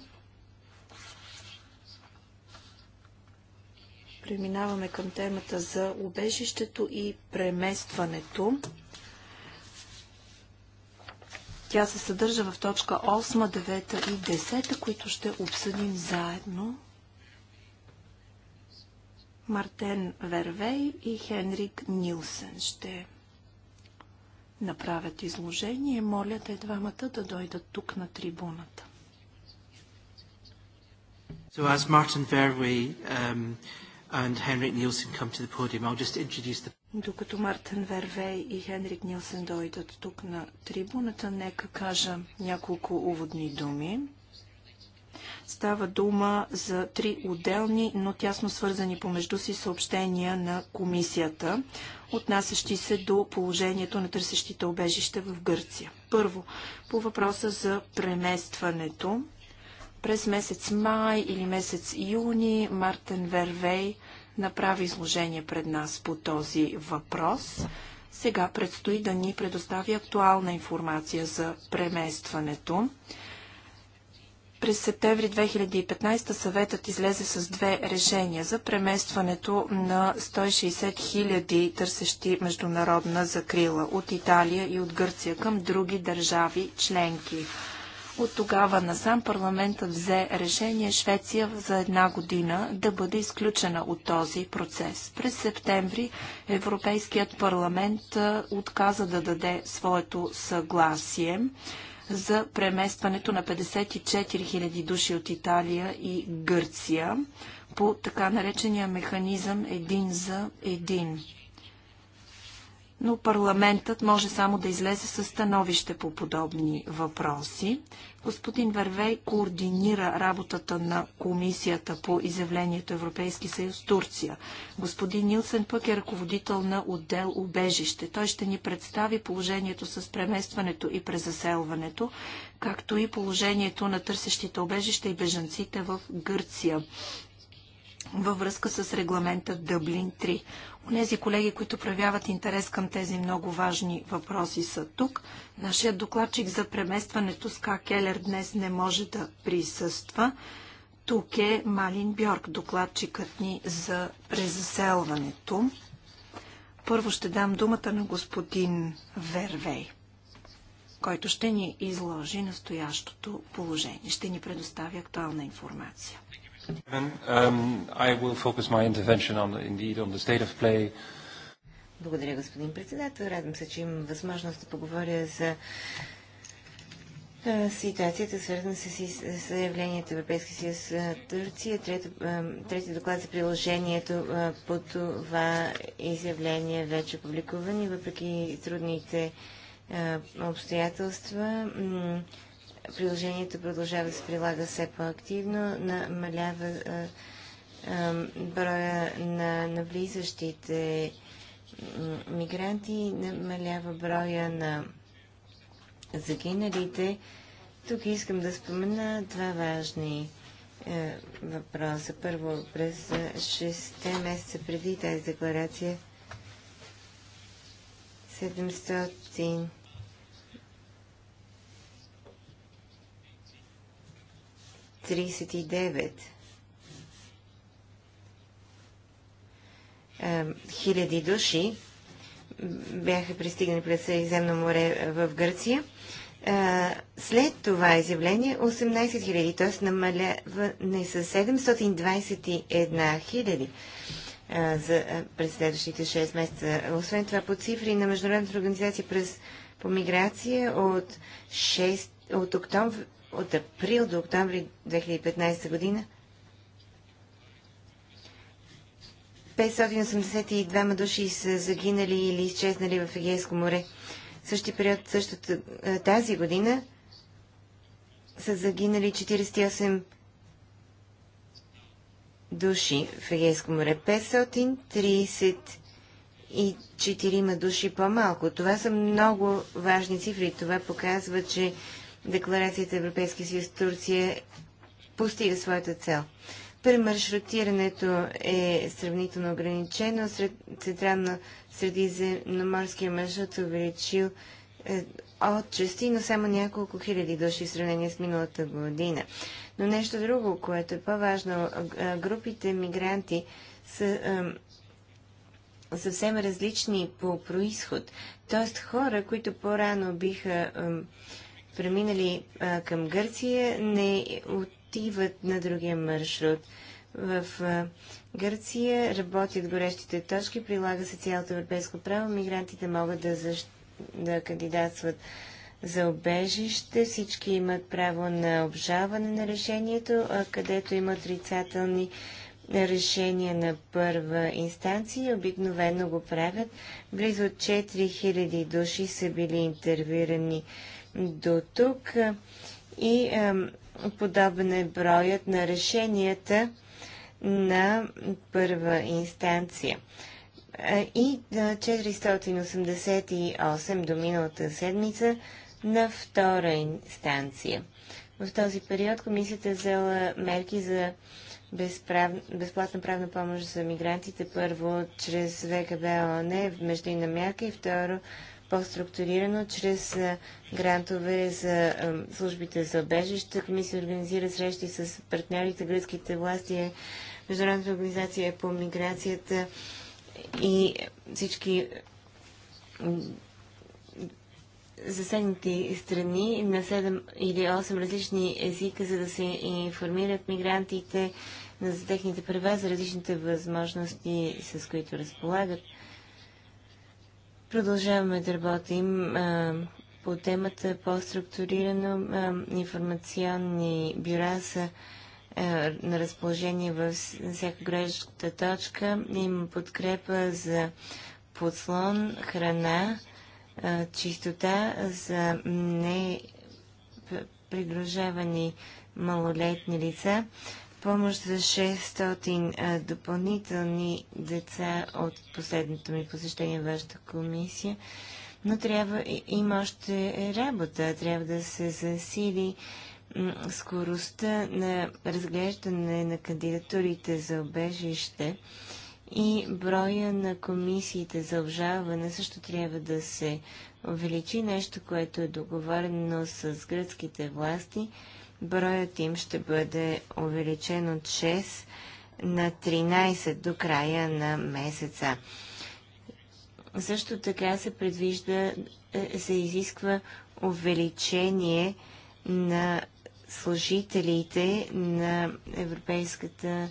Преминаваме към темата за убежището и преместването. Тя се съдържа в точка 8, 9 и 10, които ще обсъдим заедно. Мартен Вервей и Хенрик Нилсен ще направят изложение. Моля те двамата да дойдат тук на трибуната. So as Martin Verwey um, and Henrik Nielsen come to the podium. I'll just introduce the... Докато Мартин Вервей и Хенрик Нилсен дойдат тук на трибуната, нека кажа няколко уводни думи. Става дума за три отделни, но тясно свързани помежду си съобщения на комисията, отнасящи се до положението на търсещите обежище в Гърция. Първо, по въпроса за преместването. През месец май или месец юни Мартин Вервей направи изложение пред нас по този въпрос. Сега предстои да ни предостави актуална информация за преместването. През септември 2015 съветът излезе с две решения за преместването на 160 хиляди търсещи международна закрила от Италия и от Гърция към други държави членки. От тогава насам парламентът взе решение Швеция за една година да бъде изключена от този процес. През септември Европейският парламент отказа да даде своето съгласие за преместването на 54 000 души от Италия и Гърция по така наречения механизъм един за един но парламентът може само да излезе със становище по подобни въпроси. Господин Вервей координира работата на комисията по изявлението Европейски съюз Турция. Господин Нилсен пък е ръководител на отдел Обежище. Той ще ни представи положението с преместването и презаселването, както и положението на търсещите обежище и бежанците в Гърция във връзка с регламента Дъблин 3. Онези колеги, които проявяват интерес към тези много важни въпроси са тук. Нашият докладчик за преместването с К. Келер днес не може да присъства. Тук е Малин Бьорк, докладчикът ни за презаселването. Първо ще дам думата на господин Вервей, който ще ни изложи настоящото положение, ще ни предостави актуална информация. Um, Благодаря, господин председател. Радвам се, че имам възможност да поговоря за ситуацията, свързана с, с явлението Европейския съюз Турция. Трети, трети доклад за приложението по това изявление вече публикувани, въпреки трудните обстоятелства приложението продължава да се прилага все по-активно, намалява броя на навлизащите мигранти, намалява броя на загиналите. Тук искам да спомена два важни е, въпроса. Първо, през 6 месеца преди тази декларация 700 39 хиляди души бяха пристигнали през Средиземно море е, в Гърция. Е, след това изявление 18 000, т.е. намаляване с 721 хиляди е, за, през следващите 6 месеца. Освен това, по цифри на Международната организация през, по миграция от, 6, от октомври от април до октомври 2015 година 582 души са загинали или изчезнали в Егейско море. В същия период същата тази година са загинали 48 души в Егейско море. 534 души по-малко. Това са много важни цифри. Това показва, че Декларацията Европейски съюз Турция постига своята цел. маршрутирането е сравнително ограничено. Сред Централно средиземноморския маршрут увеличил е, части, но само няколко хиляди души в сравнение с миналата година. Но нещо друго, което е по-важно, е, групите мигранти са е, съвсем различни по происход. Тоест хора, които по-рано биха е, преминали а, към Гърция, не отиват на другия маршрут. В а, Гърция работят горещите точки, прилага се цялото европейско право, мигрантите могат да, защ... да кандидатстват за обежище, всички имат право на обжаване на решението, а където има отрицателни решения на първа инстанция, обикновено го правят. Близо 4000 души са били интервюирани до тук и подобен е броят на решенията на първа инстанция. И 488 до миналата седмица на втора инстанция. В този период комисията е взела мерки за безправ... безплатна правна помощ за мигрантите. Първо, чрез ВКБ ООН, междуна мярка и второ, по-структурирано чрез грантове за службите за обежище. Комисия организира срещи с партньорите, гръцките власти, Международната организация по миграцията и всички засегнати страни на 7 или 8 различни езика, за да се информират мигрантите за техните права, за различните възможности, с които разполагат. Продължаваме да работим а, по темата по-структурирано. Информационни бюра са а, на разположение във всяка гражданска точка. Има подкрепа за подслон, храна, а, чистота за не малолетни лица помощ за 600 допълнителни деца от последното ми посещение в вашата комисия, но трябва, има още работа, трябва да се засили скоростта на разглеждане на кандидатурите за обежище и броя на комисиите за обжалване също трябва да се увеличи, нещо, което е договорено с гръцките власти – броят им ще бъде увеличен от 6 на 13 до края на месеца. Също така се предвижда, е, се изисква увеличение на служителите на Европейската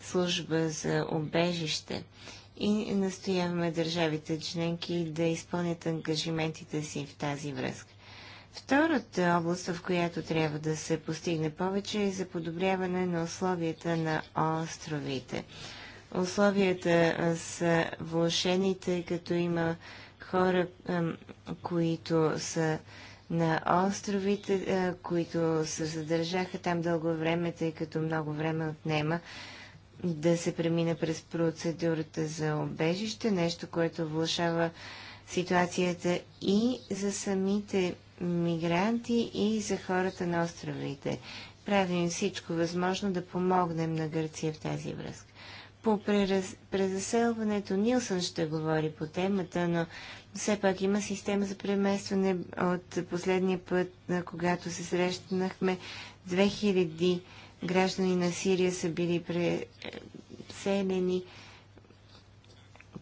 служба за обежище и настояваме държавите членки да изпълнят ангажиментите си в тази връзка. Втората област, в която трябва да се постигне повече е за подобряване на условията на островите. Условията са тъй като има хора, които са на островите, които се задържаха там дълго време, тъй като много време отнема да се премина през процедурата за обежище, нещо, което влушава ситуацията и за самите мигранти и за хората на островите. Правим всичко възможно да помогнем на Гърция в тази връзка. По прераз... презаселването Нилсън ще говори по темата, но все пак има система за преместване от последния път, когато се срещнахме. 2000 граждани на Сирия са били преселени.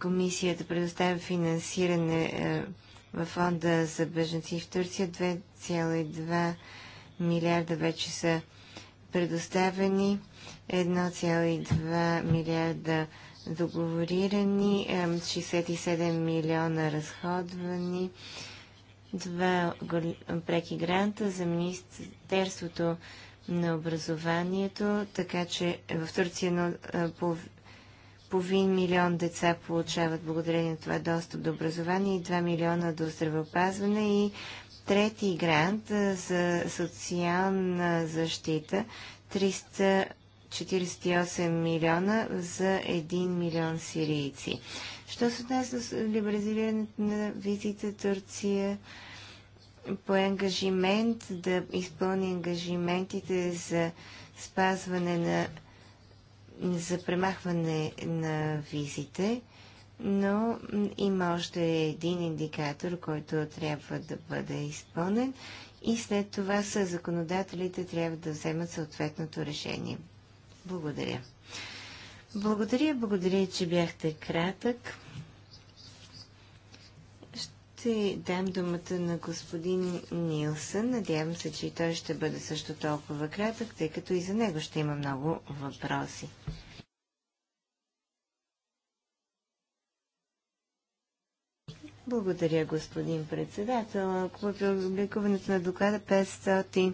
Комисията предоставя финансиране е, в фонда за беженци в Турция. 2,2 милиарда вече са предоставени, 1,2 милиарда договорирани, 67 милиона разходвани, два преки гранта за Министерството на образованието, така че в Турция е, половин милион деца получават благодарение на това достъп до образование и 2 милиона до здравеопазване и трети грант за социална защита 348 милиона за 1 милион сирийци. Що се отнася с либерализирането на визита Турция по ангажимент да изпълни ангажиментите за спазване на за премахване на визите, но има още един индикатор, който трябва да бъде изпълнен и след това са законодателите трябва да вземат съответното решение. Благодаря. Благодаря, благодаря, че бяхте кратък ще дам думата на господин Нилсън. Надявам се, че и той ще бъде също толкова кратък, тъй като и за него ще има много въпроси. Благодаря, господин председател. Публикуването на доклада 500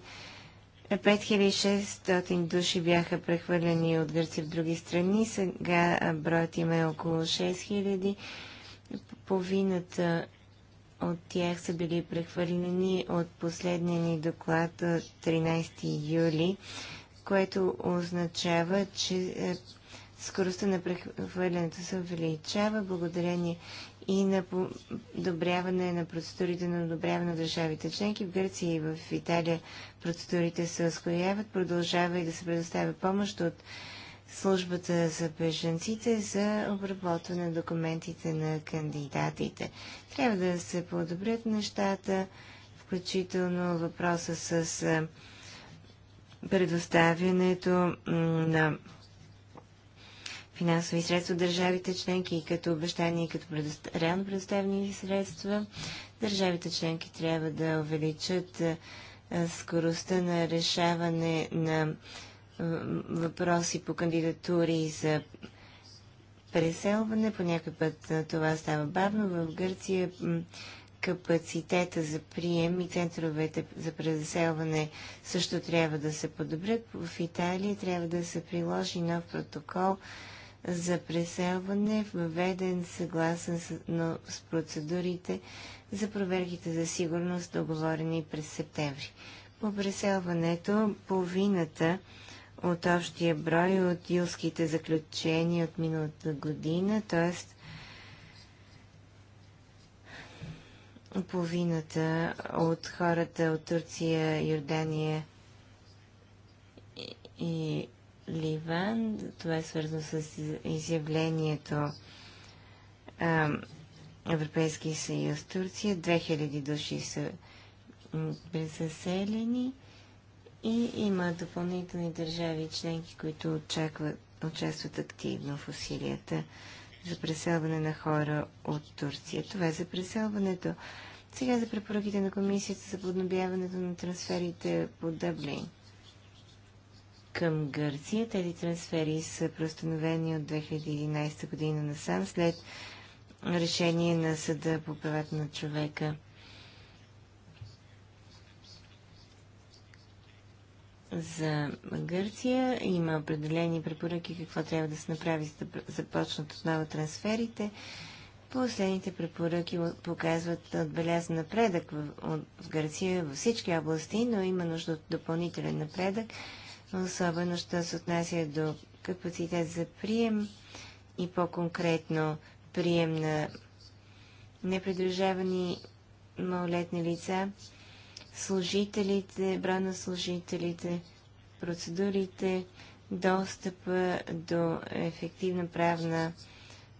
5600 души бяха прехвърлени от Гърция в други страни. Сега броят им е около 6000. Половината от тях са били прехвърлени от последния ни доклад от 13 юли, което означава, че е, скоростта на прехвърлянето се увеличава благодарение и на подобряване на процедурите на одобряване на държавите членки. В Гърция и в Италия процедурите се ускоряват. Продължава и да се предоставя помощ от службата за беженците за обработване на документите на кандидатите. Трябва да се подобрят нещата, включително въпроса с предоставянето на финансови средства от държавите членки и като обещания и като предостав... реално предоставени средства. Държавите членки трябва да увеличат скоростта на решаване на въпроси по кандидатури за преселване. По някой път това става бавно. В Гърция капацитета за прием и центровете за преселване също трябва да се подобрят. В Италия трябва да се приложи нов протокол за преселване, въведен съгласен с, но, с процедурите за проверките за сигурност, договорени през септември. По преселването половината от общия брой от юлските заключения от миналата година, т.е. половината от хората от Турция, Йордания и Ливан. Това е свързано с изявлението Европейския Европейски съюз Турция. 2000 души са заселени. И има допълнителни държави членки, които очакват, участват активно в усилията за преселване на хора от Турция. Това е за преселването. Сега за препоръките на комисията за поднобяването на трансферите по Дъблин към Гърция. Тези трансфери са простановени от 2011 година насам след решение на Съда по правата на човека за Гърция. Има определени препоръки какво трябва да се направи, за да започнат отново трансферите. Последните препоръки показват отбелязан напредък в Гърция във всички области, но има нужда от допълнителен напредък, особено що се отнася до капацитет за прием и по-конкретно прием на непридружавани малолетни лица служителите, броя на служителите, процедурите, достъпа до ефективна правна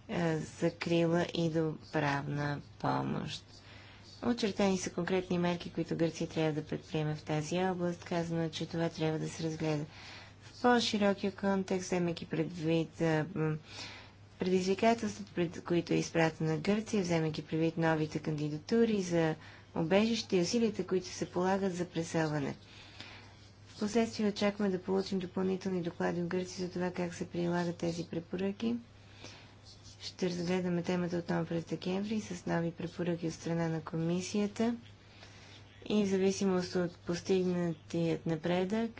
е, закрила и до правна помощ. Очертани са конкретни мерки, които Гърция трябва да предприеме в тази област. Казано, е, че това трябва да се разгледа в по-широкия контекст, вземайки предвид е, предизвикателствата, пред които е изпратена Гърция, вземайки предвид новите кандидатури за обежище и усилията, които се полагат за преселване. Впоследствие очакваме да получим допълнителни доклади от Гърция за това как се прилагат тези препоръки. Ще разгледаме темата отново през декември с нови препоръки от страна на комисията и в зависимост от постигнатият напредък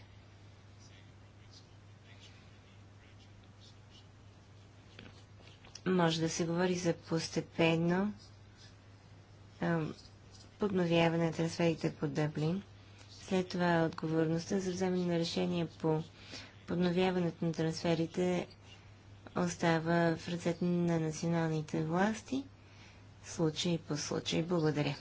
може да се говори за постепенно подновяване на трансферите по Дъблин. След това е отговорността за вземане на решение по подновяването на трансферите остава в ръцете на националните власти, случай по случай. Благодаря.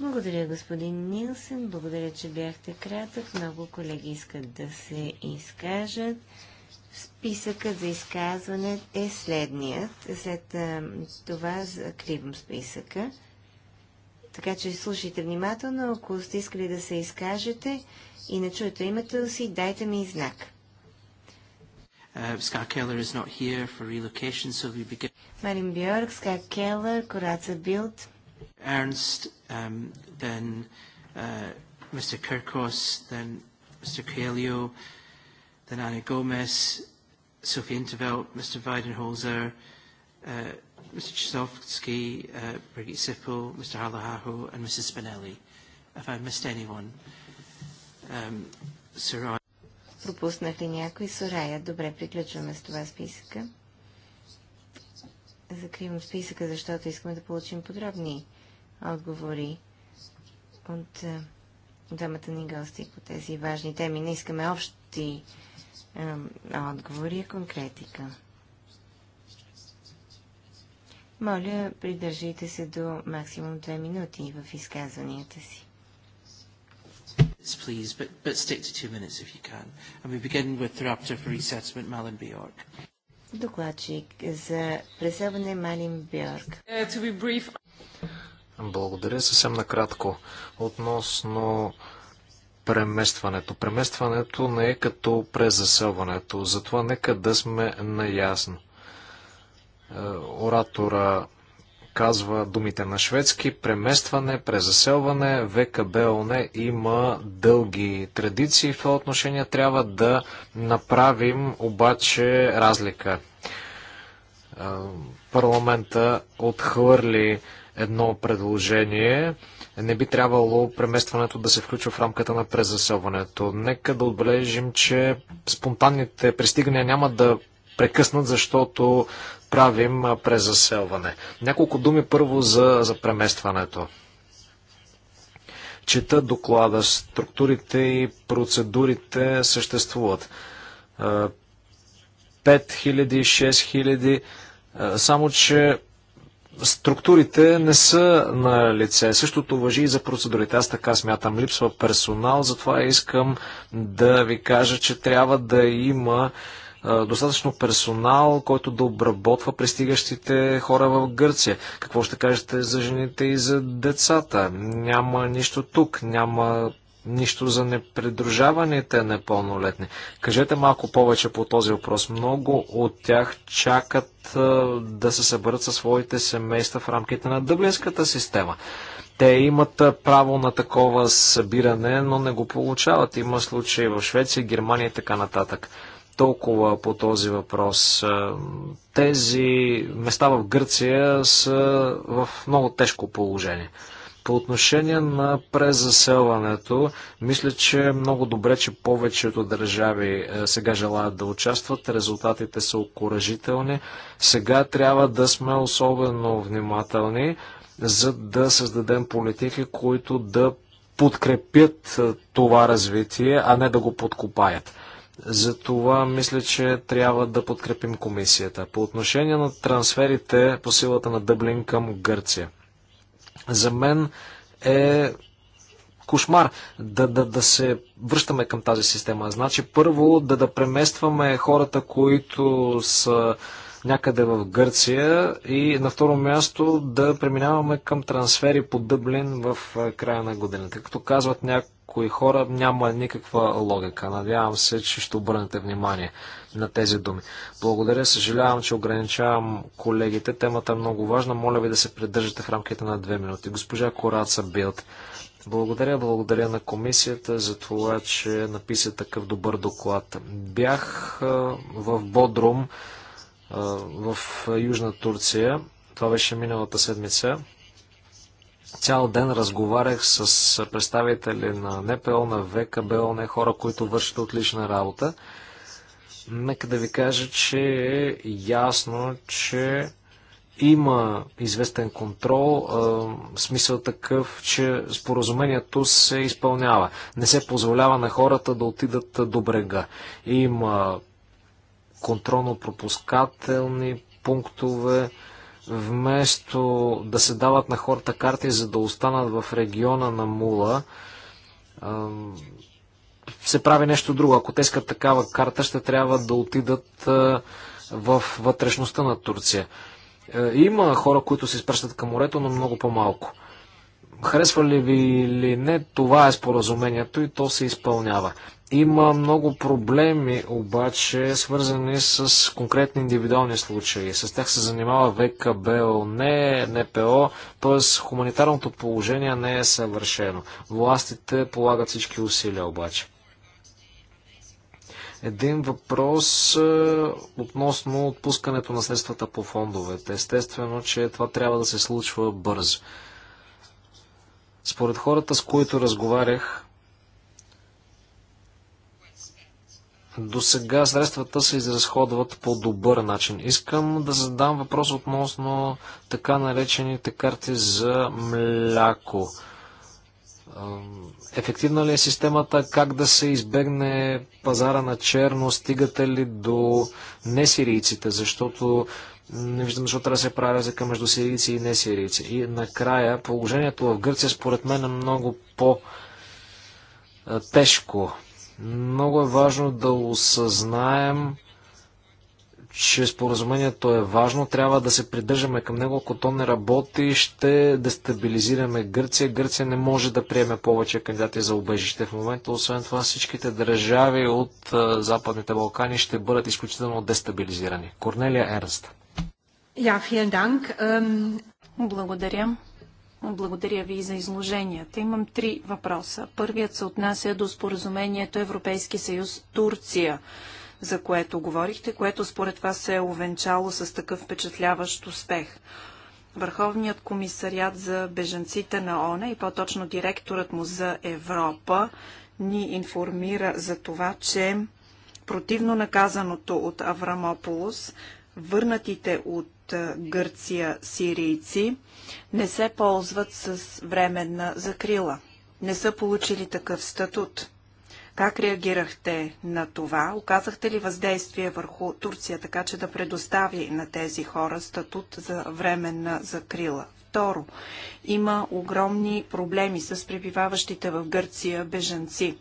Благодаря, господин Нилсен. Благодаря, че бяхте кратък. Много колеги искат да се изкажат. Списъкът за изказване е следният. След това закривам списъка. Така че слушайте внимателно, ако сте искали да се изкажете и не чуете името си, дайте ми знак. Uh, Марин Бьорк, Ска Келър, Кораца Билд. Ernst, um, then uh, Mr. Kirkos, then Mr. Coelho, then Anna Gomez, Sophie Intervelt, Mr. Weidenholzer, uh, Mr. Chisovsky, uh, Brigitte Sippel, Mr. Halahaho, and Mrs. Spinelli. If I missed anyone, um, Soraya. Пропуснах ли някой? Сорая. Добре, приключваме с това списъка. Закривам списъка, защото искаме да получим подробни отговори от е, двамата ни гости по тези важни теми. Не искаме общи um, отговори, а конкретика. Моля, придържайте се до максимум две минути в изказванията си. Please, but, but stick to two minutes if you can. And we begin with the for Resettlement, Malin Bjork. Докладчик за преселване Малин Бьорк. Uh, Благодаря съвсем накратко. Относно преместването. Преместването не е като презаселването, затова нека да сме наясно. Е, оратора казва думите на шведски. Преместване, презаселване, ВКБ ОНЕ има дълги традиции в това отношение. Трябва да направим обаче разлика. Е, парламента отхвърли едно предложение. Не би трябвало преместването да се включва в рамката на презаселването. Нека да отбележим, че спонтанните пристигания няма да прекъснат, защото правим през заселване. Няколко думи първо за, за преместването. Чета доклада, структурите и процедурите съществуват. 5000, 6000, само че структурите не са на лице. Същото въжи и за процедурите. Аз така смятам. Липсва персонал, затова искам да ви кажа, че трябва да има достатъчно персонал, който да обработва пристигащите хора в Гърция. Какво ще кажете за жените и за децата? Няма нищо тук, няма нищо за непредружаваните непълнолетни. Кажете малко повече по този въпрос. Много от тях чакат да се съберат със своите семейства в рамките на дъблинската система. Те имат право на такова събиране, но не го получават. Има случаи в Швеция, Германия и така нататък. Толкова по този въпрос. Тези места в Гърция са в много тежко положение. По отношение на презаселването, мисля, че е много добре, че повечето държави е, сега желаят да участват. Резултатите са окоръжителни. Сега трябва да сме особено внимателни, за да създадем политики, които да подкрепят е, това развитие, а не да го подкопаят. Затова мисля, че трябва да подкрепим комисията. По отношение на трансферите по силата на Дъблин към Гърция. За мен е кошмар да, да, да се връщаме към тази система. Значи първо да, да преместваме хората, които са някъде в Гърция и на второ място да преминаваме към трансфери по Дъблин в края на годината. Като казват някои хора, няма никаква логика. Надявам се, че ще обърнете внимание на тези думи. Благодаря, съжалявам, че ограничавам колегите. Темата е много важна. Моля ви да се придържате в рамките на две минути. Госпожа Кораца Билт. Благодаря, благодаря на комисията за това, че написа такъв добър доклад. Бях в Бодрум в Южна Турция. Това беше миналата седмица. Цял ден разговарях с представители на НПО, на ВКБО, не хора, които вършат отлична работа. Нека да ви кажа, че е ясно, че има известен контрол, в смисъл такъв, че споразумението се изпълнява. Не се позволява на хората да отидат до брега. Има контролно-пропускателни пунктове, вместо да се дават на хората карти, за да останат в региона на Мула, се прави нещо друго. Ако те искат такава карта, ще трябва да отидат в вътрешността на Турция. Е, има хора, които се изпращат към морето, но много по-малко. Харесва ли ви или не, това е споразумението и то се изпълнява. Има много проблеми, обаче, свързани с конкретни индивидуални случаи. С тях се занимава ВКБ, не НПО, т.е. хуманитарното положение не е съвършено. Властите полагат всички усилия обаче. Един въпрос е, относно отпускането на средствата по фондовете. Естествено, че това трябва да се случва бързо. Според хората, с които разговарях, До сега средствата се изразходват по добър начин. Искам да задам въпрос относно така наречените карти за мляко. Ефективна ли е системата? Как да се избегне пазара на черно? Стигате ли до несирийците? Защото не виждам защо трябва да се прави разлика между сирийци и несирийци. И накрая положението в Гърция според мен е много по-тежко много е важно да осъзнаем, че споразумението е важно, трябва да се придържаме към него. Ако то не работи, ще дестабилизираме Гърция. Гърция не може да приеме повече кандидати за убежище в момента. Освен това, всичките държави от Западните Балкани ще бъдат изключително дестабилизирани. Корнелия Ернст. Ja, Благодаря. Благодаря ви за изложенията. Имам три въпроса. Първият се отнася до споразумението Европейски съюз Турция, за което говорихте, което според вас се е овенчало с такъв впечатляващ успех. Върховният комисарят за бежанците на ОНЕ и по-точно директорът му за Европа ни информира за това, че противно наказаното от Аврамополос, върнатите от Гърция сирийци не се ползват с временна закрила. Не са получили такъв статут. Как реагирахте на това? Оказахте ли въздействие върху Турция, така че да предостави на тези хора статут за временна закрила? Второ, има огромни проблеми с пребиваващите в Гърция бежанци.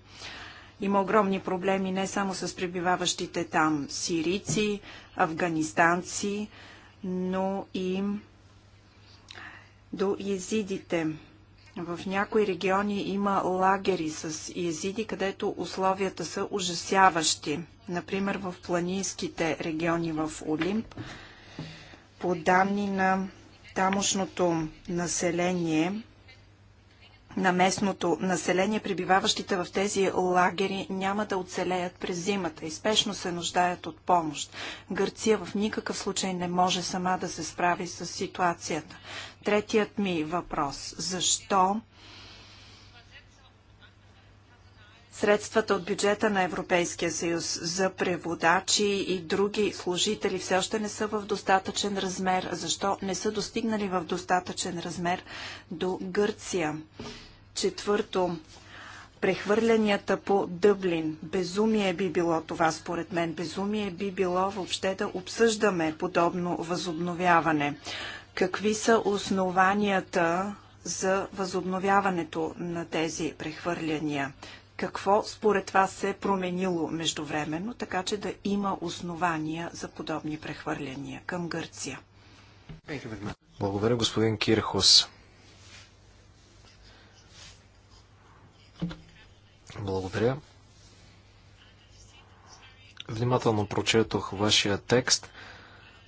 Има огромни проблеми не само с пребиваващите там сирийци, афганистанци, но и до езидите. В някои региони има лагери с езиди, където условията са ужасяващи. Например, в планинските региони в Олимп, по данни на тамошното население, на местното население, пребиваващите в тези лагери, няма да оцелеят през зимата и спешно се нуждаят от помощ. Гърция в никакъв случай не може сама да се справи с ситуацията. Третият ми въпрос. Защо средствата от бюджета на Европейския съюз за преводачи и други служители все още не са в достатъчен размер. Защо не са достигнали в достатъчен размер до Гърция? Четвърто, прехвърлянията по Дъблин. Безумие би било това, според мен. Безумие би било въобще да обсъждаме подобно възобновяване. Какви са основанията за възобновяването на тези прехвърляния? Какво според вас се е променило междувременно, така че да има основания за подобни прехвърляния към Гърция? Благодаря, господин Кирхос. Благодаря. Внимателно прочетох вашия текст.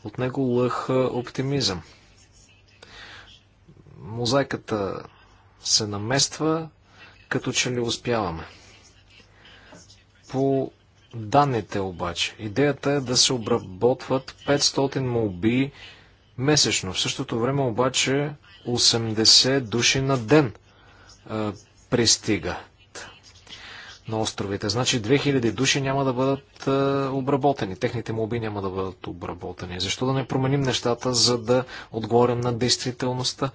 От него лъх оптимизъм. Мозайката се намества, като че ли успяваме. По данните обаче, идеята е да се обработват 500 молби месечно. В същото време обаче 80 души на ден а, пристига на островите. Значи 2000 души няма да бъдат е, обработени, техните моби няма да бъдат обработени. Защо да не променим нещата, за да отговорим на действителността?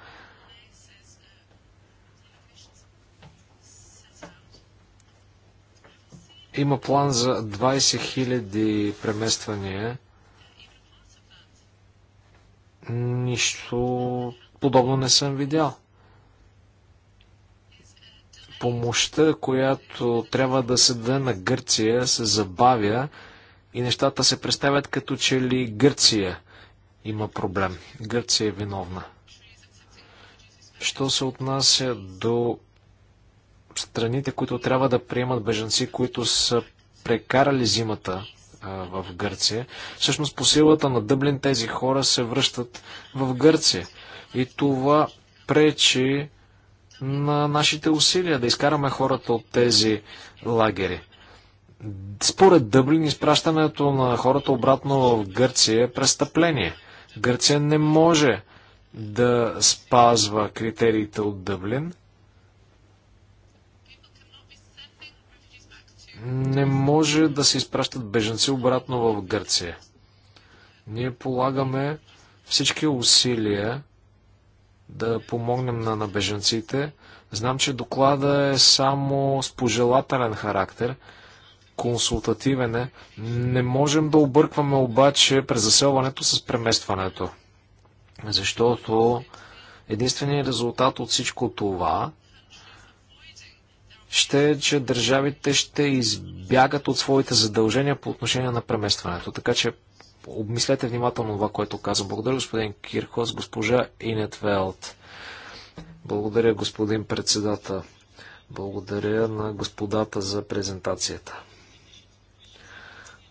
Има план за 20 000 премествания. Нищо подобно не съм видял помощта, която трябва да се даде на Гърция, се забавя и нещата се представят като че ли Гърция има проблем. Гърция е виновна. Що се отнася до страните, които трябва да приемат бежанци, които са прекарали зимата а, в Гърция, всъщност по силата на Дъблин тези хора се връщат в Гърция. И това пречи на нашите усилия да изкараме хората от тези лагери. Според Дъблин, изпращането на хората обратно в Гърция е престъпление. Гърция не може да спазва критериите от Дъблин. Не може да се изпращат беженци обратно в Гърция. Ние полагаме всички усилия да помогнем на, на бежанците. Знам, че доклада е само с пожелателен характер, консултативен е. Не можем да объркваме обаче презаселването с преместването. Защото единственият резултат от всичко това ще е, че държавите ще избягат от своите задължения по отношение на преместването. Така че Обмислете внимателно това, което казвам. Благодаря, господин Кирхос, госпожа Инетвелт. Благодаря, господин председател. Благодаря на господата за презентацията.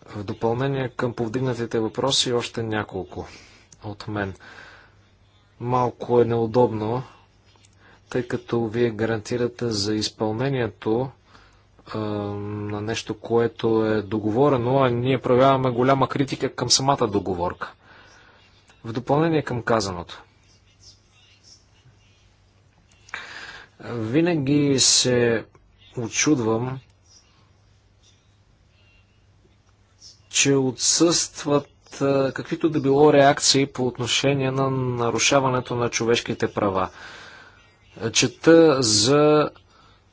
В допълнение към повдигнатите въпроси още няколко от мен. Малко е неудобно, тъй като вие гарантирате за изпълнението на нещо, което е договорено, а ние проявяваме голяма критика към самата договорка. В допълнение към казаното. Винаги се очудвам, че отсъстват каквито да било реакции по отношение на нарушаването на човешките права. Чета за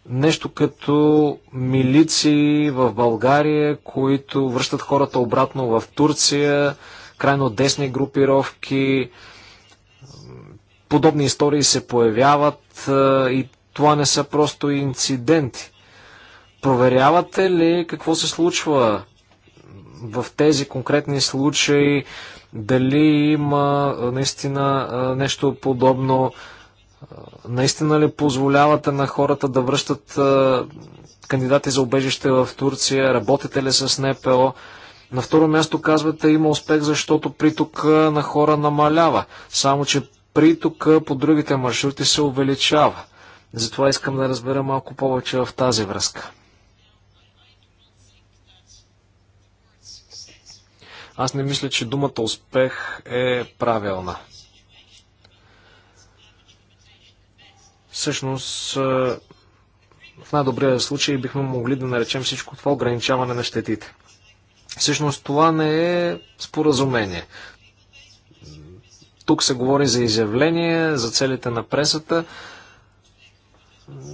нещо като милиции в България, които връщат хората обратно в Турция, крайно десни групировки, подобни истории се появяват и това не са просто инциденти. Проверявате ли какво се случва в тези конкретни случаи, дали има наистина нещо подобно, Наистина ли позволявате на хората да връщат кандидати за убежище в Турция? Работите ли с НПО? На второ място казвате има успех, защото приток на хора намалява. Само, че приток по другите маршрути се увеличава. Затова искам да разбера малко повече в тази връзка. Аз не мисля, че думата успех е правилна. Всъщност, в най-добрия случай бихме могли да наречем всичко това ограничаване на щетите. Всъщност това не е споразумение. Тук се говори за изявление, за целите на пресата,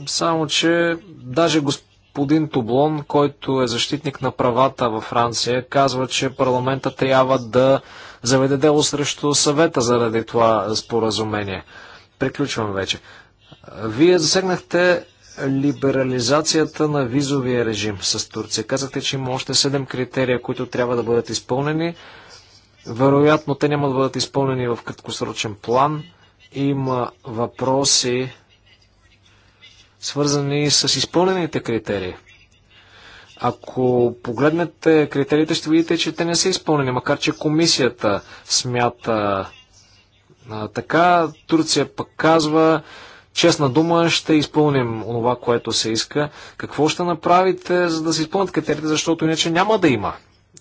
само че даже господин Тоблон, който е защитник на правата във Франция, казва, че парламента трябва да заведе дело срещу съвета заради това споразумение. Приключвам вече. Вие засегнахте либерализацията на визовия режим с Турция. Казахте, че има още 7 критерия, които трябва да бъдат изпълнени. Вероятно, те няма да бъдат изпълнени в краткосрочен план. Има въпроси, свързани с изпълнените критерии. Ако погледнете критериите, ще видите, че те не са изпълнени, макар че комисията смята а, така. Турция пък казва, честна дума, ще изпълним това, което се иска. Какво ще направите, за да се изпълнят катерите, защото иначе няма да има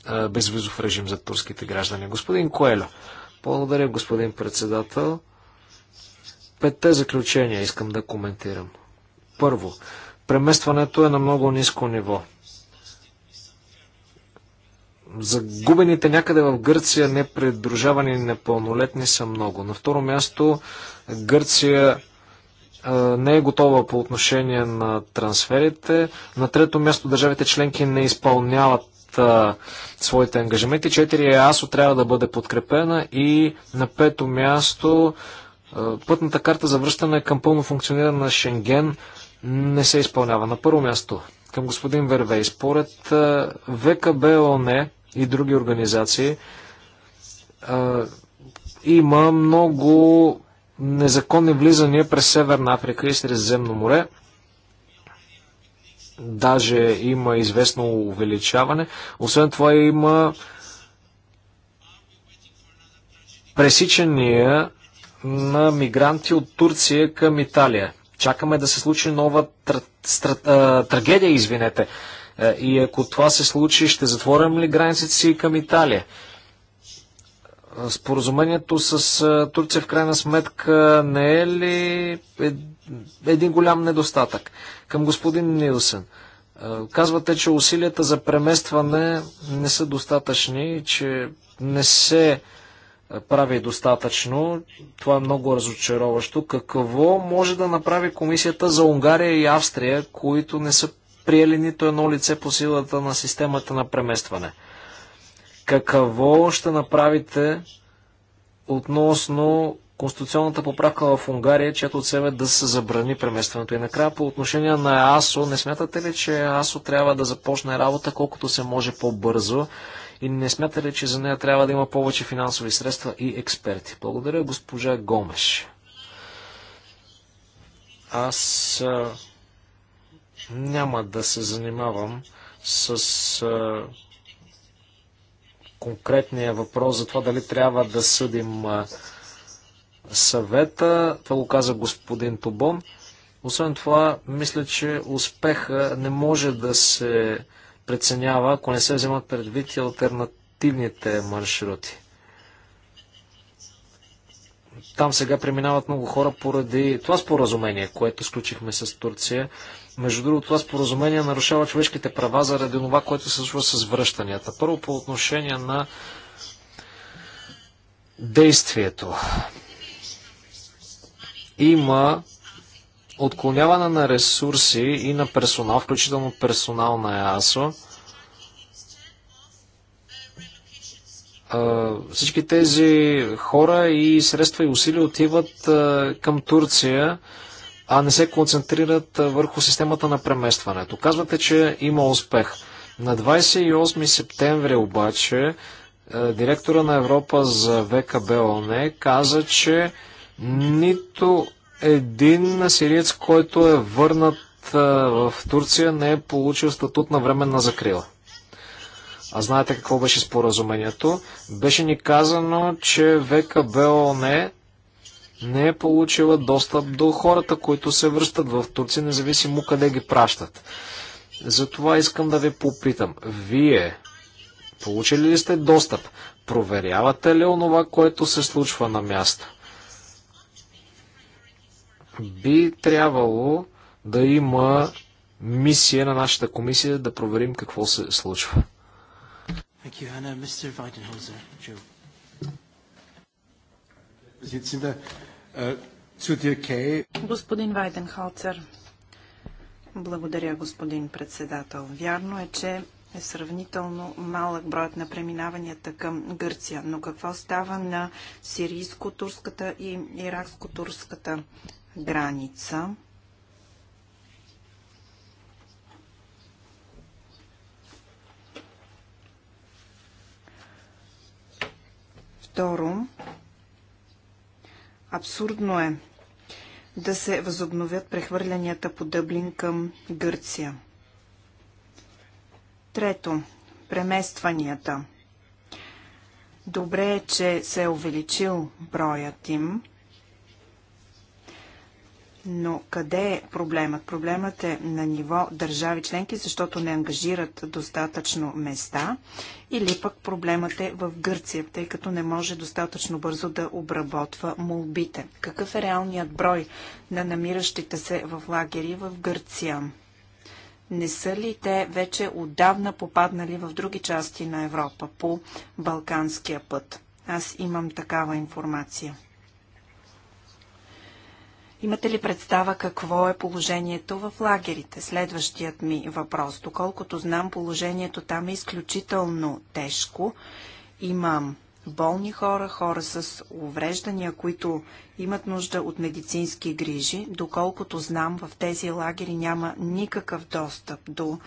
е, безвизов режим за турските граждани? Господин Коеля. благодаря, господин председател. Петте заключения искам да коментирам. Първо, преместването е на много ниско ниво. Загубените някъде в Гърция непредружавани непълнолетни са много. На второ място Гърция не е готова по отношение на трансферите. На трето място държавите членки не изпълняват своите ангажименти. е АСО трябва да бъде подкрепена и на пето място пътната карта за връщане към пълно функциониране на Шенген не се изпълнява. На първо място към господин Вервей. Според ВКБ, ОНЕ и други организации има много незаконни влизания през Северна Африка и Средиземно море. Даже има известно увеличаване. Освен това има пресичания на мигранти от Турция към Италия. Чакаме да се случи нова тр... Стра... трагедия, извинете. Е, и ако това се случи, ще затворим ли границите си към Италия? Споразумението с Турция в крайна сметка не е ли е, един голям недостатък? Към господин Нилсен. Казвате, че усилията за преместване не са достатъчни, че не се прави достатъчно. Това е много разочароващо. Какво може да направи комисията за Унгария и Австрия, които не са приели нито едно лице по силата на системата на преместване? Какво ще направите относно конституционната поправка в Унгария, чиято от себе да се забрани преместването. И накрая по отношение на АСО, не смятате ли, че АСО трябва да започне работа колкото се може по-бързо? И не смятате ли, че за нея трябва да има повече финансови средства и експерти? Благодаря, госпожа Гомеш. Аз а, няма да се занимавам с а, конкретния въпрос за това дали трябва да съдим съвета. Това го каза господин Тобон. Освен това, мисля, че успеха не може да се преценява, ако не се вземат предвид и альтернативните маршрути. Там сега преминават много хора поради това споразумение, което сключихме с Турция. Между другото, това споразумение нарушава човешките права заради това, което се случва с връщанията. Първо по отношение на действието. Има отклоняване на ресурси и на персонал, включително персонал на ЕАСО. Всички тези хора и средства и усилия отиват към Турция а не се концентрират върху системата на преместването. Казвате, че има успех. На 28 септември обаче е, директора на Европа за ВКБ ОНЕ каза, че нито един сириец, който е върнат е, в Турция, не е получил статут на временна закрила. А знаете какво беше споразумението? Беше ни казано, че ВКБ ОНЕ не е получила достъп до хората, които се връщат в Турция, независимо къде ги пращат. Затова искам да ви попитам. Вие получили ли сте достъп? Проверявате ли онова, което се случва на място? Би трябвало да има мисия на нашата комисия да проверим какво се случва. Thank you, Hannah. Mr. Weidenholzer, Joe. Eh, господин Вайденхалцер, благодаря, господин председател. Вярно е, че е сравнително малък броят на преминаванията към Гърция. Но какво става на сирийско-турската и иракско-турската граница? Второ, Абсурдно е да се възобновят прехвърлянията по Дъблин към Гърция. Трето, преместванията. Добре е, че се е увеличил броят им – но къде е проблемът? Проблемът е на ниво държави членки, защото не ангажират достатъчно места. Или пък проблемът е в Гърция, тъй като не може достатъчно бързо да обработва молбите. Какъв е реалният брой на намиращите се в лагери в Гърция? не са ли те вече отдавна попаднали в други части на Европа по Балканския път? Аз имам такава информация. Имате ли представа какво е положението в лагерите? Следващият ми въпрос. Доколкото знам, положението там е изключително тежко. Имам болни хора, хора с увреждания, които имат нужда от медицински грижи. Доколкото знам, в тези лагери няма никакъв достъп до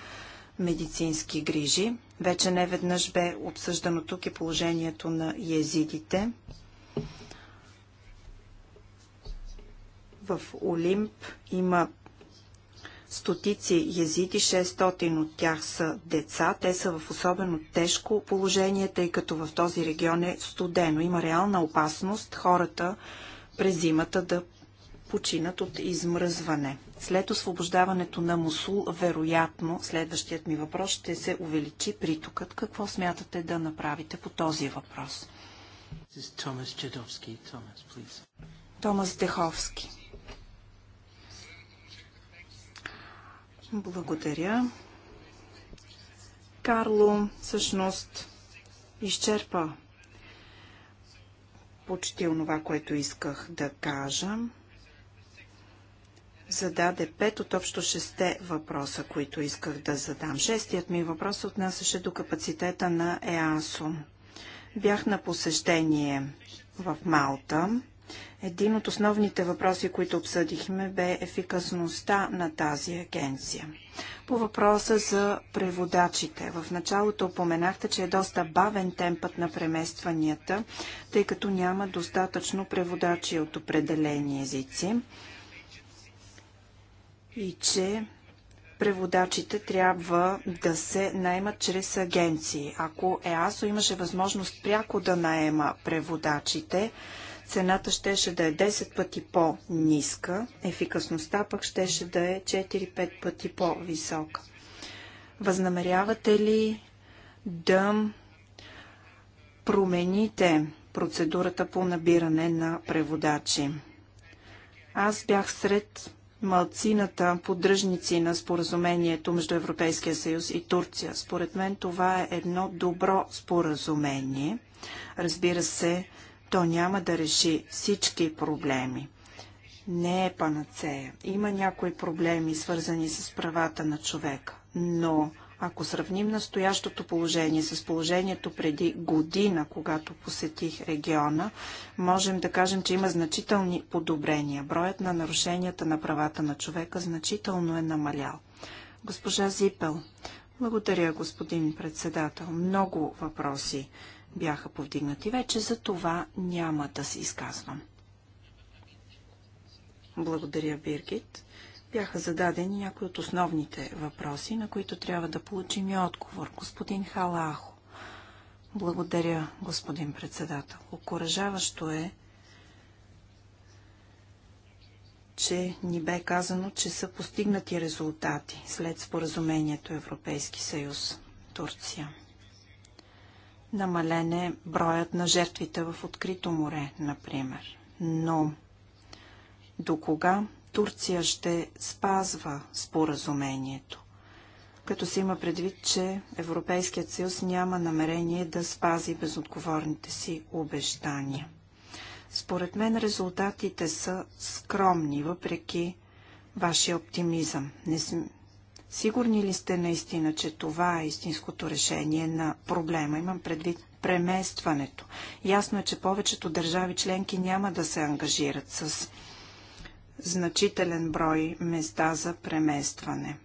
медицински грижи. Вече не веднъж бе обсъждано тук и положението на езидите. В Олимп има стотици езити, 600 от тях са деца. Те са в особено тежко положение, тъй като в този регион е студено. Има реална опасност хората през зимата да починат от измръзване. След освобождаването на Мусул, вероятно, следващият ми въпрос ще се увеличи притокът. Какво смятате да направите по този въпрос? Томас Деховски. Благодаря. Карло всъщност изчерпа почти онова, което исках да кажа. Зададе пет от общо шесте въпроса, които исках да задам. Шестият ми въпрос отнасяше до капацитета на ЕАСО. Бях на посещение в Малта. Един от основните въпроси, които обсъдихме, бе ефикасността на тази агенция. По въпроса за преводачите. В началото упоменахте, че е доста бавен темпът на преместванията, тъй като няма достатъчно преводачи от определени езици и че преводачите трябва да се наймат чрез агенции. Ако ЕАСО имаше възможност пряко да наема преводачите, цената щеше да е 10 пъти по-ниска, ефикасността пък щеше да е 4-5 пъти по-висока. Възнамерявате ли да промените процедурата по набиране на преводачи? Аз бях сред малцината поддръжници на споразумението между Европейския съюз и Турция. Според мен това е едно добро споразумение. Разбира се, то няма да реши всички проблеми. Не е панацея. Има някои проблеми, свързани с правата на човека, но ако сравним настоящото положение с положението преди година, когато посетих региона, можем да кажем, че има значителни подобрения. Броят на нарушенията на правата на човека значително е намалял. Госпожа Зипел, благодаря, господин председател. Много въпроси бяха повдигнати вече, за това няма да се изказвам. Благодаря, Биргит. Бяха зададени някои от основните въпроси, на които трябва да получим и отговор. Господин Халахо. Благодаря, господин председател. Окоръжаващо е, че ни бе казано, че са постигнати резултати след споразумението Европейски съюз Турция намалене броят на жертвите в открито море, например. Но до кога Турция ще спазва споразумението? като се има предвид, че Европейският съюз няма намерение да спази безотговорните си обещания. Според мен резултатите са скромни, въпреки вашия оптимизъм. Не, Сигурни ли сте наистина, че това е истинското решение на проблема? Имам предвид преместването. Ясно е, че повечето държави членки няма да се ангажират с значителен брой места за преместване.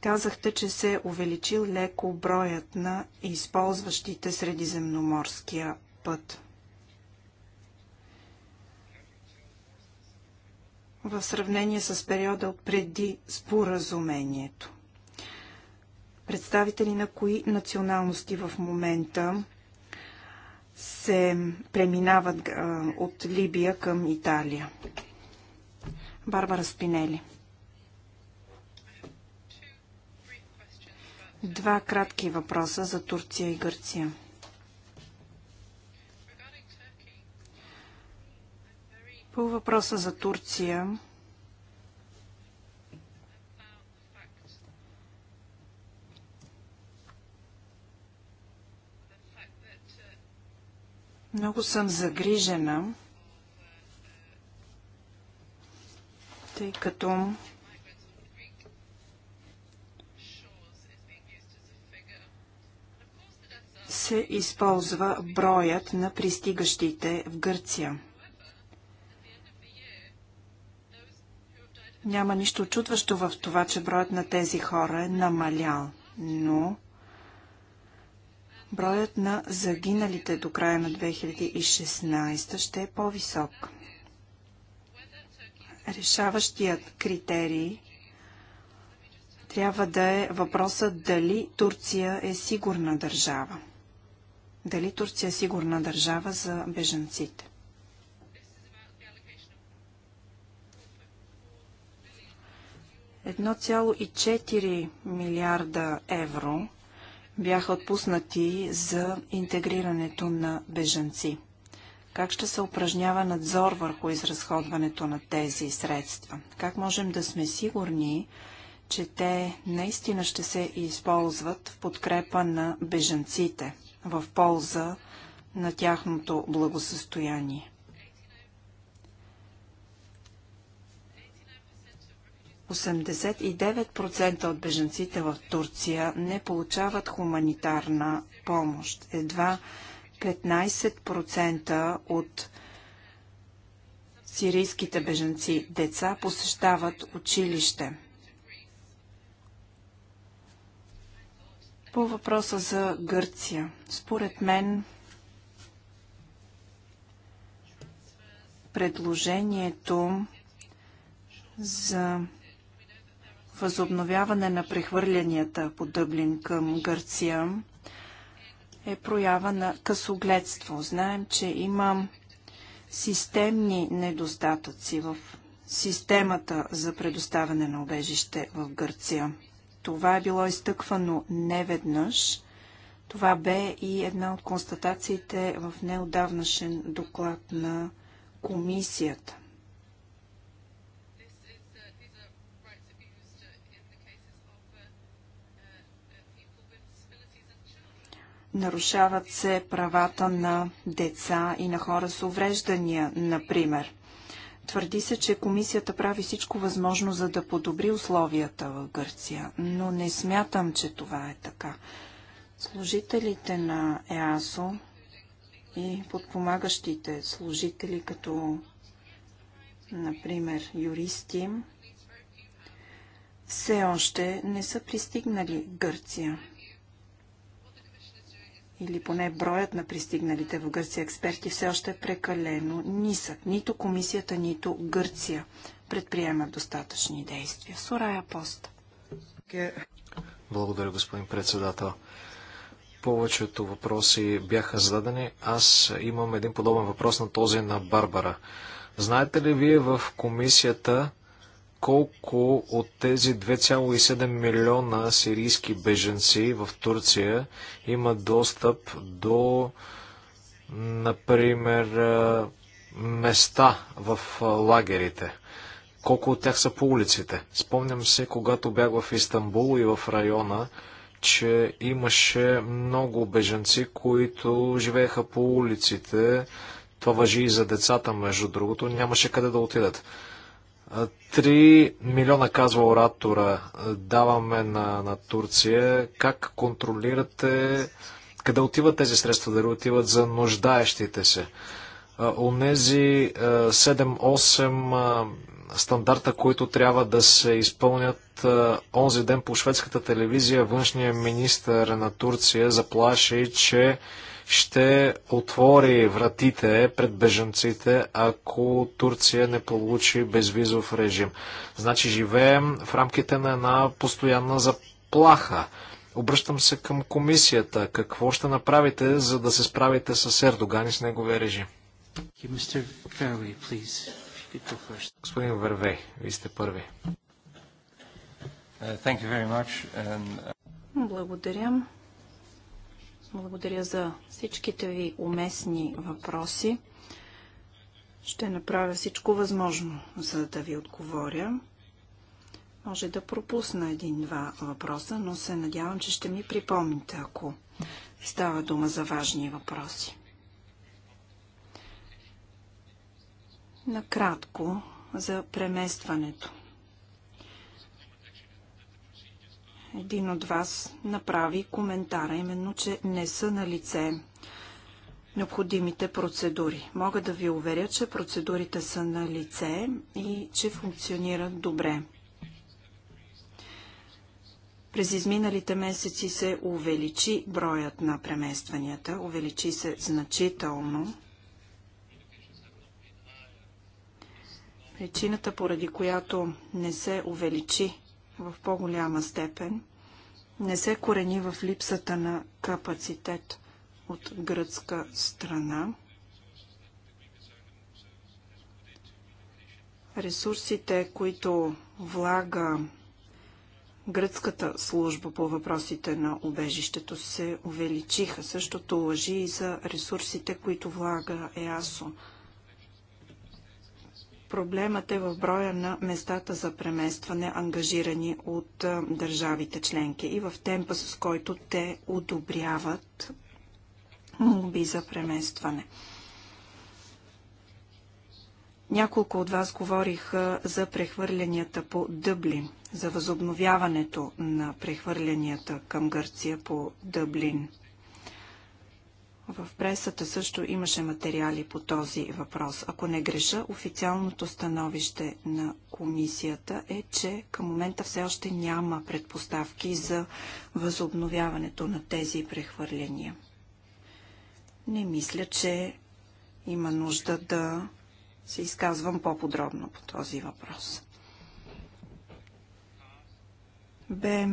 Казахте, че се увеличил леко броят на използващите средиземноморския път. в сравнение с периода от преди споразумението. Представители на кои националности в момента се преминават от Либия към Италия? Барбара Спинели. Два кратки въпроса за Турция и Гърция. По въпроса за Турция, Много съм загрижена, тъй като се използва броят на пристигащите в Гърция. Няма нищо чудващо в това, че броят на тези хора е намалял, но броят на загиналите до края на 2016 ще е по-висок. Решаващият критерий трябва да е въпросът дали Турция е сигурна държава. Дали Турция е сигурна държава за бежанците? 1,4 милиарда евро бяха отпуснати за интегрирането на бежанци. Как ще се упражнява надзор върху изразходването на тези средства? Как можем да сме сигурни, че те наистина ще се използват в подкрепа на бежанците, в полза на тяхното благосъстояние? 89% от беженците в Турция не получават хуманитарна помощ. Едва 15% от сирийските беженци деца посещават училище. По въпроса за Гърция. Според мен предложението за възобновяване на прехвърлянията по Дъблин към Гърция е проява на късогледство. Знаем, че има системни недостатъци в системата за предоставяне на обежище в Гърция. Това е било изтъквано неведнъж. Това бе и една от констатациите в неодавнашен доклад на комисията. Нарушават се правата на деца и на хора с увреждания, например. Твърди се, че комисията прави всичко възможно, за да подобри условията в Гърция, но не смятам, че това е така. Служителите на ЕАСО и подпомагащите служители, като например юристи, все още не са пристигнали Гърция или поне броят на пристигналите в Гърция експерти все още е прекалено нисък. Нито комисията, нито Гърция предприема достатъчни действия. Сурая Пост. Благодаря, господин председател. Повечето въпроси бяха зададени. Аз имам един подобен въпрос на този на Барбара. Знаете ли вие в комисията колко от тези 2,7 милиона сирийски беженци в Турция имат достъп до, например, места в лагерите? Колко от тях са по улиците? Спомням се, когато бях в Истанбул и в района, че имаше много беженци, които живееха по улиците. Това въжи и за децата, между другото. Нямаше къде да отидат. 3 милиона, казва оратора, даваме на, на Турция. Как контролирате къде отиват тези средства, дали отиват за нуждаещите се? Онези 7-8 стандарта, които трябва да се изпълнят онзи ден по шведската телевизия, външният министр на Турция заплаши, че ще отвори вратите пред бежанците, ако Турция не получи безвизов режим. Значи живеем в рамките на една постоянна заплаха. Обръщам се към комисията. Какво ще направите, за да се справите с Ердоган и с неговия режим? Господин Вервей, вие сте първи. Uh, uh, Благодаря. Благодаря за всичките ви уместни въпроси. Ще направя всичко възможно, за да ви отговоря. Може да пропусна един-два въпроса, но се надявам, че ще ми припомните, ако става дума за важни въпроси. Накратко за преместването. един от вас направи коментара, именно, че не са на лице необходимите процедури. Мога да ви уверя, че процедурите са на лице и че функционират добре. През изминалите месеци се увеличи броят на преместванията, увеличи се значително. Причината, поради която не се увеличи в по-голяма степен не се корени в липсата на капацитет от гръцка страна. Ресурсите, които влага гръцката служба по въпросите на убежището се увеличиха. Същото лъжи и за ресурсите, които влага ЕАСО. Проблемът е в броя на местата за преместване, ангажирани от държавите членки и в темпа, с който те одобряват молби за преместване. Няколко от вас говориха за прехвърлянията по Дъблин, за възобновяването на прехвърлянията към Гърция по Дъблин – в пресата също имаше материали по този въпрос. Ако не греша, официалното становище на комисията е, че към момента все още няма предпоставки за възобновяването на тези прехвърления. Не мисля, че има нужда да се изказвам по-подробно по този въпрос. Бе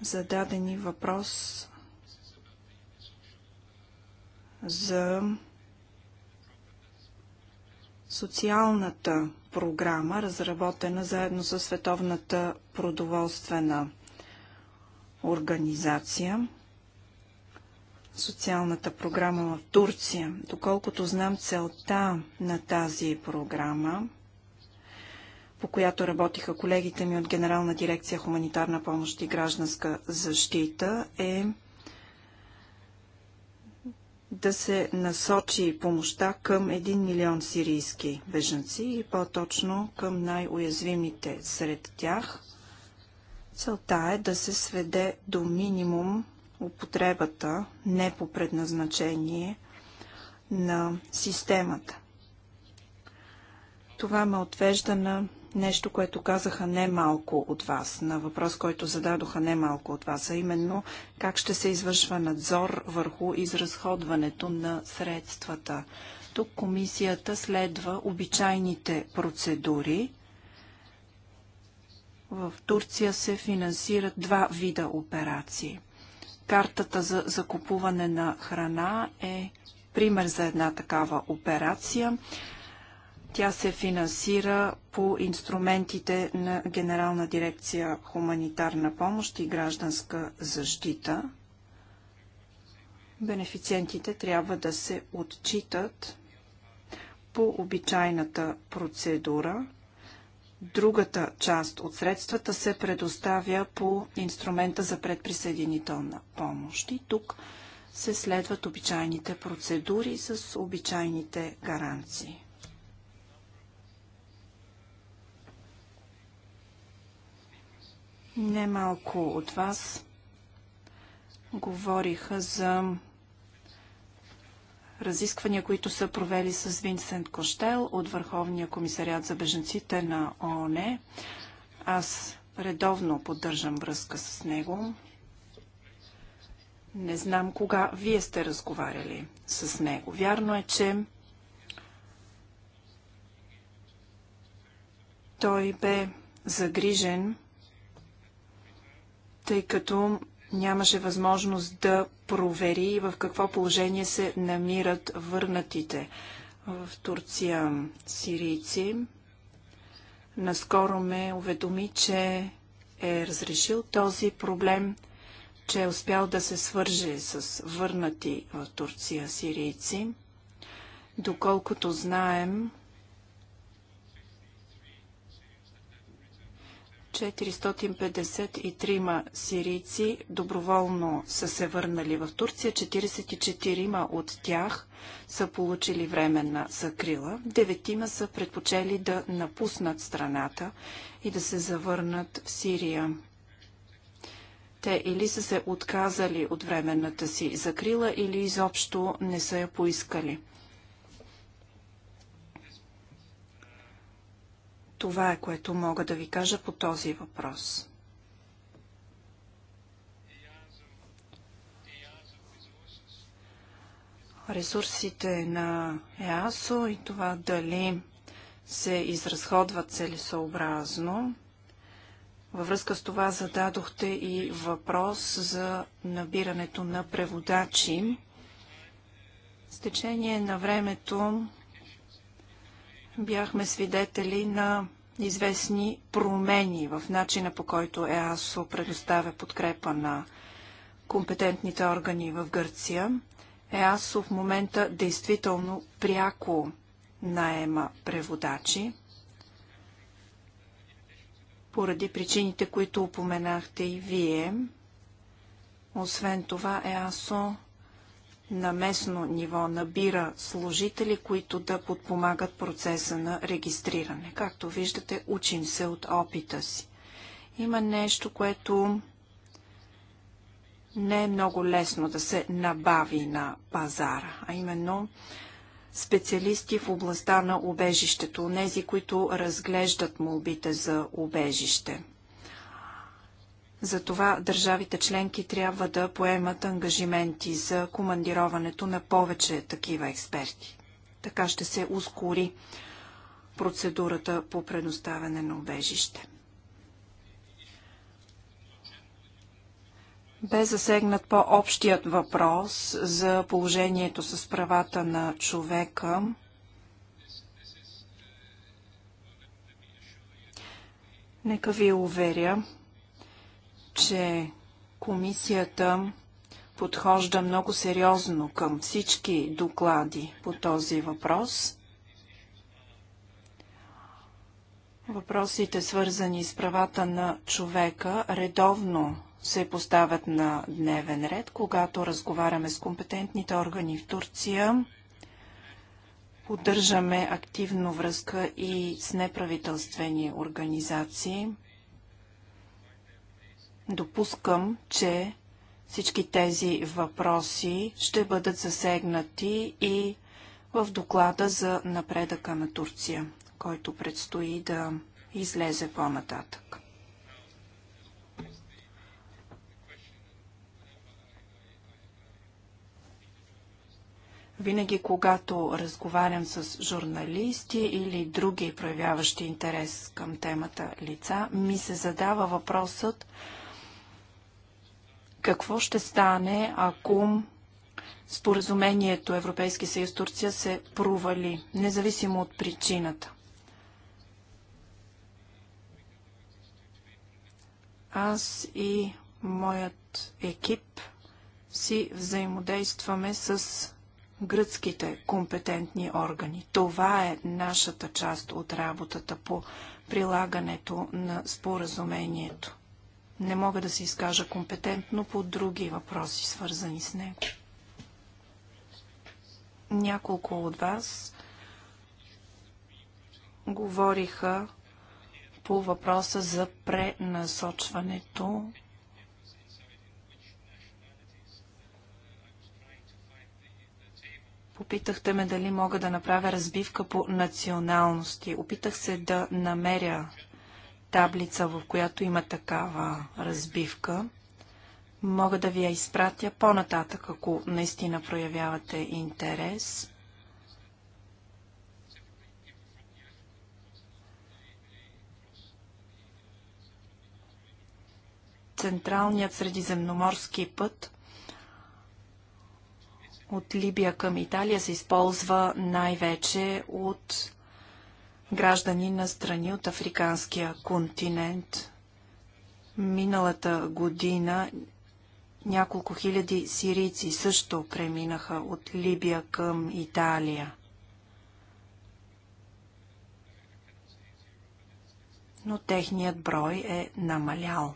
зададени въпрос за социалната програма, разработена заедно с Световната продоволствена организация. Социалната програма в Турция. Доколкото знам целта на тази програма, по която работиха колегите ми от Генерална дирекция Хуманитарна помощ и гражданска защита, е да се насочи помощта към 1 милион сирийски бежанци и по-точно към най-уязвимите сред тях. Целта е да се сведе до минимум употребата, не по предназначение, на системата. Това ме отвежда на нещо, което казаха немалко от вас, на въпрос, който зададоха немалко от вас, а именно как ще се извършва надзор върху изразходването на средствата. Тук комисията следва обичайните процедури. В Турция се финансират два вида операции. Картата за закупуване на храна е пример за една такава операция. Тя се финансира по инструментите на Генерална дирекция хуманитарна помощ и гражданска защита. Бенефициентите трябва да се отчитат по обичайната процедура. Другата част от средствата се предоставя по инструмента за предприсъединителна помощ. И тук се следват обичайните процедури с обичайните гаранции. Немалко от вас говориха за разисквания, които са провели с Винсент Коштел от Върховния комисариат за беженците на ООН. Аз редовно поддържам връзка с него. Не знам кога вие сте разговаряли с него. Вярно е, че той бе загрижен тъй като нямаше възможност да провери в какво положение се намират върнатите в Турция сирийци. Наскоро ме уведоми, че е разрешил този проблем, че е успял да се свърже с върнати в Турция сирийци. Доколкото знаем, 453 сирийци доброволно са се върнали в Турция. 44 от тях са получили временна закрила. Деветима са предпочели да напуснат страната и да се завърнат в Сирия. Те или са се отказали от временната си закрила, или изобщо не са я поискали. Това е което мога да ви кажа по този въпрос. Ресурсите на ЕАСО и това дали се изразходват целесообразно. Във връзка с това зададохте и въпрос за набирането на преводачи. С течение на времето бяхме свидетели на известни промени в начина по който ЕАСО предоставя подкрепа на компетентните органи в Гърция. ЕАСО в момента действително пряко наема преводачи, поради причините, които упоменахте и вие. Освен това, ЕАСО на местно ниво набира служители, които да подпомагат процеса на регистриране. Както виждате, учим се от опита си. Има нещо, което не е много лесно да се набави на пазара, а именно специалисти в областта на убежището, нези, които разглеждат молбите за убежище. За това държавите членки трябва да поемат ангажименти за командироването на повече такива експерти. Така ще се ускори процедурата по предоставяне на убежище. Бе засегнат по-общият въпрос за положението с правата на човека. Нека ви уверя, че комисията подхожда много сериозно към всички доклади по този въпрос. Въпросите, свързани с правата на човека, редовно се поставят на дневен ред, когато разговаряме с компетентните органи в Турция. Поддържаме активно връзка и с неправителствени организации – Допускам, че всички тези въпроси ще бъдат засегнати и в доклада за напредъка на Турция, който предстои да излезе по-нататък. Винаги, когато разговарям с журналисти или други проявяващи интерес към темата лица, ми се задава въпросът – какво ще стане, ако споразумението Европейски съюз Турция се провали, независимо от причината? Аз и моят екип си взаимодействаме с гръцките компетентни органи. Това е нашата част от работата по прилагането на споразумението. Не мога да се изкажа компетентно по други въпроси, свързани с него. Няколко от вас говориха по въпроса за пренасочването Попитахте ме дали мога да направя разбивка по националности. Опитах се да намеря таблица, в която има такава разбивка. Мога да ви я изпратя по-нататък, ако наистина проявявате интерес. Централният средиземноморски път от Либия към Италия се използва най-вече от граждани на страни от африканския континент. Миналата година няколко хиляди сирийци също преминаха от Либия към Италия. Но техният брой е намалял.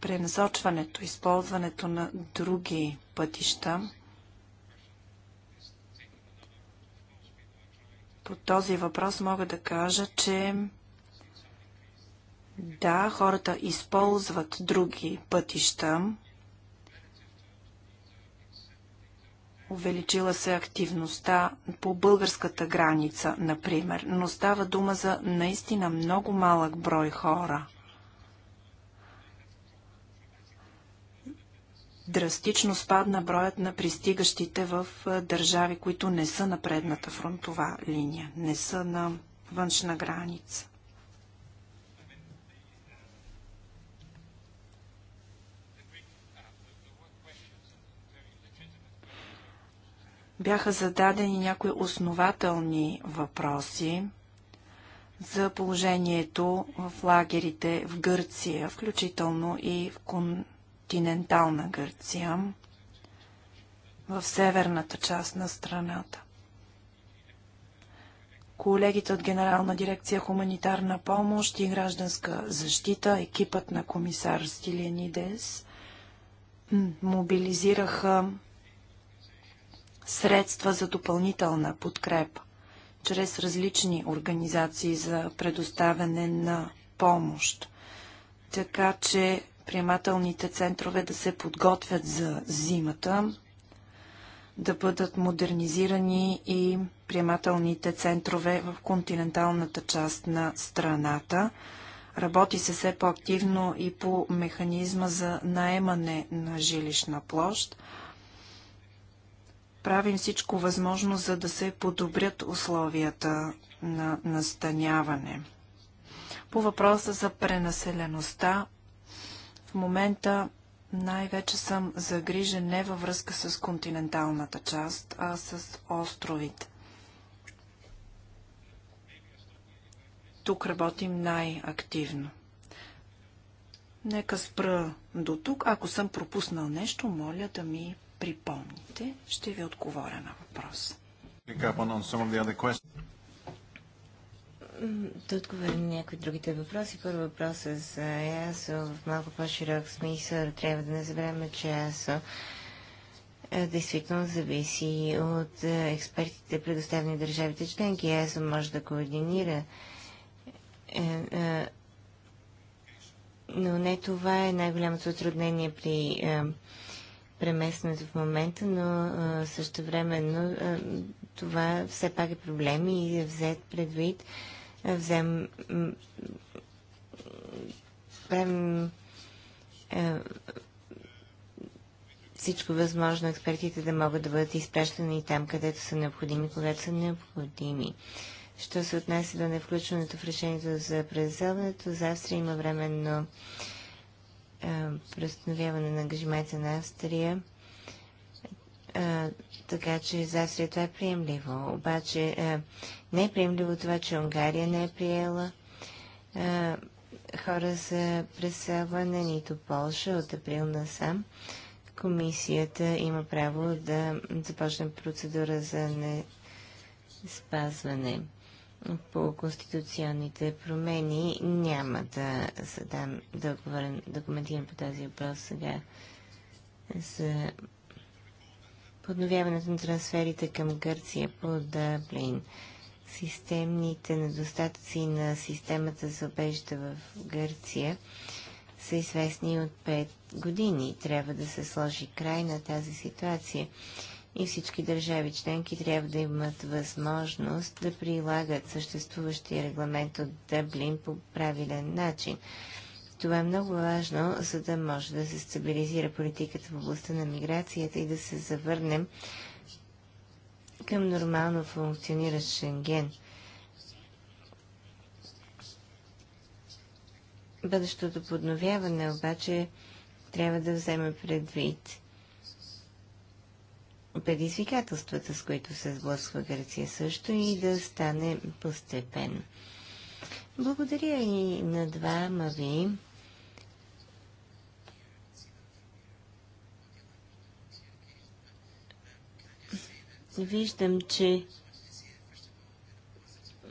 Пренасочването, използването на други пътища По този въпрос мога да кажа, че да, хората използват други пътища. Увеличила се активността по българската граница, например, но става дума за наистина много малък брой хора – драстично спадна броят на пристигащите в държави, които не са на предната фронтова линия, не са на външна граница. Бяха зададени някои основателни въпроси за положението в лагерите в Гърция, включително и в Кон континентална Гърция, в северната част на страната. Колегите от Генерална дирекция Хуманитарна помощ и гражданска защита, екипът на комисар Стиленидес, мобилизираха средства за допълнителна подкрепа чрез различни организации за предоставяне на помощ. Така че приемателните центрове да се подготвят за зимата, да бъдат модернизирани и приемателните центрове в континенталната част на страната. Работи се все по-активно и по механизма за наемане на жилищна площ. Правим всичко възможно, за да се подобрят условията на настаняване. По въпроса за пренаселеността, в момента най-вече съм загрижен не във връзка с континенталната част, а с островите. Тук работим най-активно. Нека спра до тук. Ако съм пропуснал нещо, моля да ми припомните. Ще ви отговоря на въпроса да отговорим на някои другите въпроси. Първо е за ЕАСО в малко по-широк смисъл. Трябва да не забравяме, че ЕАСО е, действително зависи от е, експертите, предоставени държавите членки. ЕАСО може да координира. Е, но не това е най-голямото затруднение при преместването в момента, но също времено това все пак е проблем и е взет предвид взем, правим е, всичко възможно експертите да могат да бъдат изпращани там, където са необходими, когато са необходими. Що се отнася до невключването в решението за презалването, за Австрия има временно е, престановяване на ангажимента на Австрия така че за Австрия това е приемливо. Обаче а, не е приемливо това, че Унгария не е приела а, хора за преселване, нито Полша от април насам. Комисията има право да започне процедура за не спазване по конституционните промени. Няма да задам, да, отговорен, да коментирам по този въпрос сега за подновяването на трансферите към Гърция по Дъблин, системните недостатъци на системата за обежда в Гърция са известни от 5 години. Трябва да се сложи край на тази ситуация и всички държави членки трябва да имат възможност да прилагат съществуващия регламент от Дъблин по правилен начин. Това е много важно, за да може да се стабилизира политиката в областта на миграцията и да се завърнем към нормално функциониращ Шенген. Бъдещото подновяване обаче трябва да вземе предвид предизвикателствата, с които се сблъсква Гърция също и да стане постепен. Благодаря и на двама ви виждам, че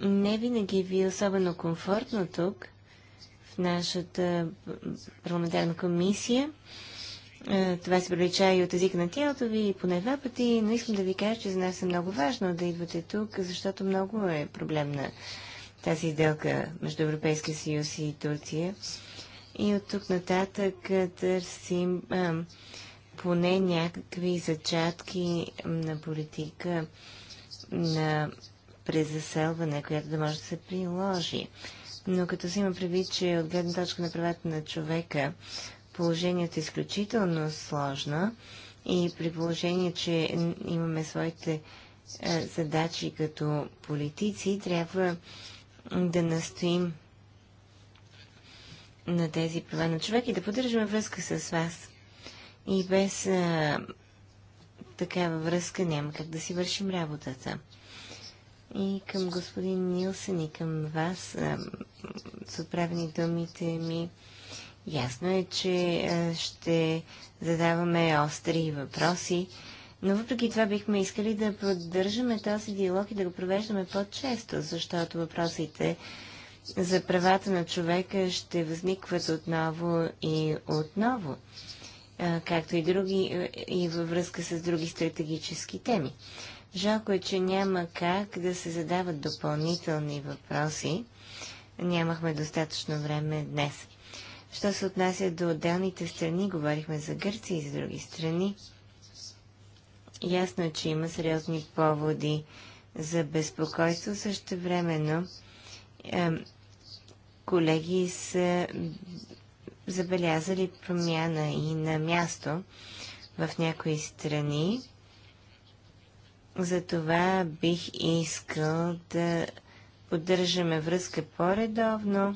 не винаги е ви е особено комфортно тук, в нашата парламентарна комисия. Е, това се прилича и от езика на тялото ви, и поне два пъти, но искам да ви кажа, че за нас е много важно да идвате тук, защото много е проблемна тази сделка между Европейския съюз и Турция. И от тук нататък е, търсим а, поне някакви зачатки на политика на презаселване, която да може да се приложи. Но като се има предвид, че от гледна точка на правата на човека положението е изключително сложно и при положение, че имаме своите е, задачи като политици, трябва да настоим на тези права на човек и да поддържаме връзка с вас и без а, такава връзка няма как да си вършим работата. И към господин Нилсен и към вас а, с отправени думите ми. Ясно е, че а, ще задаваме остри въпроси, но въпреки това бихме искали да поддържаме този диалог и да го провеждаме по-често, защото въпросите за правата на човека ще възникват отново и отново както и, други, и във връзка с други стратегически теми. Жалко е, че няма как да се задават допълнителни въпроси. Нямахме достатъчно време днес. Що се отнася до отделните страни, говорихме за Гърция и за други страни. Ясно е, че има сериозни поводи за безпокойство. Също времено колеги са забелязали промяна и на място в някои страни. Затова бих искал да поддържаме връзка по-редовно,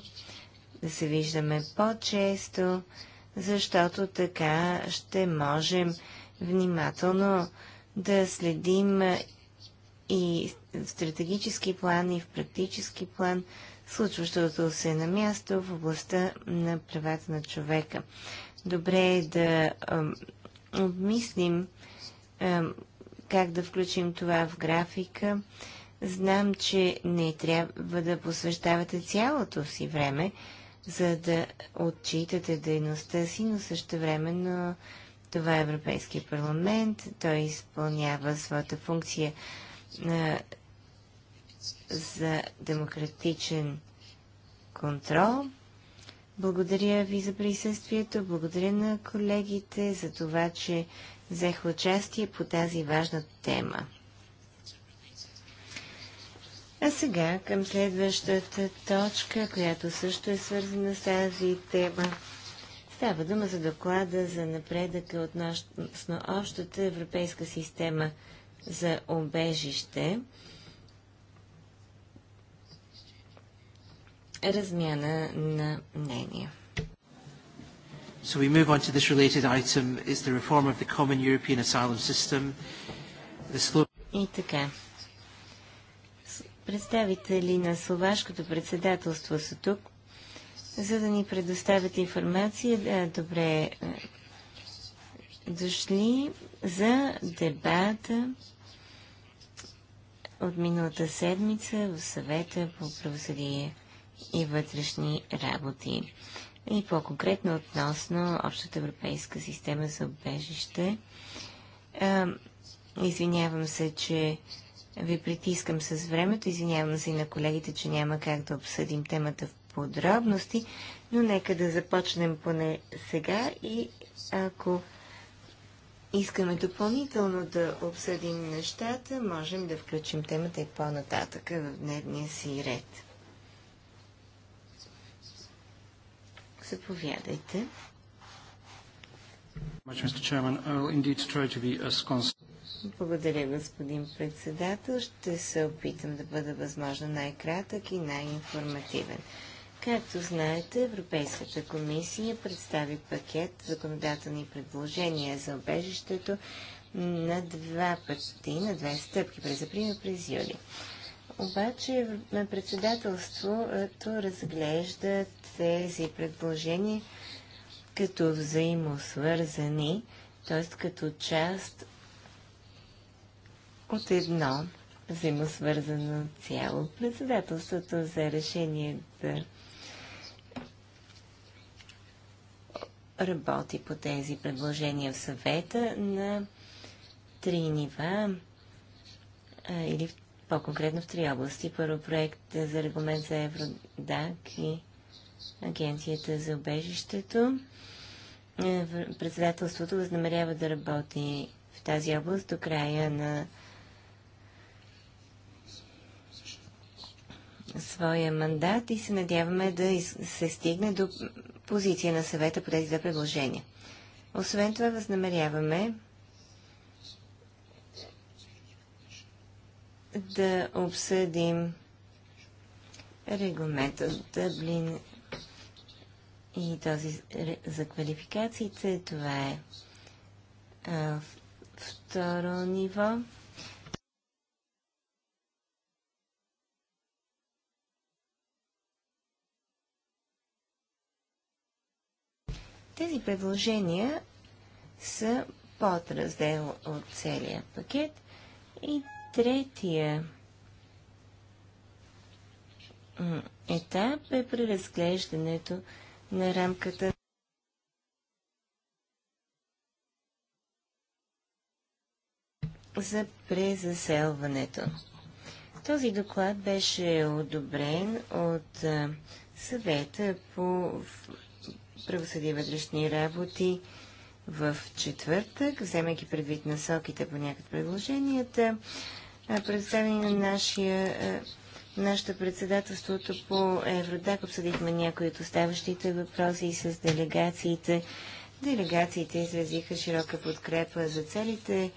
да се виждаме по-често, защото така ще можем внимателно да следим и в стратегически план, и в практически план случващото се на място в областта на правата на човека. Добре е да обмислим как да включим това в графика. Знам, че не трябва да посвещавате цялото си време, за да отчитате дейността си, но също времено това е Европейския парламент. Той изпълнява своята функция за демократичен контрол. Благодаря ви за присъствието, благодаря на колегите за това, че взеха участие по тази важна тема. А сега към следващата точка, която също е свързана с тази тема. Става дума за доклада за напредъка относно общата европейска система за обежище. размяна на мнения. So we move on to this related item is the reform of the common European asylum system. The slow... И така. Представители на словашкото председателство са тук, за да ни предоставят информация. Да, добре е, дошли за дебата от миналата седмица в съвета по правосъдие и вътрешни работи. И по-конкретно относно общата европейска система за обежище. Извинявам се, че ви притискам с времето. Извинявам се и на колегите, че няма как да обсъдим темата в подробности, но нека да започнем поне сега и ако искаме допълнително да обсъдим нещата, можем да включим темата и по-нататък в дневния си ред. Заповядайте. Благодаря, господин председател. Ще се опитам да бъда възможно най-кратък и най-информативен. Както знаете, Европейската комисия представи пакет законодателни предложения за обежището на два пъти, на две стъпки през април и през юли. Обаче на председателството разглежда тези предложения като взаимосвързани, т.е. като част от едно взаимосвързано цяло. Председателството за решение да работи по тези предложения в съвета на три нива или в по-конкретно в три области. Първо проект за регламент за Евродак и Агенцията за обежището. Е, председателството възнамерява да работи в тази област до края на своя мандат и се надяваме да се стигне до позиция на съвета по тези две предложения. Освен това възнамеряваме да обсъдим регламента от Дъблин и този за квалификациите. Това е а, второ ниво. Тези предложения са под раздел от целия пакет и Третия етап е преразглеждането на рамката за презаселването. Този доклад беше одобрен от съвета по правосъдие вътрешни работи в четвъртък, вземайки предвид насоките по някакви предложенията представени на нашия, нашата председателството по Евродак. Обсъдихме някои от оставащите въпроси с делегациите. Делегациите изразиха широка подкрепа за целите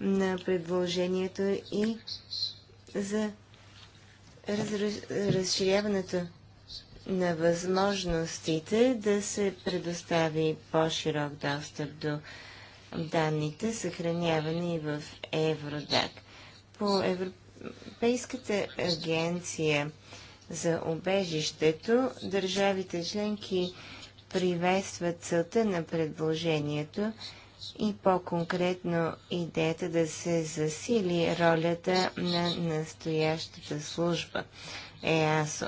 на предложението и за разширяването на възможностите да се предостави по-широк достъп до данните, съхранявани в Евродак по Европейската агенция за обежището, държавите членки приветстват целта на предложението и по-конкретно идеята да се засили ролята на настоящата служба ЕАСО.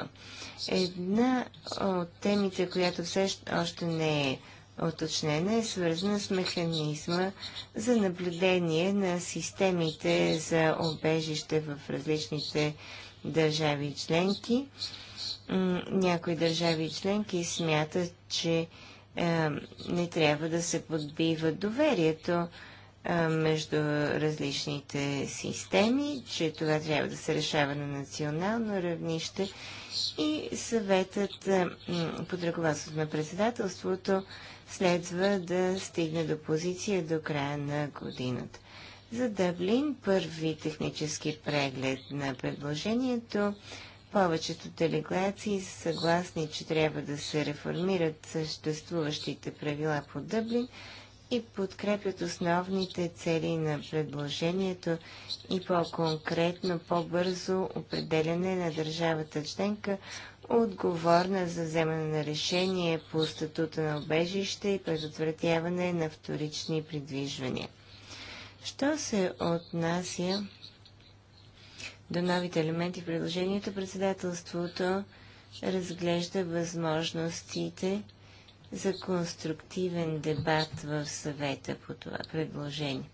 Една от темите, която все още не е оточнена, е свързана с механизма за наблюдение на системите за обежище в различните държави и членки. Някои държави и членки смятат, че е, не трябва да се подбива доверието е, между различните системи, че това трябва да се решава на национално равнище и съветът е, под ръководството на председателството следва да стигне до позиция до края на годината. За Дъблин първи технически преглед на предложението. Повечето делегации са съгласни, че трябва да се реформират съществуващите правила по Дъблин и подкрепят основните цели на предложението и по-конкретно по-бързо определяне на държавата членка, отговорна за вземане на решение по статута на обежище и предотвратяване на вторични придвижвания. Що се отнася до новите елементи в предложението, председателството разглежда възможностите за конструктивен дебат в съвета по това предложение.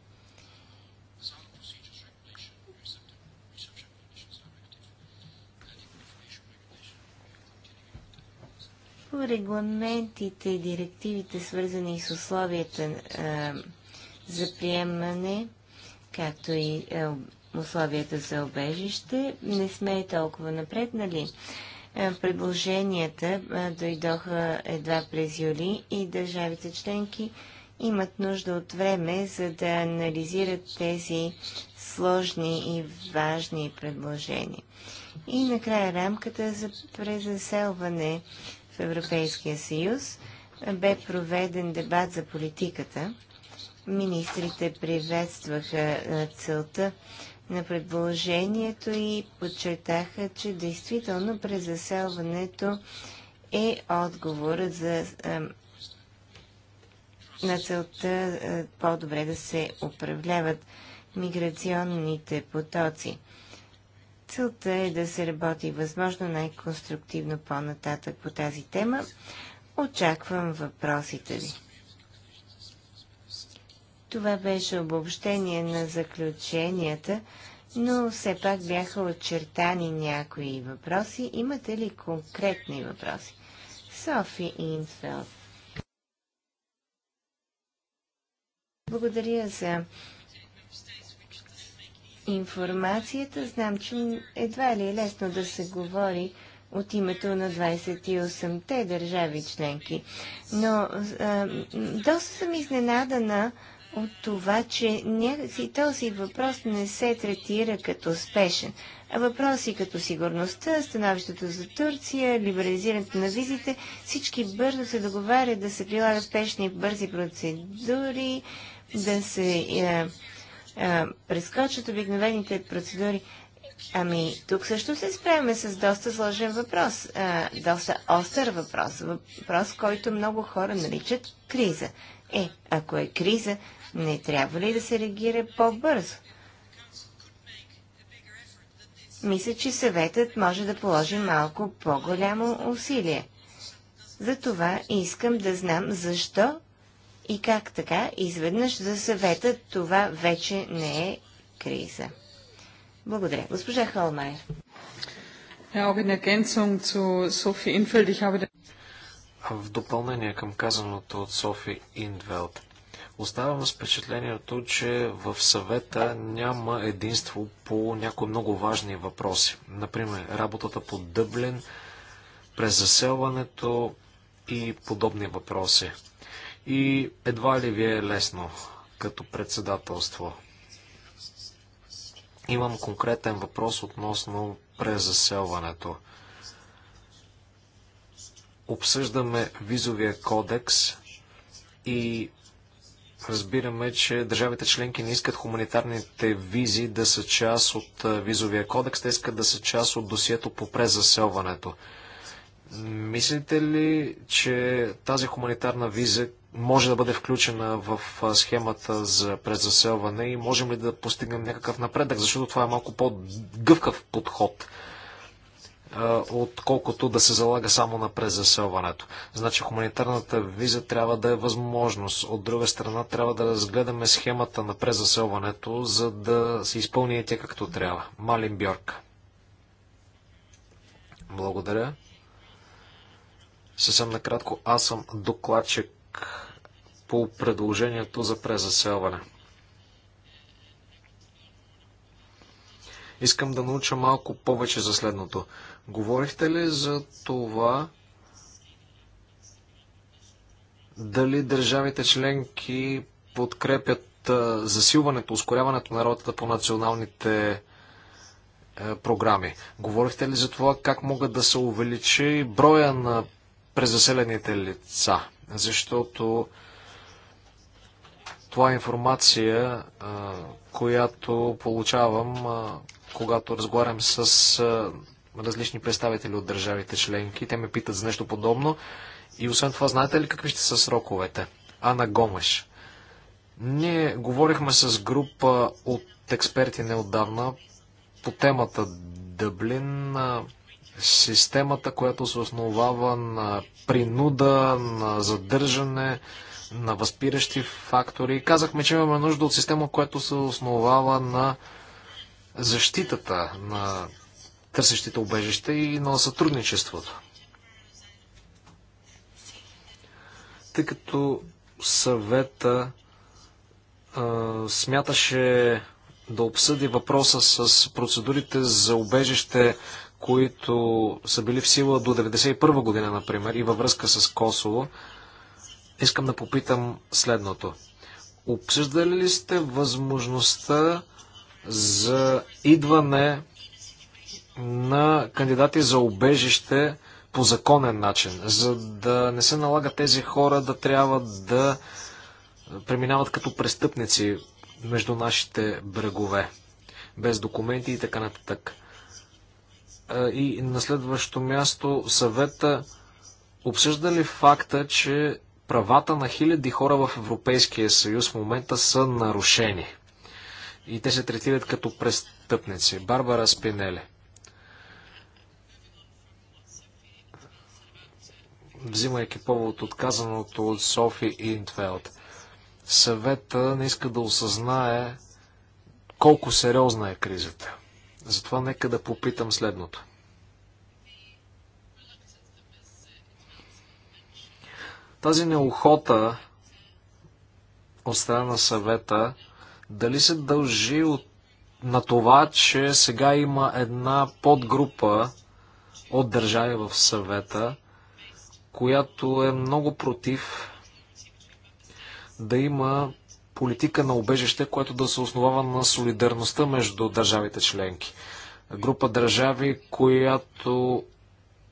Ако регламентите и директивите, свързани с условията а, е, за приемане, както и а, е, условията за обежище, не сме толкова напреднали. Е, предложенията дойдоха едва през юли и държавите членки имат нужда от време, за да анализират тези сложни и важни предложения. И накрая рамката за презаселване в Европейския съюз бе проведен дебат за политиката. Министрите приветстваха целта на предложението и подчертаха, че действително презаселването е отговорът за на целта по-добре да се управляват миграционните потоци. Целта е да се работи възможно най-конструктивно по-нататък по тази тема. Очаквам въпросите ви. Това беше обобщение на заключенията, но все пак бяха очертани някои въпроси. Имате ли конкретни въпроси? Софи Инфелд. Благодаря за информацията. Знам, че едва ли е лесно да се говори от името на 28-те държави членки. Но а, доста съм изненадана от това, че някакси този въпрос не се третира като спешен. А въпроси като сигурността, становището за Турция, либерализирането на визите, всички бързо се договарят да се прилагат спешни бързи процедури, да се а, е, е, прескочат обикновените процедури. Ами, тук също се справяме с доста сложен въпрос, а, е, доста остър въпрос, въпрос, който много хора наричат криза. Е, ако е криза, не трябва ли да се реагира по-бързо? Мисля, че съветът може да положи малко по-голямо усилие. Затова искам да знам защо и как така, изведнъж за съвета това вече не е криза. Благодаря. Госпожа Холмайер. В допълнение към казаното от Софи Индвелт, оставам с впечатлението, че в съвета няма единство по някои много важни въпроси. Например, работата по Дъблин, презаселването и подобни въпроси и едва ли ви е лесно като председателство. Имам конкретен въпрос относно презаселването. Обсъждаме визовия кодекс и разбираме, че държавите членки не искат хуманитарните визи да са част от визовия кодекс, те искат да са част от досието по презаселването. Мислите ли, че тази хуманитарна виза може да бъде включена в схемата за презаселване и можем ли да постигнем някакъв напредък, защото това е малко по-гъвкав подход, отколкото да се залага само на презаселването. Значи хуманитарната виза трябва да е възможност. От друга страна трябва да разгледаме схемата на презаселването, за да се изпълни тя както трябва. Малин Бьорк. Благодаря. Съвсем накратко, аз съм докладчик по предложението за презаселване. Искам да науча малко повече за следното. Говорихте ли за това дали държавите членки подкрепят засилването, ускоряването на работата по националните е, програми. Говорихте ли за това как могат да се увеличи броя на през заселените лица, защото това е информация, която получавам, когато разговарям с различни представители от държавите членки. Те ме питат за нещо подобно. И освен това, знаете ли какви ще са сроковете? Ана Гомеш. Ние говорихме с група от експерти неодавна по темата Дъблин. Системата, която се основава на принуда, на задържане, на възпиращи фактори. Казахме, че имаме нужда от система, която се основава на защитата на търсещите убежище и на сътрудничеството. Тъй като съвета а, смяташе да обсъди въпроса с процедурите за убежище които са били в сила до 1991 година, например, и във връзка с Косово, искам да попитам следното. Обсъждали ли сте възможността за идване на кандидати за обежище по законен начин, за да не се налага тези хора да трябва да преминават като престъпници между нашите брегове, без документи и така нататък. И на следващо място съвета обсъжда ли факта, че правата на хиляди хора в Европейския съюз в момента са нарушени? И те се третират като престъпници. Барбара Спинеле. Взимайки повод от казаното от Софи Интфелд. Съвета не иска да осъзнае колко сериозна е кризата. Затова нека да попитам следното. Тази неохота от страна на съвета, дали се дължи от, на това, че сега има една подгрупа от държави в съвета, която е много против да има политика на обежище, което да се основава на солидарността между държавите членки. Група държави, която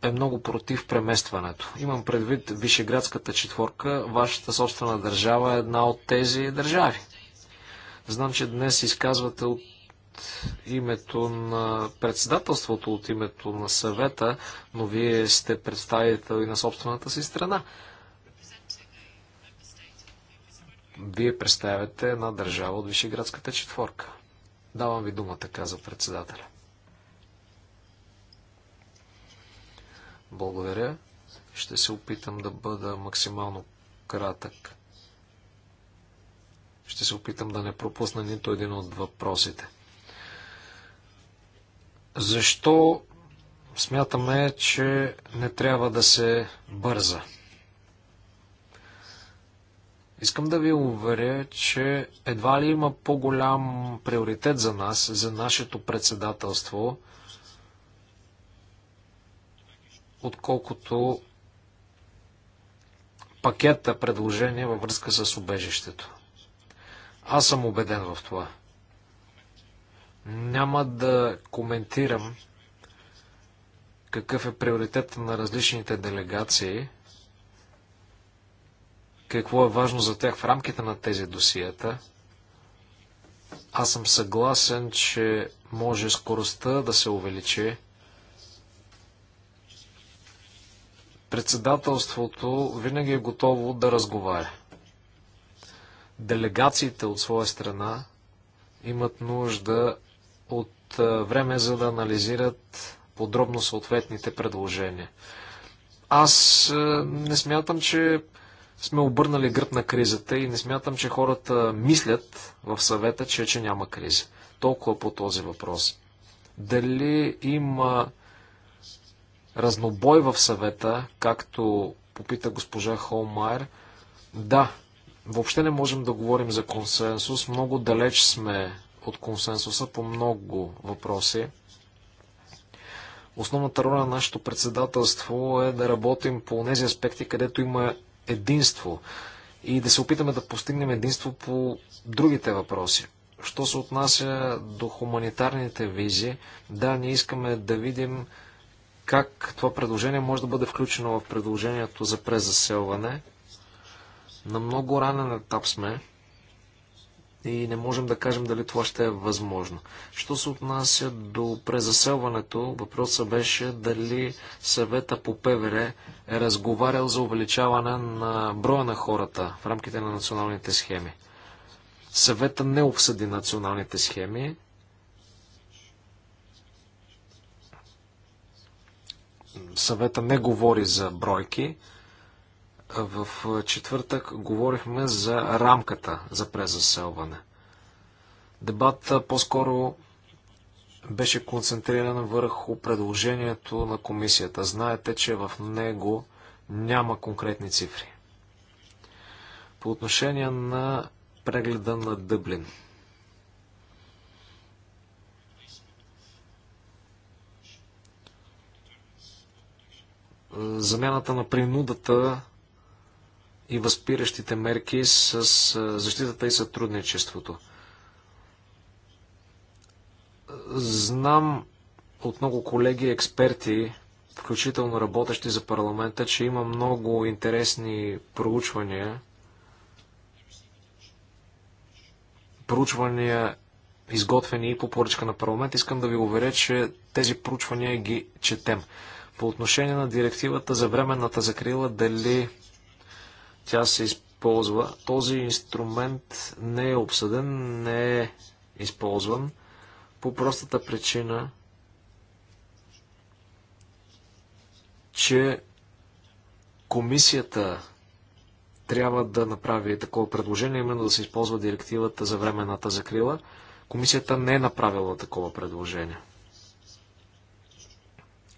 е много против преместването. Имам предвид Вишеградската четворка, вашата собствена държава е една от тези държави. Знам, че днес изказвате от името на председателството, от името на съвета, но вие сте представител и на собствената си страна. Вие представяте една държава от Вишеградската четворка. Давам ви думата, каза председателя. Благодаря. Ще се опитам да бъда максимално кратък. Ще се опитам да не пропусна нито един от въпросите. Защо смятаме, че не трябва да се бърза? Искам да ви уверя, че едва ли има по-голям приоритет за нас, за нашето председателство, отколкото пакета предложения във връзка с убежището. Аз съм убеден в това. Няма да коментирам какъв е приоритет на различните делегации – какво е важно за тях в рамките на тези досиета. Аз съм съгласен, че може скоростта да се увеличи. Председателството винаги е готово да разговаря. Делегациите от своя страна имат нужда от време за да анализират подробно съответните предложения. Аз не смятам, че сме обърнали гръб на кризата и не смятам, че хората мислят в съвета, че, че няма криза. Толкова по този въпрос. Дали има разнобой в съвета, както попита госпожа Холмайер, да, въобще не можем да говорим за консенсус. Много далеч сме от консенсуса по много въпроси. Основната роля на нашето председателство е да работим по тези аспекти, където има единство и да се опитаме да постигнем единство по другите въпроси. Що се отнася до хуманитарните визи, да, ние искаме да видим как това предложение може да бъде включено в предложението за презаселване. На много ранен етап сме и не можем да кажем дали това ще е възможно. Що се отнася до презаселването, въпросът беше дали съвета по ПВР е разговарял за увеличаване на броя на хората в рамките на националните схеми. Съвета не обсъди националните схеми. Съвета не говори за бройки. В четвъртък говорихме за рамката за презаселване. Дебат по-скоро беше концентриран върху предложението на комисията. Знаете, че в него няма конкретни цифри. По отношение на прегледа на Дъблин. Замяната на принудата и възпиращите мерки с защитата и сътрудничеството. Знам от много колеги експерти, включително работещи за парламента, че има много интересни проучвания. Проучвания изготвени и по поръчка на парламент. Искам да ви уверя, че тези проучвания ги четем. По отношение на директивата за временната закрила, дали тя се използва. Този инструмент не е обсъден, не е използван по простата причина, че комисията трябва да направи такова предложение, именно да се използва директивата за времената закрила. Комисията не е направила такова предложение.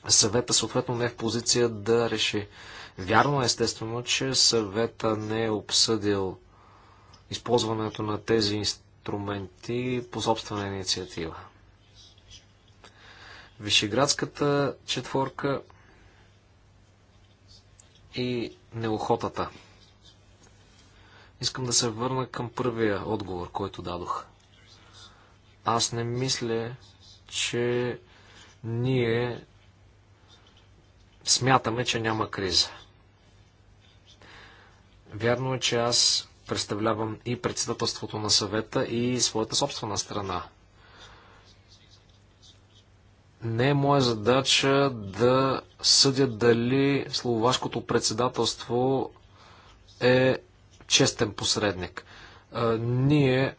Съвета съответно не е в позиция да реши Вярно е, естествено, че съвета не е обсъдил използването на тези инструменти по собствена инициатива. Вишеградската четворка и неохотата. Искам да се върна към първия отговор, който дадох. Аз не мисля, че ние смятаме, че няма криза. Вярно е, че аз представлявам и председателството на съвета и своята собствена страна. Не е моя задача да съдя дали словашкото председателство е честен посредник. Ние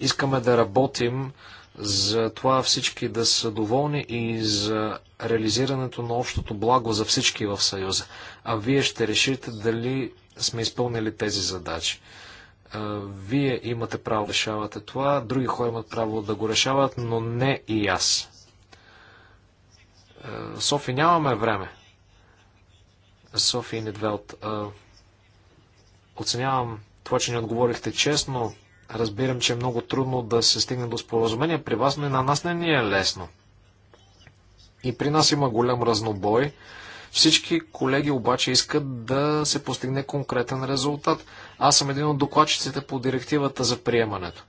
искаме да работим за това всички да са доволни и за реализирането на общото благо за всички в Съюза. А вие ще решите дали сме изпълнили тези задачи. Вие имате право да решавате това, други хора имат право да го решават, но не и аз. Софи, нямаме време. Софи Недвелт, оценявам това, че не отговорихте честно. Разбирам, че е много трудно да се стигне до споразумение при вас, но и на нас не ни е лесно. И при нас има голям разнобой. Всички колеги обаче искат да се постигне конкретен резултат. Аз съм един от докладчиците по директивата за приемането.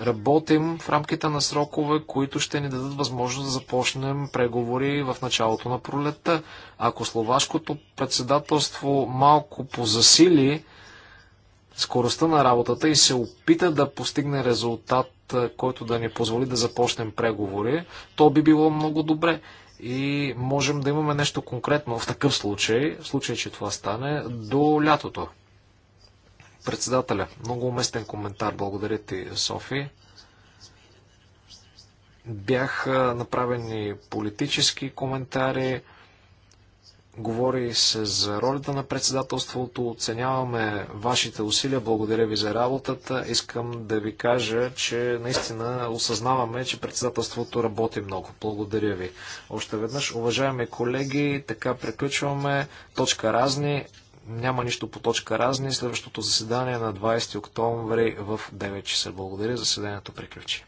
Работим в рамките на срокове, които ще ни дадат възможност да започнем преговори в началото на пролетта. Ако словашкото председателство малко позасили скоростта на работата и се опита да постигне резултат, който да ни позволи да започнем преговори, то би било много добре и можем да имаме нещо конкретно в такъв случай, в случай, че това стане, до лятото. Председателя, много уместен коментар. Благодаря ти, Софи. Бяха направени политически коментари. Говори се за ролята на председателството. Оценяваме вашите усилия. Благодаря ви за работата. Искам да ви кажа, че наистина осъзнаваме, че председателството работи много. Благодаря ви. Още веднъж, уважаеми колеги, така приключваме. Точка разни. Няма нищо по точка разни. Следващото заседание е на 20 октомври в 9 часа. Благодаря. Заседанието приключи.